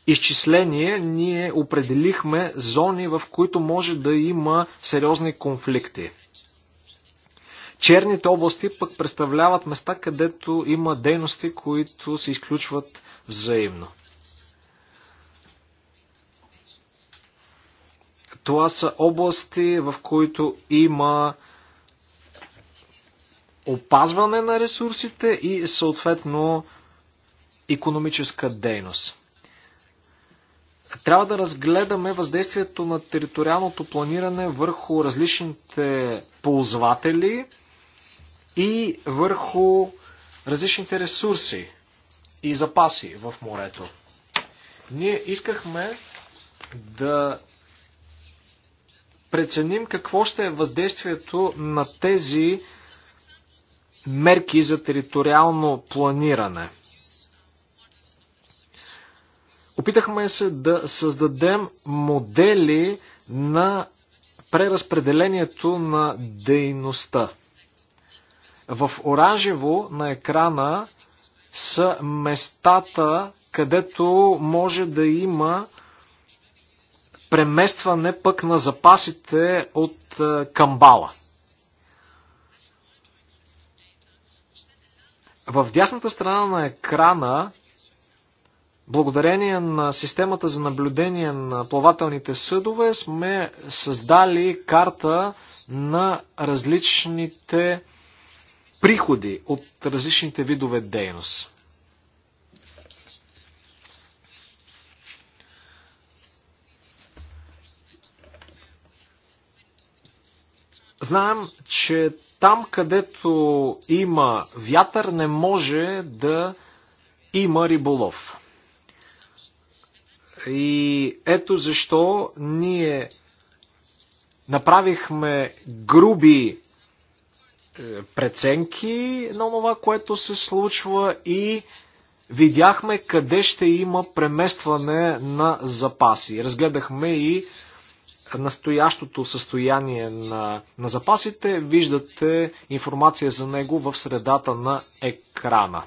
изчисления ние определихме зони, в които може да има сериозни конфликти. Черните области пък представляват места, където има дейности, които се изключват взаимно. Това са области, в които има опазване на ресурсите и съответно економическа дейност. Трябва да разгледаме въздействието на териториалното планиране върху различните ползватели и върху различните ресурси и запаси в морето. Ние искахме да преценим какво ще е въздействието на тези мерки за териториално планиране. Опитахме се да създадем модели на преразпределението на дейността. В оранжево на екрана са местата, където може да има преместване пък на запасите от е, камбала. В дясната страна на екрана, благодарение на системата за наблюдение на плавателните съдове, сме създали карта на различните приходи от различните видове дейност. Знаем, че там, където има вятър, не може да има риболов. И ето защо ние направихме груби е, преценки на това, което се случва и видяхме къде ще има преместване на запаси. Разгледахме и настоящото състояние на, на запасите, виждате информация за него в средата на екрана.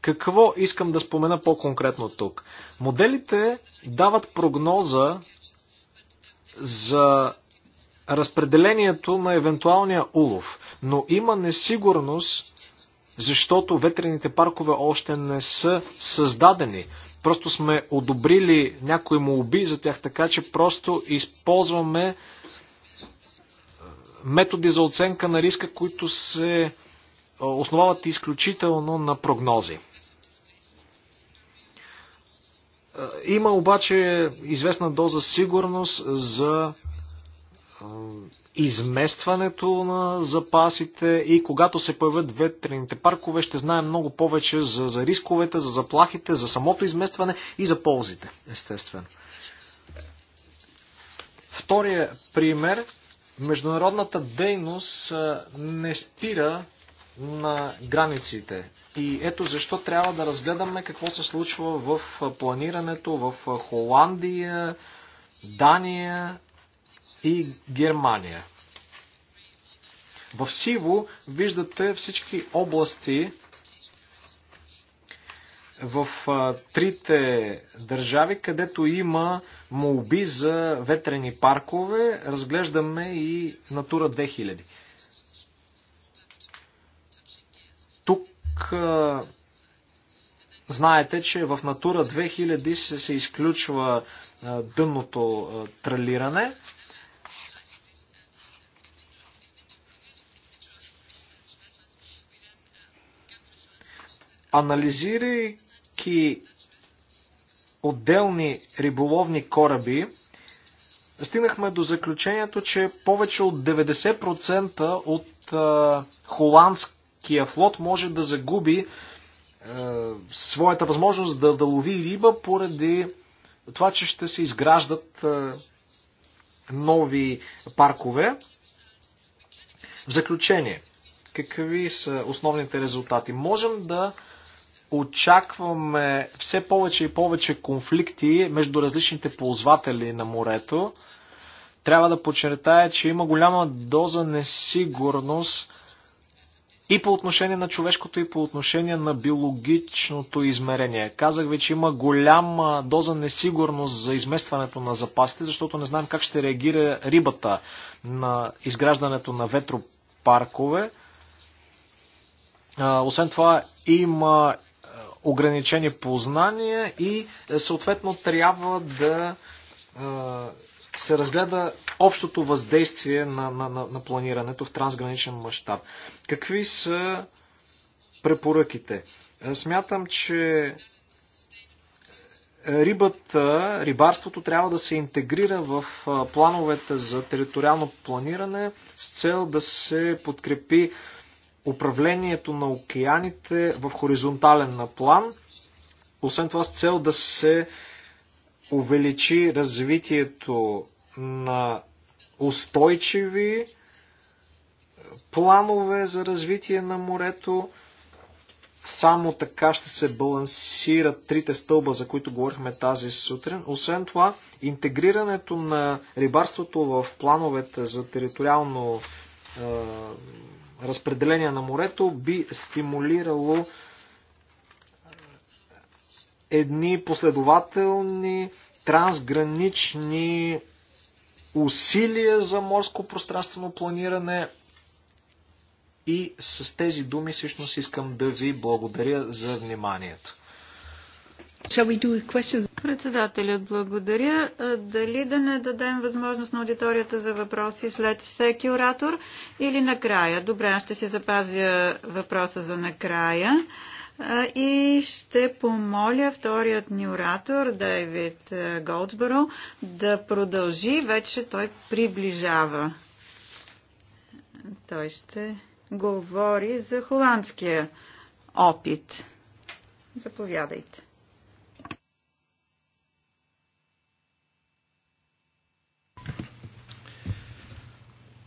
Какво искам да спомена по-конкретно тук? Моделите дават прогноза за разпределението на евентуалния улов, но има несигурност защото ветрените паркове още не са създадени. Просто сме одобрили някои молби за тях, така че просто използваме е, методи за оценка на риска, които се е, основават изключително на прогнози. Е, има обаче известна доза сигурност за изместването на запасите и когато се появят ветрените паркове, ще знаем много повече за, за рисковете, за заплахите, за самото изместване и за ползите, естествено. Втория пример международната дейност не спира на границите. И ето защо трябва да разгледаме какво се случва в планирането в Холандия, Дания, и Германия. В сиво виждате всички области в трите държави, където има молби за ветрени паркове. Разглеждаме и Натура 2000. Тук знаете, че в Натура 2000 се, се изключва дъното дънното тралиране. Анализирайки отделни риболовни кораби, стигнахме до заключението, че повече от 90% от а, холандския флот може да загуби а, своята възможност да, да лови риба поради това, че ще се изграждат а, нови паркове. В заключение, какви са основните резултати? Можем да а, очакваме все повече и повече конфликти между различните ползватели на морето. Трябва да подчертая, че има голяма доза несигурност и по отношение на човешкото, и по отношение на биологичното измерение. Казах ви, че има голяма доза несигурност за изместването на запасите, защото не знаем как ще реагира рибата на изграждането на ветропаркове. Освен това, има ограничени познания и е, съответно трябва да е, се разгледа общото въздействие на, на, на, на планирането в трансграничен мащаб. Какви са препоръките? Е, смятам, че рибата, рибарството трябва да се интегрира в плановете за териториално планиране с цел да се подкрепи управлението на океаните в хоризонтален план. Освен това с цел да се увеличи развитието на устойчиви планове за развитие на морето. Само така ще се балансират трите стълба, за които говорихме тази сутрин. Освен това, интегрирането на рибарството в плановете за териториално е, разпределение на морето би стимулирало едни последователни трансгранични усилия за морско пространствено планиране. И с тези думи всъщност искам да ви благодаря за вниманието. Председателят благодаря. Дали да не дадем възможност на аудиторията за въпроси след всеки оратор или накрая? Добре, ще си запазя въпроса за накрая. И ще помоля вторият ни оратор, Дейвид Голдсборо, да продължи. Вече той приближава. Той ще говори за холандския опит. Заповядайте.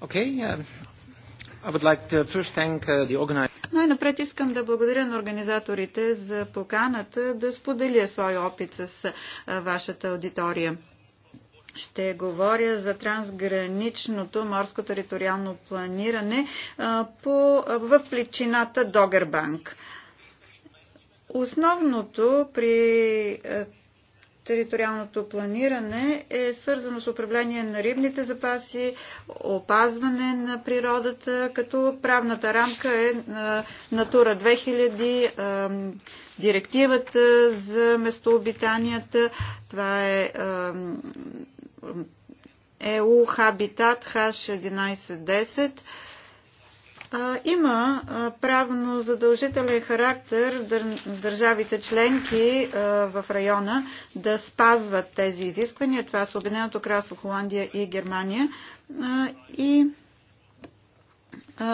Uh, Най-напред искам да благодаря на организаторите за поканата да споделя своя опит с вашата аудитория. Ще говоря за трансграничното морско териториално планиране по, в плечината Догербанк. Основното при териториалното планиране е свързано с управление на рибните запаси, опазване на природата, като правната рамка е на Натура 2000, директивата за местообитанията, това е ЕУ Хабитат H1110 има правно задължителен характер държавите членки в района да спазват тези изисквания. Това са Обединеното кралство Холандия и Германия. И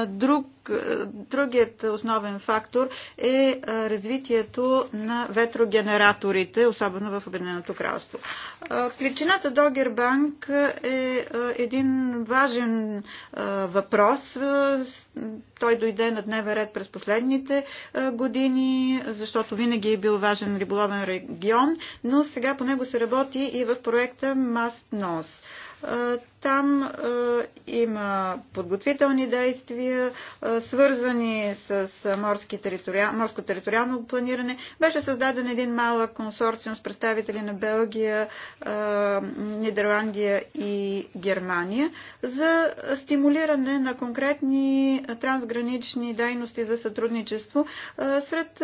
друг е, другият основен фактор е, е развитието на ветрогенераторите, особено в Обединеното кралство. Е, причината Догербанк е един важен въпрос. Той дойде на дневен ред през последните години, защото винаги е бил важен риболовен регион, но сега по него се работи и в проекта Маст НОС. Там има подготвителни действия, свързани с морски територи... морско териториално планиране. Беше създаден един малък консорциум с представители на Белгия, Нидерландия и Германия за стимулиране на конкретни трансгранични дейности за сътрудничество, сред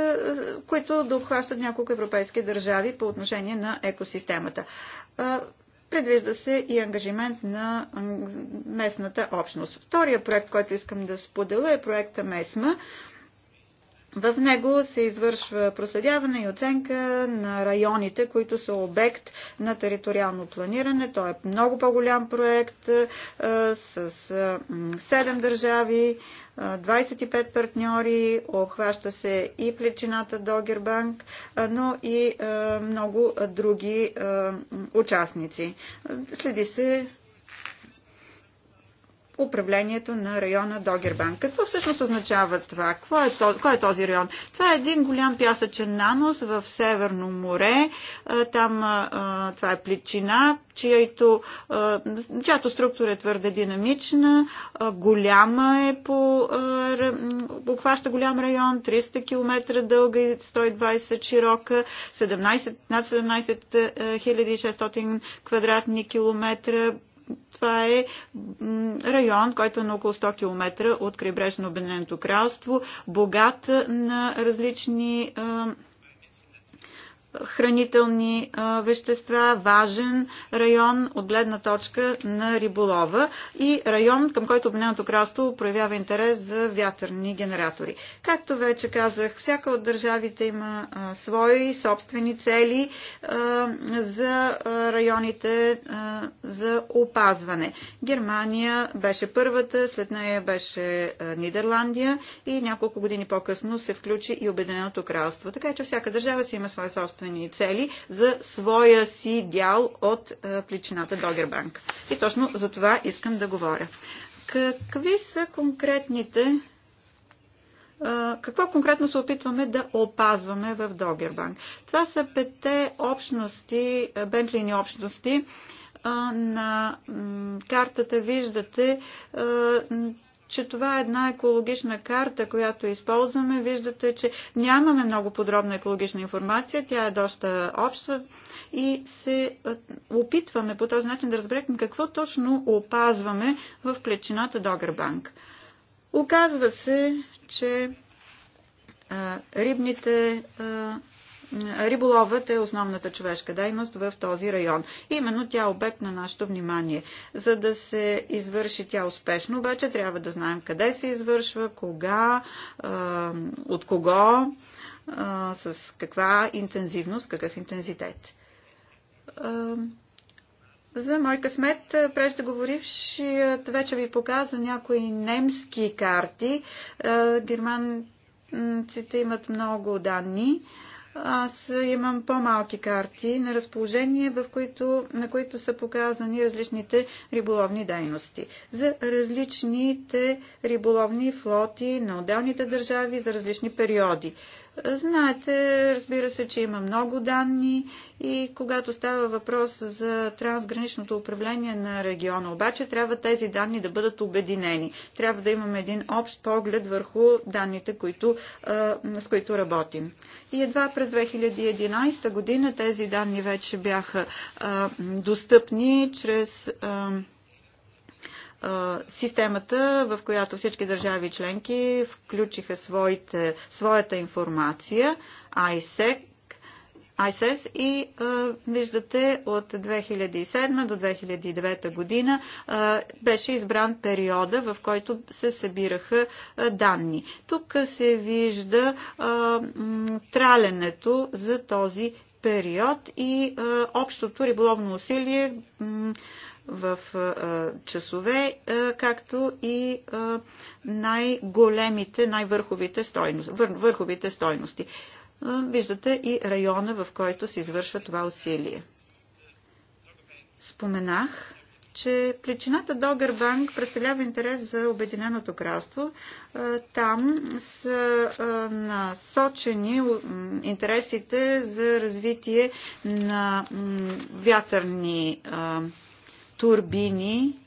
които да обхващат няколко европейски държави по отношение на екосистемата. Предвижда се и ангажимент на местната общност. Втория проект, който искам да споделя е проекта МЕСМА. В него се извършва проследяване и оценка на районите, които са обект на териториално планиране. Той е много по-голям проект с 7 държави 25 партньори, обхваща се и плечината Догербанк, но и много други участници. Следи се управлението на района Догербан. Какво всъщност означава това? Кой е, този, кой е този район? Това е един голям пясъчен нанос в Северно море. Там това е плечина, чието, чиято структура е твърде динамична, голяма е по, обхваща голям район, 300 км дълга и 120 широка, 17, над 17 600 квадратни километра, това е район, който е на около 100 км от крайбрежно Обединеното кралство, богат на различни а, хранителни вещества, важен район от гледна точка на риболова и район, към който Обединеното кралство проявява интерес за вятърни генератори. Както вече казах, всяка от държавите има свои собствени цели за районите за опазване. Германия беше първата, след нея беше Нидерландия и няколко години по-късно се включи и Обединеното кралство. Така че всяка държава си има своя собствен собствени цели за своя си дял от е, плечината Догербанк. И точно за това искам да говоря. Какви са конкретните е, какво конкретно се опитваме да опазваме в Догербанк? Това са пете общности, е, бентлини общности. На картата виждате че това е една екологична карта, която използваме. Виждате, че нямаме много подробна екологична информация, тя е доста обща и се опитваме по този начин да разберем какво точно опазваме в плечината Догърбанк. Оказва се, че рибните Риболовът е основната човешка дейност в този район. Именно тя е обект на нашето внимание. За да се извърши тя успешно, обаче трябва да знаем къде се извършва, кога, от кого, с каква интензивност, какъв интензитет. За мой късмет, преждеговорившият вече ви показа някои немски карти. Германците имат много данни. Аз имам по-малки карти на разположение, в които, на които са показани различните риболовни дейности. За различните риболовни флоти на отделните държави за различни периоди. Знаете, разбира се, че има много данни и когато става въпрос за трансграничното управление на региона, обаче трябва тези данни да бъдат обединени. Трябва да имаме един общ поглед върху данните, които, с които работим. И едва през 2011 година тези данни вече бяха достъпни чрез системата, в която всички държави членки включиха своите, своята информация, ISEC, ISES e и а, виждате от 2007 до 2009 година а, беше избран периода, в който се събираха а, данни. Тук се вижда а, траленето за този период и а, общото риболовно усилие. М- в часове, както и най-големите, най-върховите стойности, върховите стойности. Виждате и района, в който се извършва това усилие. Споменах, че причината Догър Банк представлява интерес за Обединеното кралство. Там са насочени интересите за развитие на вятърни турбини,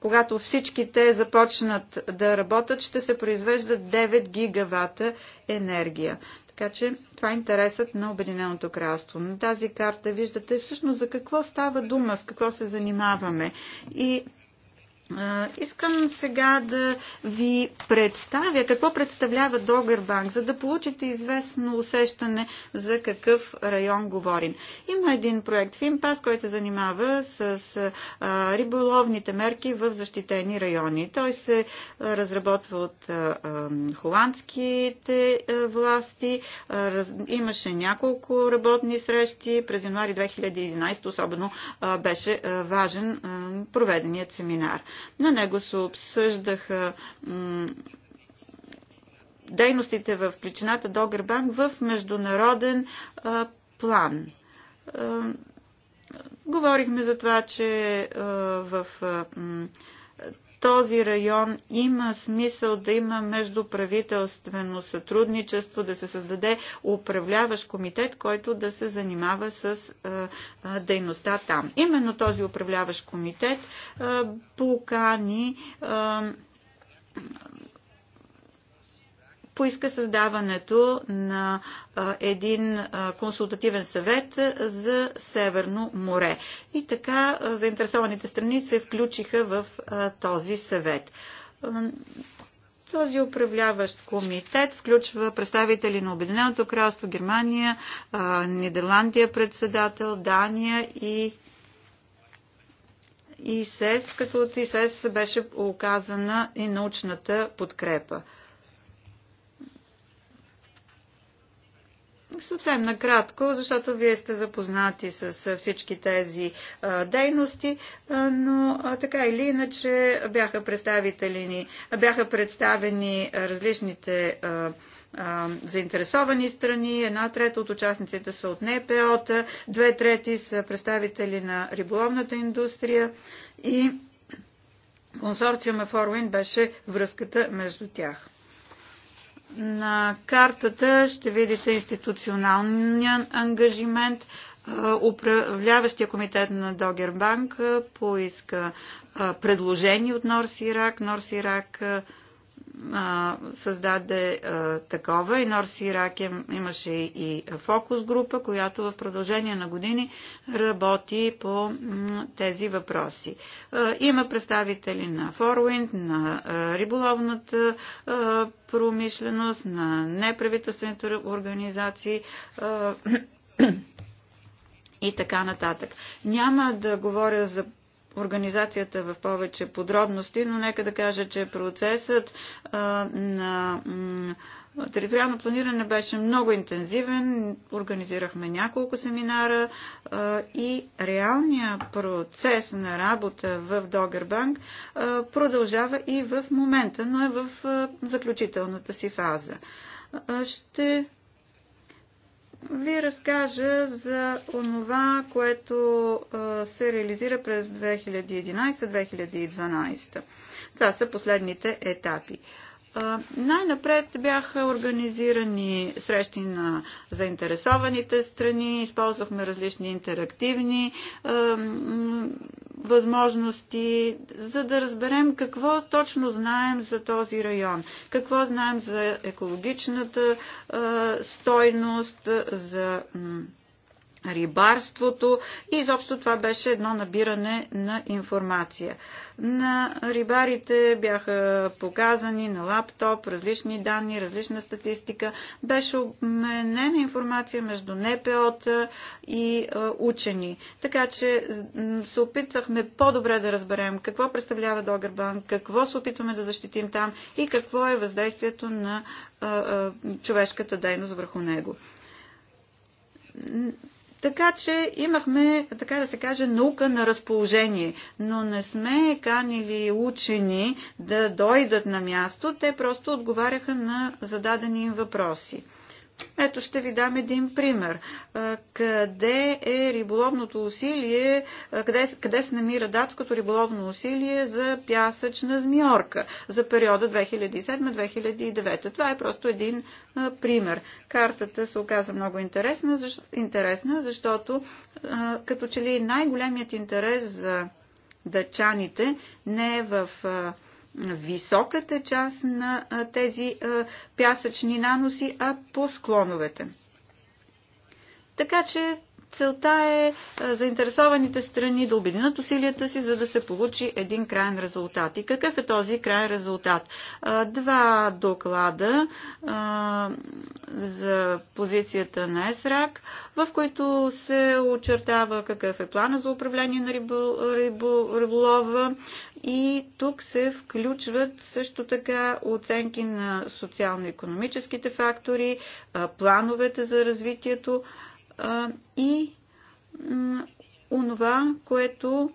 когато всички те започнат да работят, ще се произвеждат 9 гигавата енергия. Така че това е интересът на Обединеното кралство. На тази карта виждате всъщност за какво става дума, с какво се занимаваме. И Искам сега да ви представя какво представлява Догър Банк, за да получите известно усещане за какъв район говорим. Има един проект Фимпас, който се занимава с риболовните мерки в защитени райони. Той се разработва от холандските власти. Имаше няколко работни срещи. През януари 2011 особено беше важен проведеният семинар. На него се обсъждаха дейностите в плечината Догербанк в международен а, план. А, говорихме за това, че а, в а, този район има смисъл да има междуправителствено сътрудничество, да се създаде управляващ комитет, който да се занимава с дейността там. Именно този управляващ комитет покани поиска създаването на един консултативен съвет за Северно море. И така заинтересованите страни се включиха в този съвет. Този управляващ комитет включва представители на Обединеното кралство, Германия, Нидерландия председател, Дания и ИСЕС, като от ИСЕС беше оказана и научната подкрепа. Съвсем накратко, защото вие сте запознати с всички тези дейности, но така или иначе бяха, бяха представени различните заинтересовани страни, една трета от участниците са от нпо две трети са представители на риболовната индустрия и консорциума Форвин беше връзката между тях. На картата ще видите институционалния ангажимент. Управляващия комитет на Догербанк поиска предложение от Норс Ирак. Норс Ирак създаде такова и Норси Ирак имаше и фокус група, която в продължение на години работи по тези въпроси. Има представители на Форвинд, на риболовната промишленост, на неправителствените организации и така нататък. Няма да говоря за организацията в повече подробности, но нека да кажа, че процесът на Териториално планиране беше много интензивен, организирахме няколко семинара и реалният процес на работа в Догърбанк продължава и в момента, но е в заключителната си фаза. Ще ви разкажа за онова, което се реализира през 2011-2012. Това са последните етапи. Най-напред бяха организирани срещи на заинтересованите страни, използвахме различни интерактивни възможности, за да разберем какво точно знаем за този район, какво знаем за екологичната стойност, за. М- рибарството и изобщо това беше едно набиране на информация. На рибарите бяха показани на лаптоп различни данни, различна статистика. Беше обменена информация между НПО-та и учени. Така че се опитвахме по-добре да разберем какво представлява Догърбан, какво се опитваме да защитим там и какво е въздействието на човешката дейност върху него така че имахме, така да се каже, наука на разположение, но не сме канили учени да дойдат на място, те просто отговаряха на зададени им въпроси. Ето ще ви дам един пример. Къде е риболовното усилие, къде, къде се намира датското риболовно усилие за пясъчна змиорка за периода 2007-2009? Това е просто един пример. Картата се оказа много интересна, защ, интересна защото като че ли най-големият интерес за дъчаните не е в високата част на тези пясъчни наноси, а по склоновете. Така че Целта е, е заинтересованите страни да обединят усилията си, за да се получи един крайен резултат. И какъв е този крайен резултат? Е, два доклада е, за позицията на ЕСРАК, в които се очертава какъв е плана за управление на риболова и тук се включват също така оценки на социално-економическите фактори, плановете за развитието, и онова, което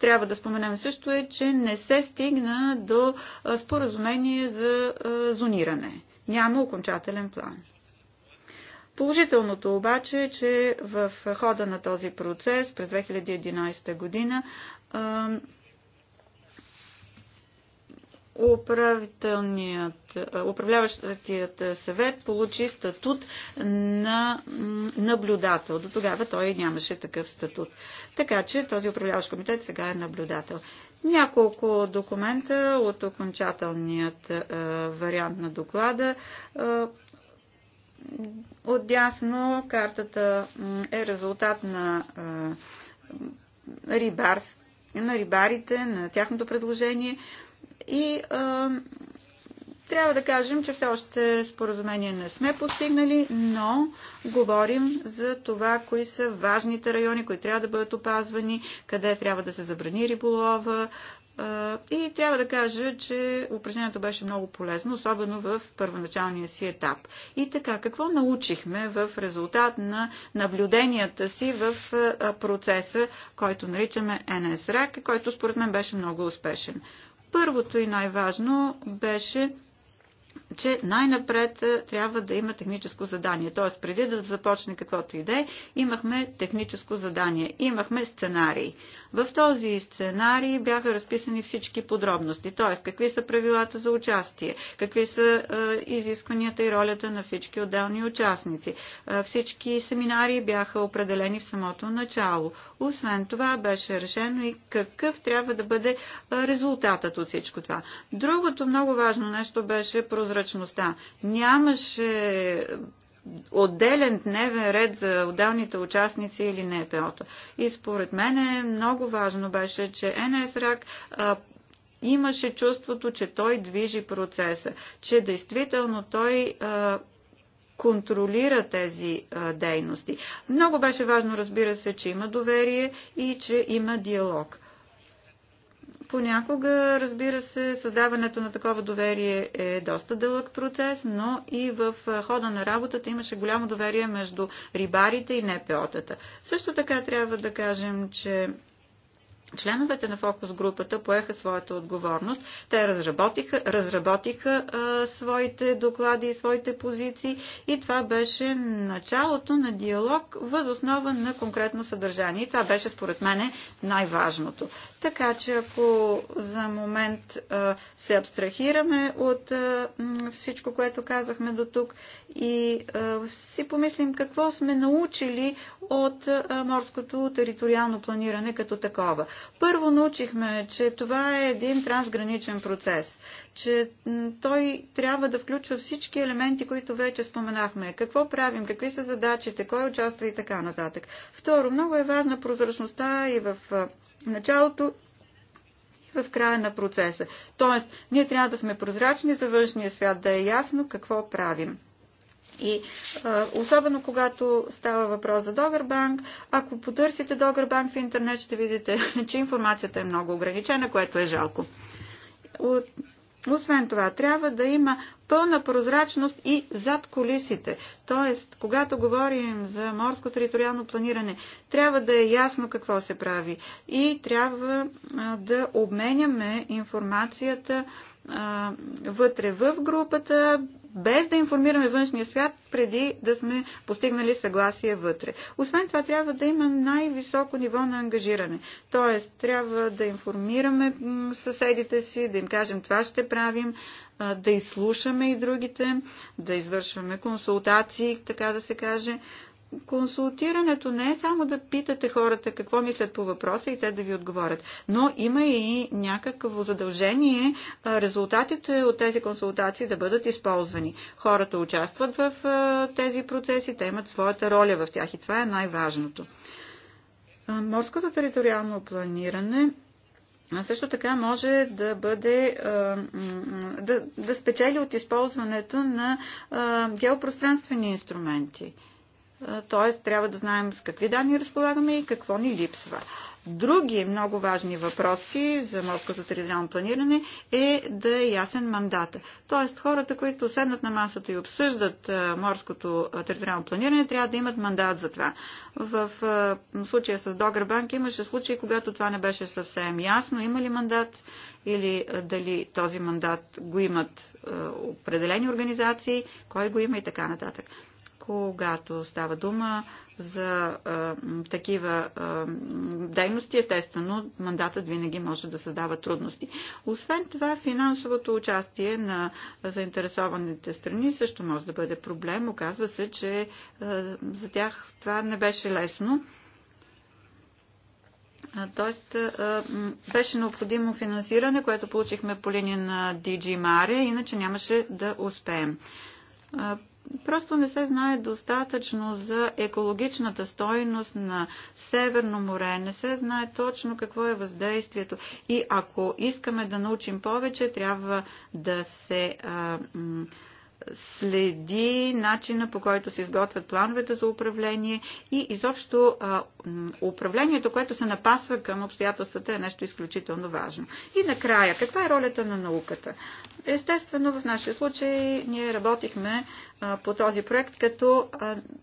трябва да споменем също е, че не се стигна до споразумение за зониране. Няма окончателен план. Положителното обаче е, че в хода на този процес през 2011 година управляващият съвет получи статут на наблюдател. До тогава той нямаше такъв статут. Така че този управляващ комитет сега е наблюдател. Няколко документа от окончателният вариант на доклада. Отдясно картата е резултат на на рибарите, на тяхното предложение. И а, трябва да кажем, че все още споразумение не сме постигнали, но говорим за това, кои са важните райони, кои трябва да бъдат опазвани, къде трябва да се забрани риболова. И трябва да кажа, че упражнението беше много полезно, особено в първоначалния си етап. И така, какво научихме в резултат на наблюденията си в процеса, който наричаме НСРАК, който според мен беше много успешен? Първото и най-важно беше че най-напред е, трябва да има техническо задание. Т.е. преди да започне каквото и да е, имахме техническо задание, имахме сценарий. В този сценарий бяха разписани всички подробности, т.е. какви са правилата за участие, какви са е, изискванията и ролята на всички отделни участници. Е, всички семинари бяха определени в самото начало. Освен това беше решено и какъв трябва да бъде е, резултатът от всичко това. Другото много важно нещо беше прозрачността. Нямаше отделен дневен ред за отделните участници или НПО-та. И според мен е много важно беше, че НСРАК имаше чувството, че той движи процеса, че действително той а, контролира тези а, дейности. Много беше важно, разбира се, че има доверие и че има диалог. Понякога, разбира се, създаването на такова доверие е доста дълъг процес, но и в хода на работата имаше голямо доверие между рибарите и НПО-тата. Също така трябва да кажем, че Членовете на фокус групата поеха своята отговорност. Те разработиха, разработиха а, своите доклади и своите позиции и това беше началото на диалог въз основа на конкретно съдържание. И това беше според мене най-важното. Така че ако за момент се абстрахираме от всичко, което казахме до тук и си помислим какво сме научили от морското териториално планиране като такова. Първо научихме, че това е един трансграничен процес, че той трябва да включва всички елементи, които вече споменахме. Какво правим, какви са задачите, кой участва и така нататък. Второ, много е важна прозрачността и в началото и в края на процеса. Тоест, ние трябва да сме прозрачни за външния свят, да е ясно какво правим. И а, особено когато става въпрос за Догърбанк, ако потърсите Догърбанк в интернет, ще видите, че информацията е много ограничена, което е жалко. От, освен това, трябва да има пълна прозрачност и зад колисите. Тоест, когато говорим за морско териториално планиране, трябва да е ясно какво се прави и трябва да обменяме информацията вътре в групата, без да информираме външния свят, преди да сме постигнали съгласие вътре. Освен това, трябва да има най-високо ниво на ангажиране. Тоест, трябва да информираме съседите си, да им кажем това ще правим, да изслушаме и другите, да извършваме консултации, така да се каже. Консултирането не е само да питате хората какво мислят по въпроса и те да ви отговорят, но има и някакво задължение резултатите от тези консултации да бъдат използвани. Хората участват в тези процеси, те имат своята роля в тях и това е най-важното. Морското териториално планиране също така може да бъде да, да спечели от използването на геопространствени инструменти т.е. трябва да знаем с какви данни разполагаме и какво ни липсва. Други много важни въпроси за морското териториално планиране е да е ясен мандата. Тоест хората, които седнат на масата и обсъждат морското териториално планиране, трябва да имат мандат за това. В случая с Догърбанк имаше случаи, когато това не беше съвсем ясно, има ли мандат или дали този мандат го имат определени организации, кой го има и така нататък когато става дума за а, такива а, дейности, естествено, мандатът винаги може да създава трудности. Освен това, финансовото участие на заинтересованите страни също може да бъде проблем. Оказва се, че а, за тях това не беше лесно. Тоест, беше необходимо финансиране, което получихме по линия на DG Mare, иначе нямаше да успеем просто не се знае достатъчно за екологичната стойност на Северно море. Не се знае точно какво е въздействието. И ако искаме да научим повече, трябва да се а, следи начина по който се изготвят плановете за управление и изобщо управлението, което се напасва към обстоятелствата е нещо изключително важно. И накрая, каква е ролята на науката? Естествено, в нашия случай ние работихме по този проект като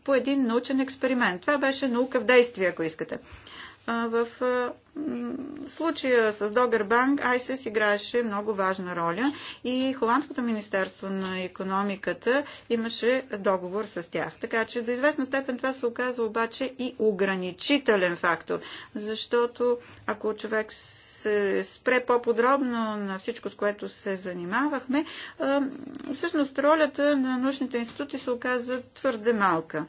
по един научен експеримент. Това беше наука в действие, ако искате. В случая с Банк, Айсес играеше много важна роля и Холандското министерство на економиката имаше договор с тях. Така че до известна степен това се оказа обаче и ограничителен фактор, защото ако човек се спре по-подробно на всичко, с което се занимавахме, всъщност ролята на научните институти се оказа твърде малка.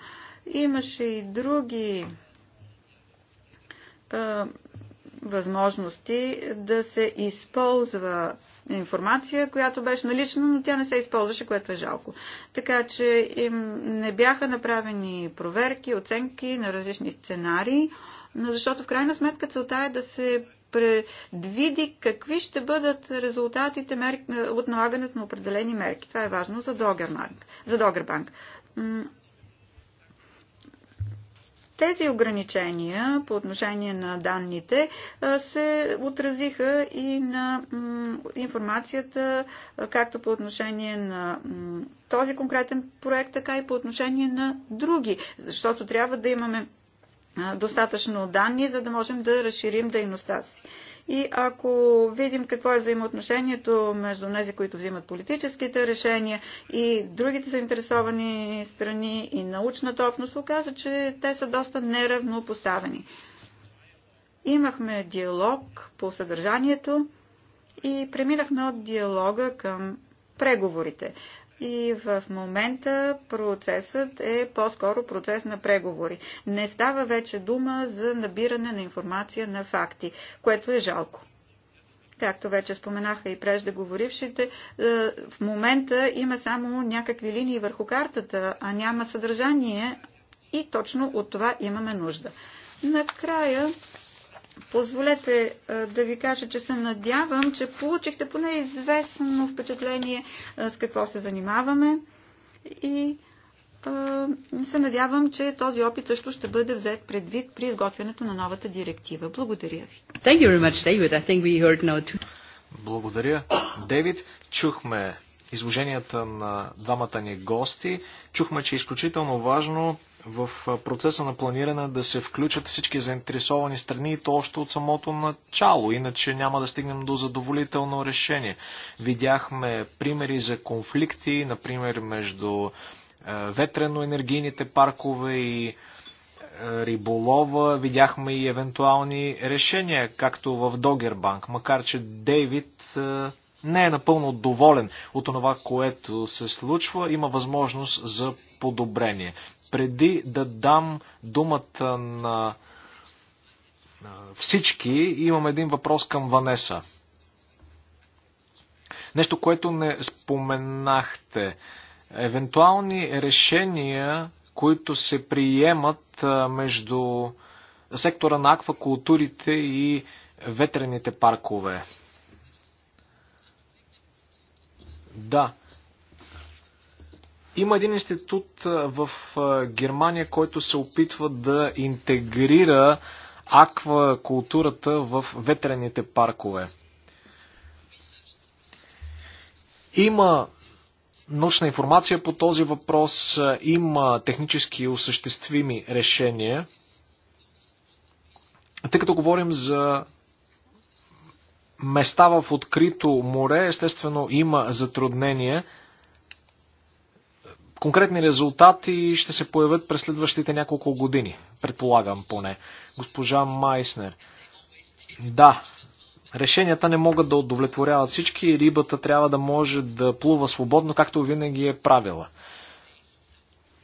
Имаше и други възможности да се използва информация, която беше налична, но тя не се използваше, което е жалко. Така че им не бяха направени проверки, оценки на различни сценарии, защото в крайна сметка целта е да се предвиди какви ще бъдат резултатите от налагането на определени мерки. Това е важно за Догербанк. За Догербанк. Тези ограничения по отношение на данните се отразиха и на информацията, както по отношение на този конкретен проект, така и по отношение на други, защото трябва да имаме достатъчно данни, за да можем да разширим дейността си. И ако видим какво е взаимоотношението между тези, които взимат политическите решения и другите заинтересовани страни и научната общност, оказа, че те са доста неравнопоставени. Имахме диалог по съдържанието и преминахме от диалога към преговорите и в момента процесът е по-скоро процес на преговори. Не става вече дума за набиране на информация на факти, което е жалко. Както вече споменаха и преждеговорившите, е, в момента има само някакви линии върху картата, а няма съдържание и точно от това имаме нужда. Накрая Позволете да ви кажа, че се надявам, че получихте поне известно впечатление с какво се занимаваме и се надявам, че този опит също ще бъде взет предвид при изготвянето на новата директива. Благодаря ви. Thank you very much, David. I think we heard now too. Благодаря, Дейвид. Чухме изложенията на двамата ни гости. Чухме, че е изключително важно в процеса на планиране да се включат всички заинтересовани страни и то още от самото начало, иначе няма да стигнем до задоволително решение. Видяхме примери за конфликти, например между ветрено-енергийните паркове и риболова, видяхме и евентуални решения, както в Догербанк, макар че Дейвид не е напълно доволен от това, което се случва, има възможност за подобрение. Преди да дам думата на всички, имам един въпрос към Ванеса. Нещо, което не споменахте. Евентуални решения, които се приемат между сектора на аквакултурите и ветрените паркове. Да, има един институт в Германия, който се опитва да интегрира аквакултурата в ветрените паркове. Има научна информация по този въпрос, има технически осъществими решения. Тъй като говорим за места в открито море, естествено има затруднения – конкретни резултати ще се появят през следващите няколко години, предполагам поне. Госпожа Майснер. Да, решенията не могат да удовлетворяват всички и рибата трябва да може да плува свободно, както винаги е правила.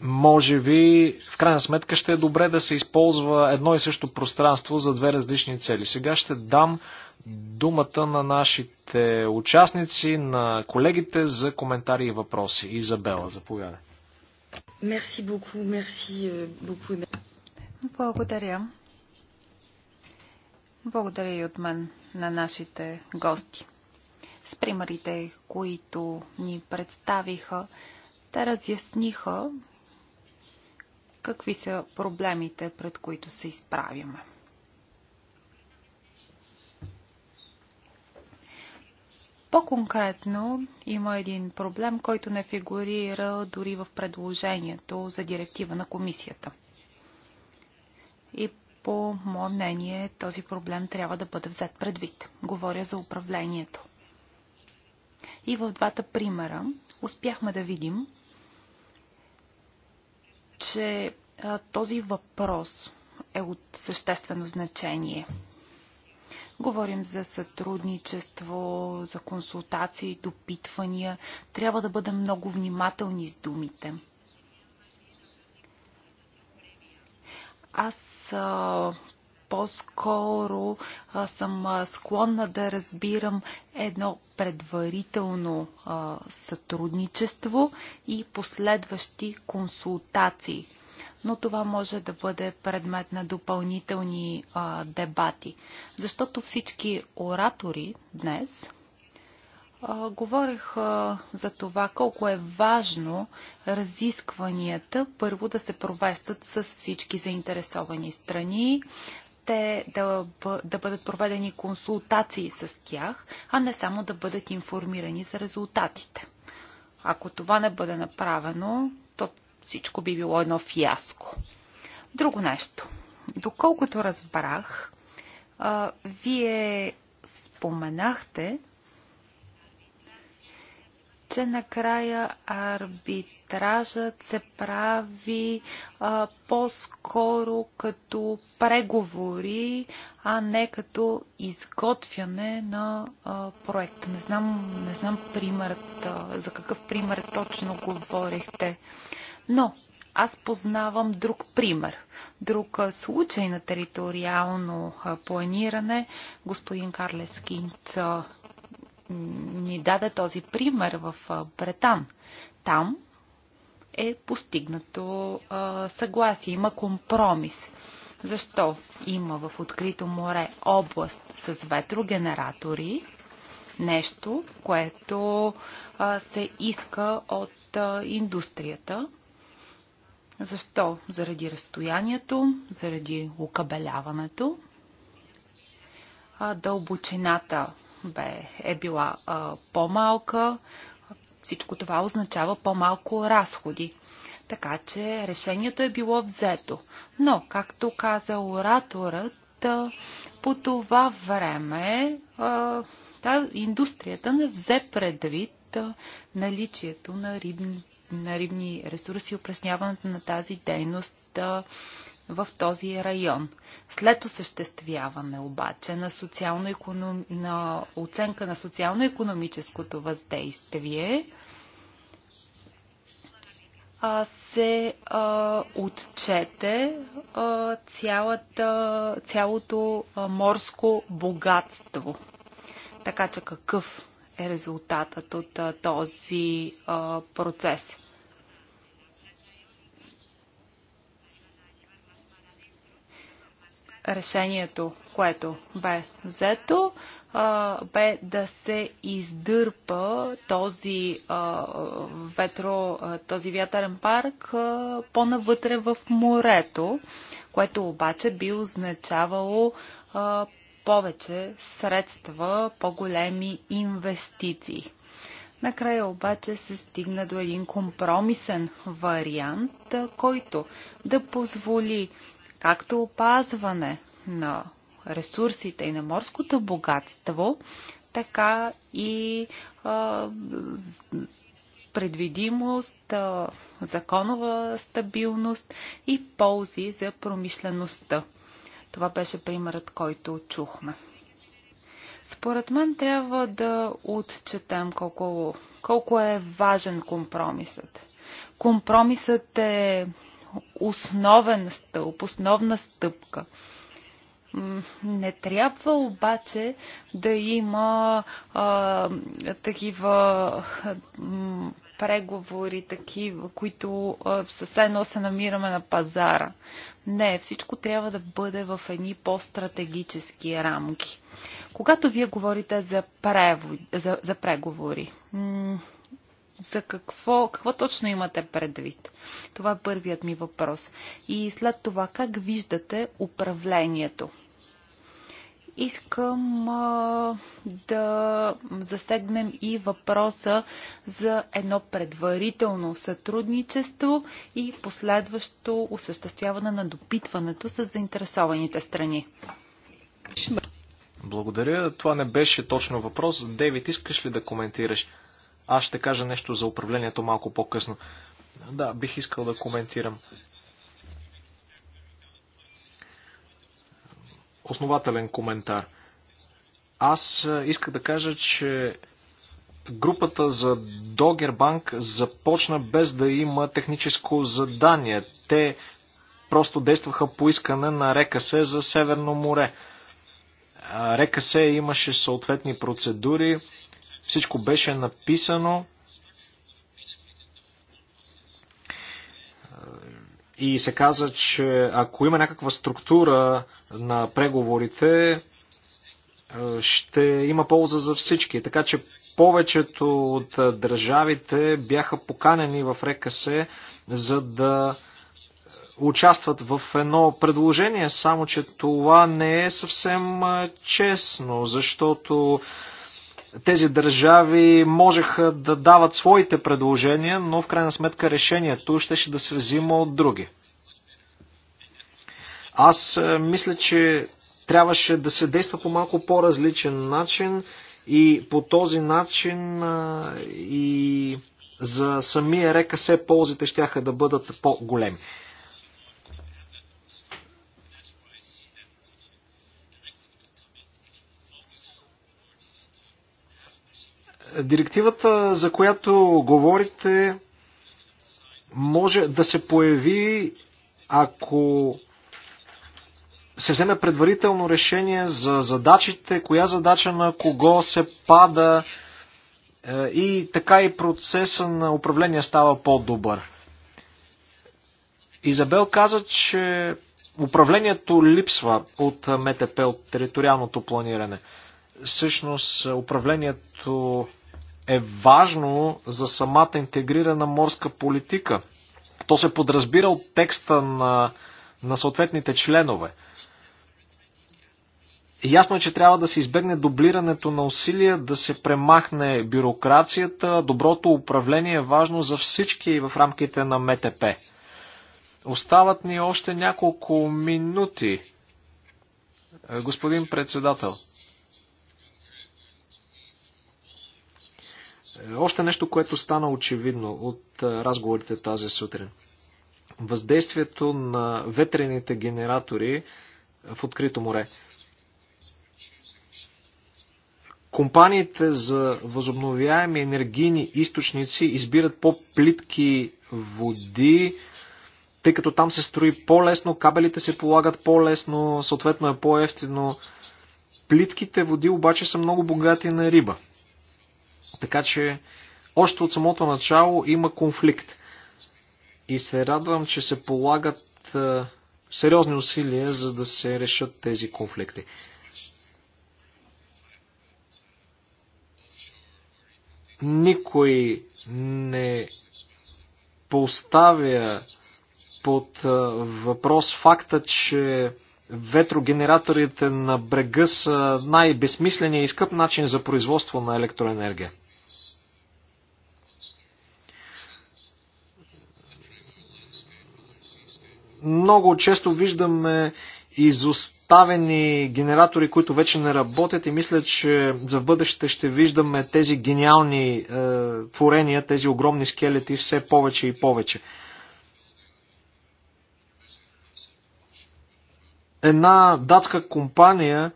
Може би, в крайна сметка, ще е добре да се използва едно и също пространство за две различни цели. Сега ще дам думата на нашите участници, на колегите за коментари и въпроси. Изабела, заповядай. Мерси beaucoup, мерси euh, beaucoup. Благодаря. Благодаря и от мен на нашите гости. С примерите, които ни представиха, те разясниха какви са проблемите, пред които се изправяме. По-конкретно има един проблем, който не фигурира дори в предложението за директива на комисията. И по мое мнение този проблем трябва да бъде взет предвид. Говоря за управлението. И в двата примера успяхме да видим, че а, този въпрос е от съществено значение – Говорим за сътрудничество, за консултации, допитвания. Трябва да бъдем много внимателни с думите. Аз по-скоро съм склонна да разбирам едно предварително а, сътрудничество и последващи консултации но това може да бъде предмет на допълнителни а, дебати. Защото всички оратори днес а, говорех а, за това колко е важно разискванията първо да се провеждат с всички заинтересовани страни, те да, да бъдат проведени консултации с тях, а не само да бъдат информирани за резултатите. Ако това не бъде направено, то всичко би било едно фиаско. Друго нещо. Доколкото разбрах, а, вие споменахте, че накрая арбитражът се прави по-скоро като преговори, а не като изготвяне на а, проект. Не знам, не знам примерът, а, за какъв пример точно говорихте. А, но аз познавам друг пример, друг случай на териториално планиране. Господин Карлес Кинт ни даде този пример в Бретан. Там е постигнато съгласие, има компромис. Защо има в открито море област с ветрогенератори, нещо, което се иска от индустрията, защо? Заради разстоянието, заради окабеляването. дълбочината бе, е била по-малка. Всичко това означава по-малко разходи. Така че решението е било взето. Но, както каза ораторът, по това време а, та, индустрията не взе предвид наличието на рибни на рибни ресурси и опресняването на тази дейност в този район. След осъществяване обаче на, социално -економ... на оценка на социално-економическото въздействие се а, отчете а, цялата, цялото а, морско богатство. Така че какъв е резултатът от този процес. решението, което бе взето, бе да се издърпа този, ветро, този вятърен парк по-навътре в морето, което обаче би означавало повече средства, по-големи инвестиции. Накрая обаче се стигна до един компромисен вариант, който да позволи както опазване на ресурсите и на морското богатство, така и а, предвидимост, а, законова стабилност и ползи за промишлеността. Това беше примерът, който чухме. Според мен трябва да отчетем колко, колко е важен компромисът. Компромисът е основен стълб, основна стъпка. Не трябва обаче да има а, такива преговори такива, които със едно се намираме на пазара. Не, всичко трябва да бъде в едни по-стратегически рамки. Когато вие говорите за, прево, за, за преговори, за какво, какво точно имате предвид? Това е първият ми въпрос. И след това, как виждате управлението? Искам а, да засегнем и въпроса за едно предварително сътрудничество и последващо осъществяване на допитването с заинтересованите страни. Благодаря. Това не беше точно въпрос. Дейвид, искаш ли да коментираш? Аз ще кажа нещо за управлението малко по-късно. Да, бих искал да коментирам. основателен коментар. Аз исках да кажа, че групата за Догербанк започна без да има техническо задание. Те просто действаха по искане на РКС за Северно море. РКС имаше съответни процедури, всичко беше написано и се каза, че ако има някаква структура на преговорите, е, ще има полза за всички. Така че повечето от е, държавите бяха поканени в РКС, за да е, участват в едно предложение, само че това не е съвсем честно, защото тези държави можеха да дават своите предложения, но в крайна сметка решението ще, ще да се взима от други. Аз е, мисля, че трябваше да се действа по малко по-различен начин и по този начин е, и за самия РКС ползите ще да бъдат по-големи. Директивата, за която говорите, може да се появи, ако се вземе предварително решение за задачите, коя задача на кого се пада е, и така и процеса на управление става по-добър. Изабел каза, че управлението липсва от МТП, от териториалното планиране. Всъщност управлението е важно за самата интегрирана морска политика. То се подразбира от текста на, на съответните членове. Ясно е, че трябва да се избегне дублирането на усилия, да се премахне бюрокрацията, доброто управление е важно за всички в рамките на МТП. Остават ни още няколко минути. Господин председател, Е, още нещо, което стана очевидно от е, разговорите тази сутрин. Въздействието на ветрените генератори е, в открито море. Компаниите за възобновяеми енергийни източници избират по-плитки води, тъй като там се строи по-лесно, кабелите се полагат по-лесно, съответно е по-ефтино. Плитките води обаче са много богати на риба. Така че още от самото начало има конфликт. И се радвам, че се полагат а, е, сериозни усилия, за да се решат тези конфликти. Никой не поставя под е, въпрос факта, че ветрогенераторите на брега са най безмисления и скъп начин за производство на електроенергия. Много често виждаме изоставени генератори, които вече не работят и мисля, че за бъдеще ще виждаме тези гениални е, творения, тези огромни скелети все повече и повече. Една датска компания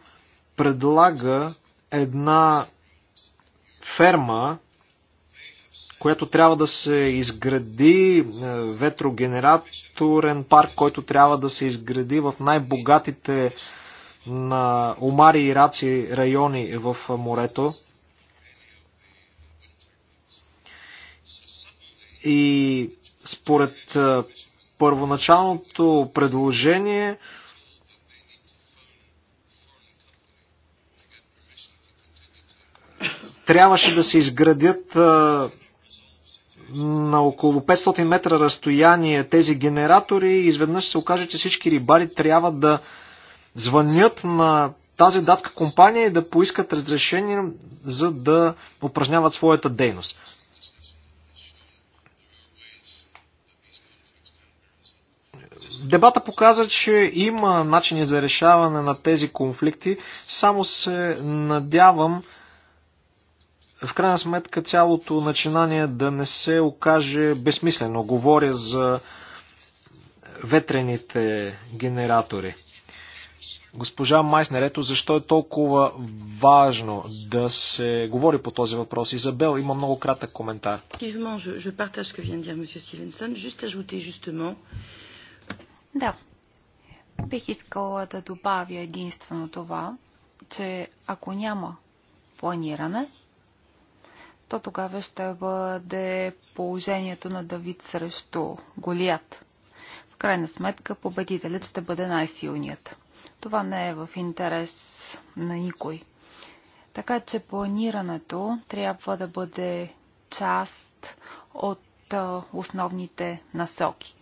предлага една ферма която трябва да се изгради, е, ветрогенераторен парк, който трябва да се изгради в най-богатите на омари и раци райони в морето. И според е, първоначалното предложение трябваше да се изградят е, на около 500 метра разстояние тези генератори и изведнъж се окаже, че всички рибари трябва да звънят на тази датска компания и да поискат разрешение, за да упражняват своята дейност. Дебата показа, че има начини за решаване на тези конфликти. Само се надявам, в крайна сметка цялото начинание да не се окаже безсмислено. Говоря за ветрените генератори. Госпожа Майснер, ето защо е толкова важно да се говори по този въпрос. Изабел има много кратък коментар. Да. Бих искала да добавя единствено това, че ако няма планиране, то тогава ще бъде положението на Давид срещу Голият. В крайна сметка победителят ще бъде най-силният. Това не е в интерес на никой. Така че планирането трябва да бъде част от основните насоки.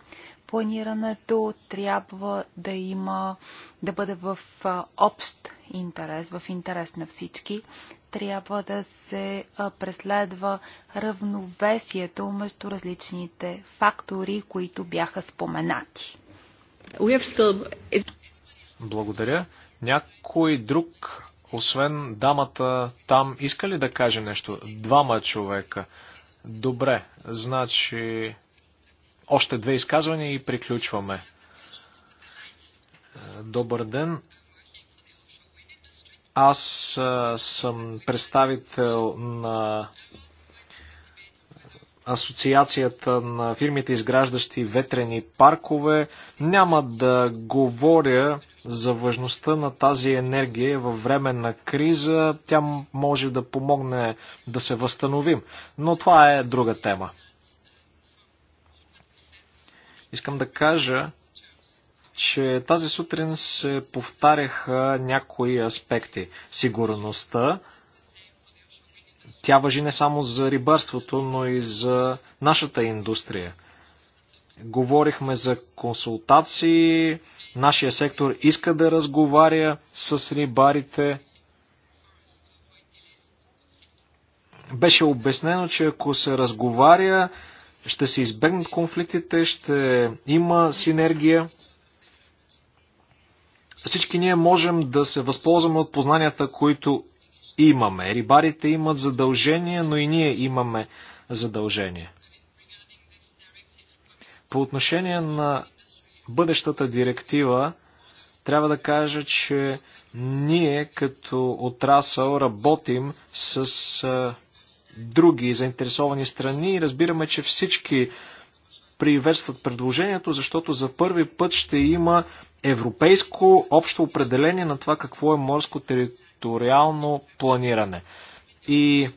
Планирането трябва да има, да бъде в общ интерес, в интерес на всички, трябва да се преследва равновесието между различните фактори, които бяха споменати. Благодаря. Някой друг, освен дамата там, иска ли да каже нещо? Двама човека. Добре, значи още две изказвания и приключваме. Е, добър ден. Аз съм представител на Асоциацията на фирмите, изграждащи ветрени паркове. Няма да говоря за важността на тази енергия във време на криза. Тя може да помогне да се възстановим. Но това е друга тема. Искам да кажа, че тази сутрин се повтаряха някои аспекти. Сигурността, тя въжи не само за рибарството, но и за нашата индустрия. Говорихме за консултации, нашия сектор иска да разговаря с рибарите. Беше обяснено, че ако се разговаря, ще се избегнат конфликтите, ще има синергия всички ние можем да се възползваме от познанията, които имаме. Рибарите имат задължение, но и ние имаме задължение. По отношение на бъдещата директива, трябва да кажа, че ние като отрасъл работим с а, други заинтересовани страни и разбираме, че всички приветстват предложението, защото за първи път ще има европейско общо определение на това какво е морско териториално планиране. И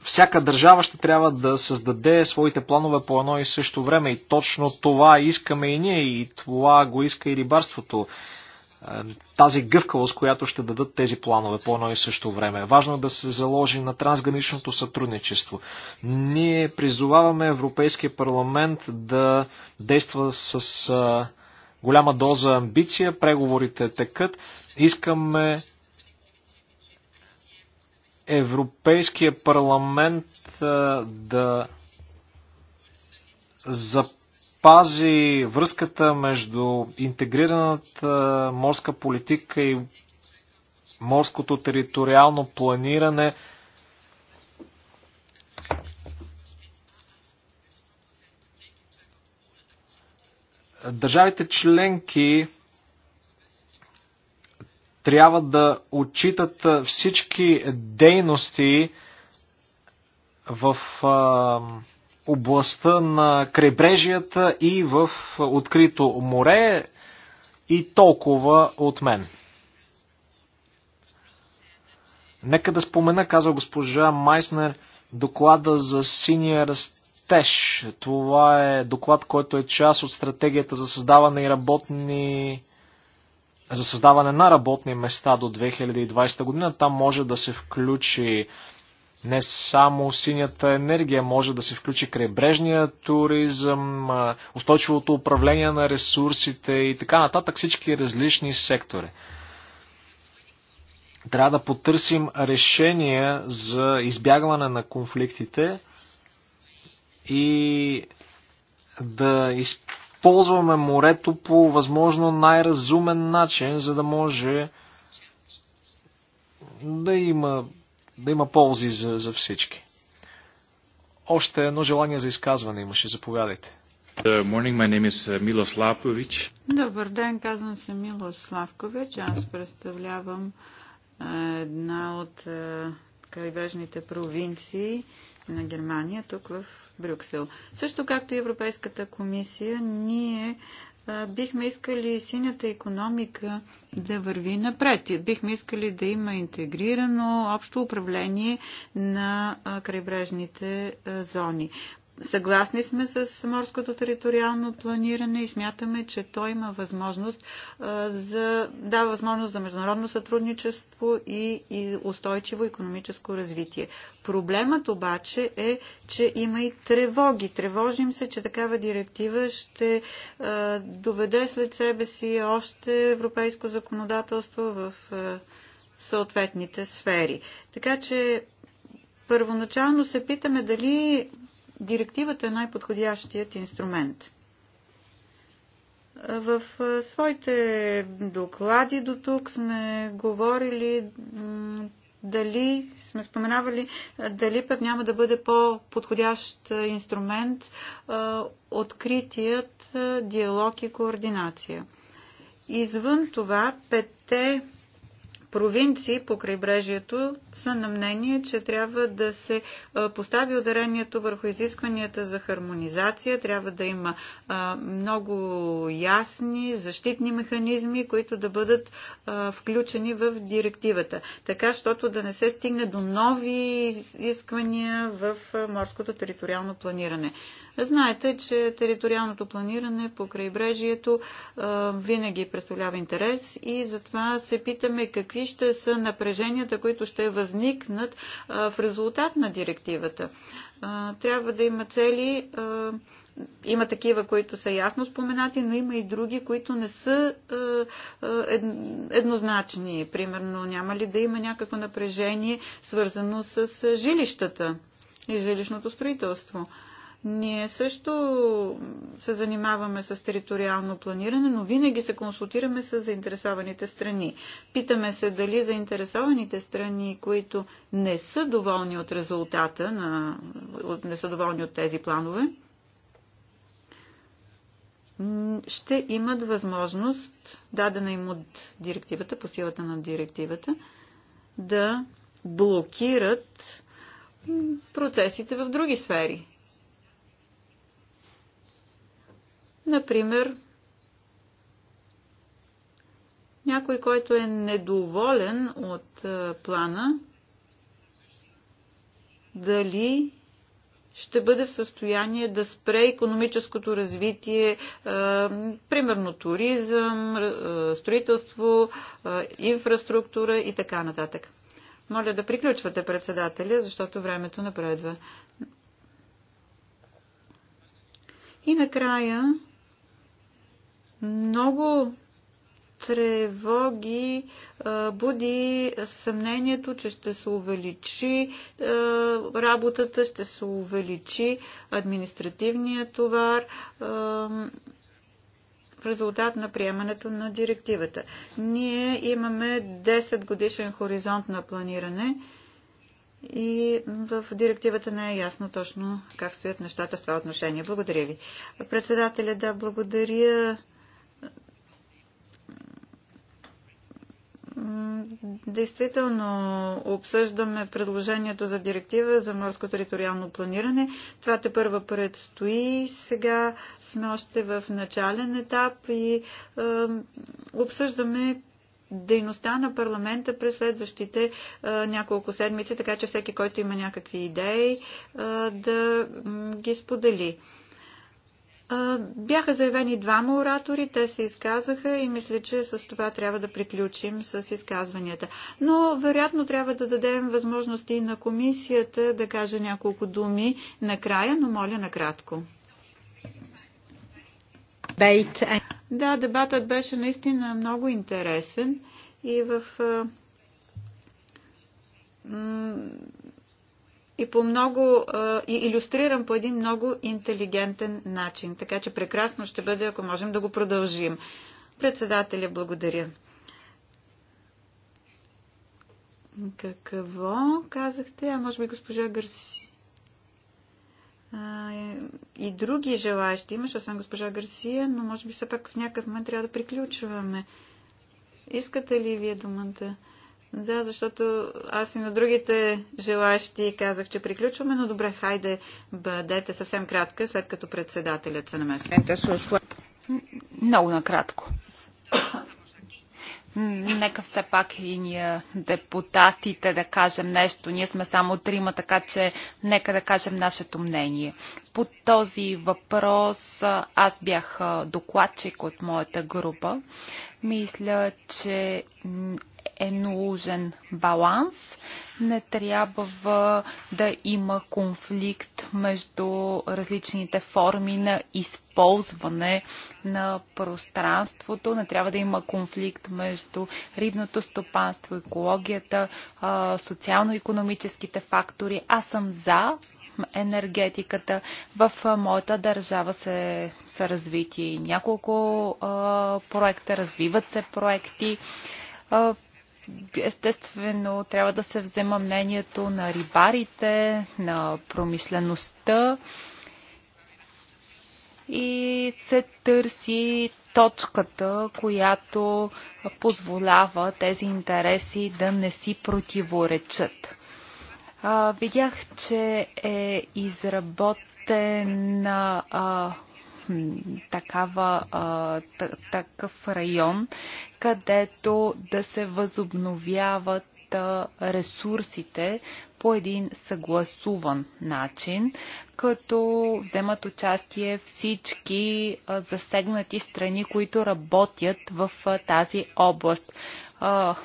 всяка държава ще трябва да създаде своите планове по едно и също време. И точно това искаме и ние, и това го иска и рибарството. Е, тази гъвкавост, която ще дадат тези планове по едно и също време. Важно е да се заложи на трансграничното сътрудничество. Ние призоваваме Европейския парламент да действа с е, голяма доза амбиция, преговорите текат. Искаме Европейския парламент да запази връзката между интегрираната морска политика и морското териториално планиране. Държавите членки трябва да отчитат всички дейности в а, областта на крайбрежията и в открито море и толкова от мен. Нека да спомена, казва госпожа Майснер, доклада за синия растеж растеж. Това е доклад, който е част от стратегията за създаване и работни за създаване на работни места до 2020 година. Там може да се включи не само синята енергия, може да се включи крайбрежния туризъм, устойчивото управление на ресурсите и така нататък всички различни сектори. Трябва да потърсим решения за избягване на конфликтите – и да използваме морето по възможно най-разумен начин, за да може да има, да има ползи за, за всички. Още едно желание за изказване имаше. Заповядайте. Morning, my name is uh, Milos Добър ден, казвам се Милос Славкович. Аз представлявам една от крайбежните провинции на Германия, тук в Брюксел. Също както и Европейската комисия, ние бихме искали синята економика да върви напред. Бихме искали да има интегрирано общо управление на крайбрежните зони. Съгласни сме с морското териториално планиране и смятаме, че то има възможност за, дава възможност за международно сътрудничество и, и устойчиво економическо развитие. Проблемът обаче е, че има и тревоги. Тревожим се, че такава директива ще а, доведе след себе си още европейско законодателство в а, съответните сфери. Така че първоначално се питаме дали Директивата е най-подходящият инструмент. В своите доклади до тук сме говорили дали сме споменавали, дали пък няма да бъде по-подходящ инструмент откритият диалог и координация. Извън това, петте провинции по крайбрежието са на мнение, че трябва да се постави ударението върху изискванията за хармонизация, трябва да има много ясни защитни механизми, които да бъдат включени в директивата, така, щото да не се стигне до нови изисквания в морското териториално планиране. Знаете, че териториалното планиране по крайбрежието винаги представлява интерес и затова се питаме какви ще са напреженията, които ще възникнат в резултат на директивата. Трябва да има цели има такива, които са ясно споменати, но има и други, които не са еднозначни. Примерно, няма ли да има някакво напрежение, свързано с жилищата и жилищното строителство? Ние също се занимаваме с териториално планиране, но винаги се консултираме с заинтересованите страни. Питаме се дали заинтересованите страни, които не са доволни от резултата, на, не са доволни от тези планове, ще имат възможност, дадена им от директивата, по силата на директивата, да блокират процесите в други сфери. Например, някой, който е недоволен от плана, дали ще бъде в състояние да спре економическото развитие, примерно туризъм, строителство, инфраструктура и така нататък. Моля да приключвате председателя, защото времето напредва. И накрая много тревоги буди съмнението, че ще се увеличи работата, ще се увеличи административния товар в резултат на приемането на директивата. Ние имаме 10 годишен хоризонт на планиране и в директивата не е ясно точно как стоят нещата в това отношение. Благодаря ви. Председателя, да, благодаря действително обсъждаме предложението за директива за морско териториално планиране. Това те първа предстои. Сега сме още в начален етап и е, обсъждаме дейността на парламента през следващите е, няколко седмици, така че всеки, който има някакви идеи, е, да ги сподели. Бяха заявени двама оратори, те се изказаха и мисля, че с това трябва да приключим с изказванията. Но вероятно трябва да дадем възможности и на комисията да каже няколко думи накрая, но моля накратко. Да, дебатът беше наистина много интересен и в и, по много, и иллюстриран по един много интелигентен начин. Така че прекрасно ще бъде, ако можем да го продължим. Председателя, благодаря. Какво казахте? А може би госпожа Гърси. А, и други желаящи имаш, освен госпожа Гарсия, но може би все пак в някакъв момент трябва да приключваме. Искате ли вие думата? Да, защото аз и на другите желащи казах, че приключваме, но добре, хайде, бъдете съвсем кратка, след като председателят се намесва. Много накратко. Нека все пак и ние депутатите да кажем нещо. Ние сме само трима, така че нека да кажем нашето мнение. По този въпрос аз бях докладчик от моята група. Мисля, че е нужен баланс. Не трябва да има конфликт между различните форми на използване на пространството. Не трябва да има конфликт между рибното стопанство, екологията, социално-економическите фактори. Аз съм за енергетиката. В моята държава се, са развити няколко а, проекта, развиват се проекти. А, Естествено, трябва да се взема мнението на рибарите, на промишлеността и се търси точката, която позволява тези интереси да не си противоречат. Видях, че е изработен такава, такъв район, където да се възобновяват ресурсите по един съгласуван начин, като вземат участие всички засегнати страни, които работят в тази област.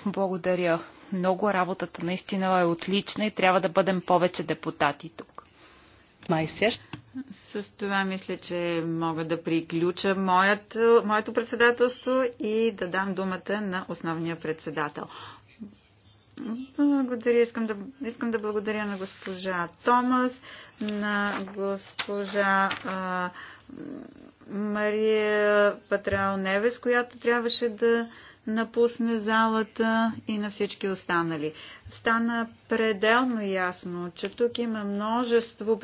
Благодаря. Много работата наистина е отлична и трябва да бъдем повече депутати тук. Майсер. С това мисля, че мога да приключа моето председателство и да дам думата на основния председател. Благодаря. Искам да, искам да благодаря на госпожа Томас, на госпожа а, Мария Патрал Невес, която трябваше да напусне залата и на всички останали. Стана пределно ясно, че тук има множество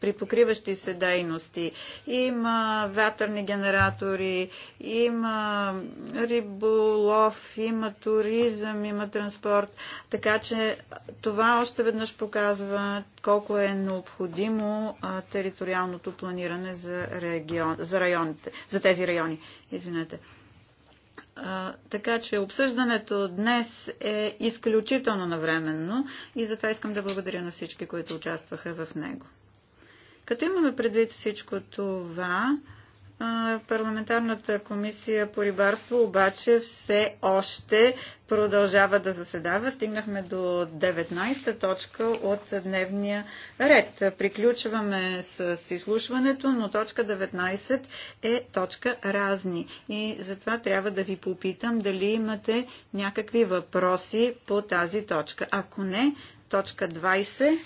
при покриващи се дейности. Има вятърни генератори, има риболов, има туризъм, има транспорт. Така че това още веднъж показва колко е необходимо териториалното планиране за, регион, за, районите, за тези райони. Извинете така че обсъждането днес е изключително навременно и затова искам да благодаря на всички, които участваха в него. Като имаме предвид всичко това, парламентарната комисия по рибарство обаче все още продължава да заседава. Стигнахме до 19-та точка от дневния ред. Приключваме с изслушването, но точка 19 е точка разни. И затова трябва да ви попитам дали имате някакви въпроси по тази точка. Ако не, точка 20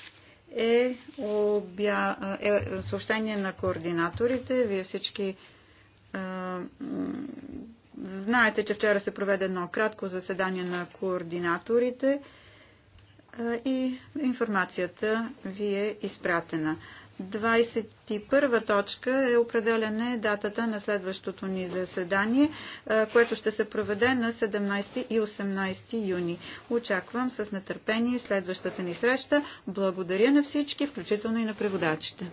е, обя... е съобщение на координаторите. Вие всички е, Знаете, че вчера се проведе едно кратко заседание на координаторите е, и информацията ви е изпратена. 21 точка е определяне датата на следващото ни заседание, което ще се проведе на 17 и 18 юни. Очаквам с нетърпение следващата ни среща. Благодаря на всички, включително и на преводачите.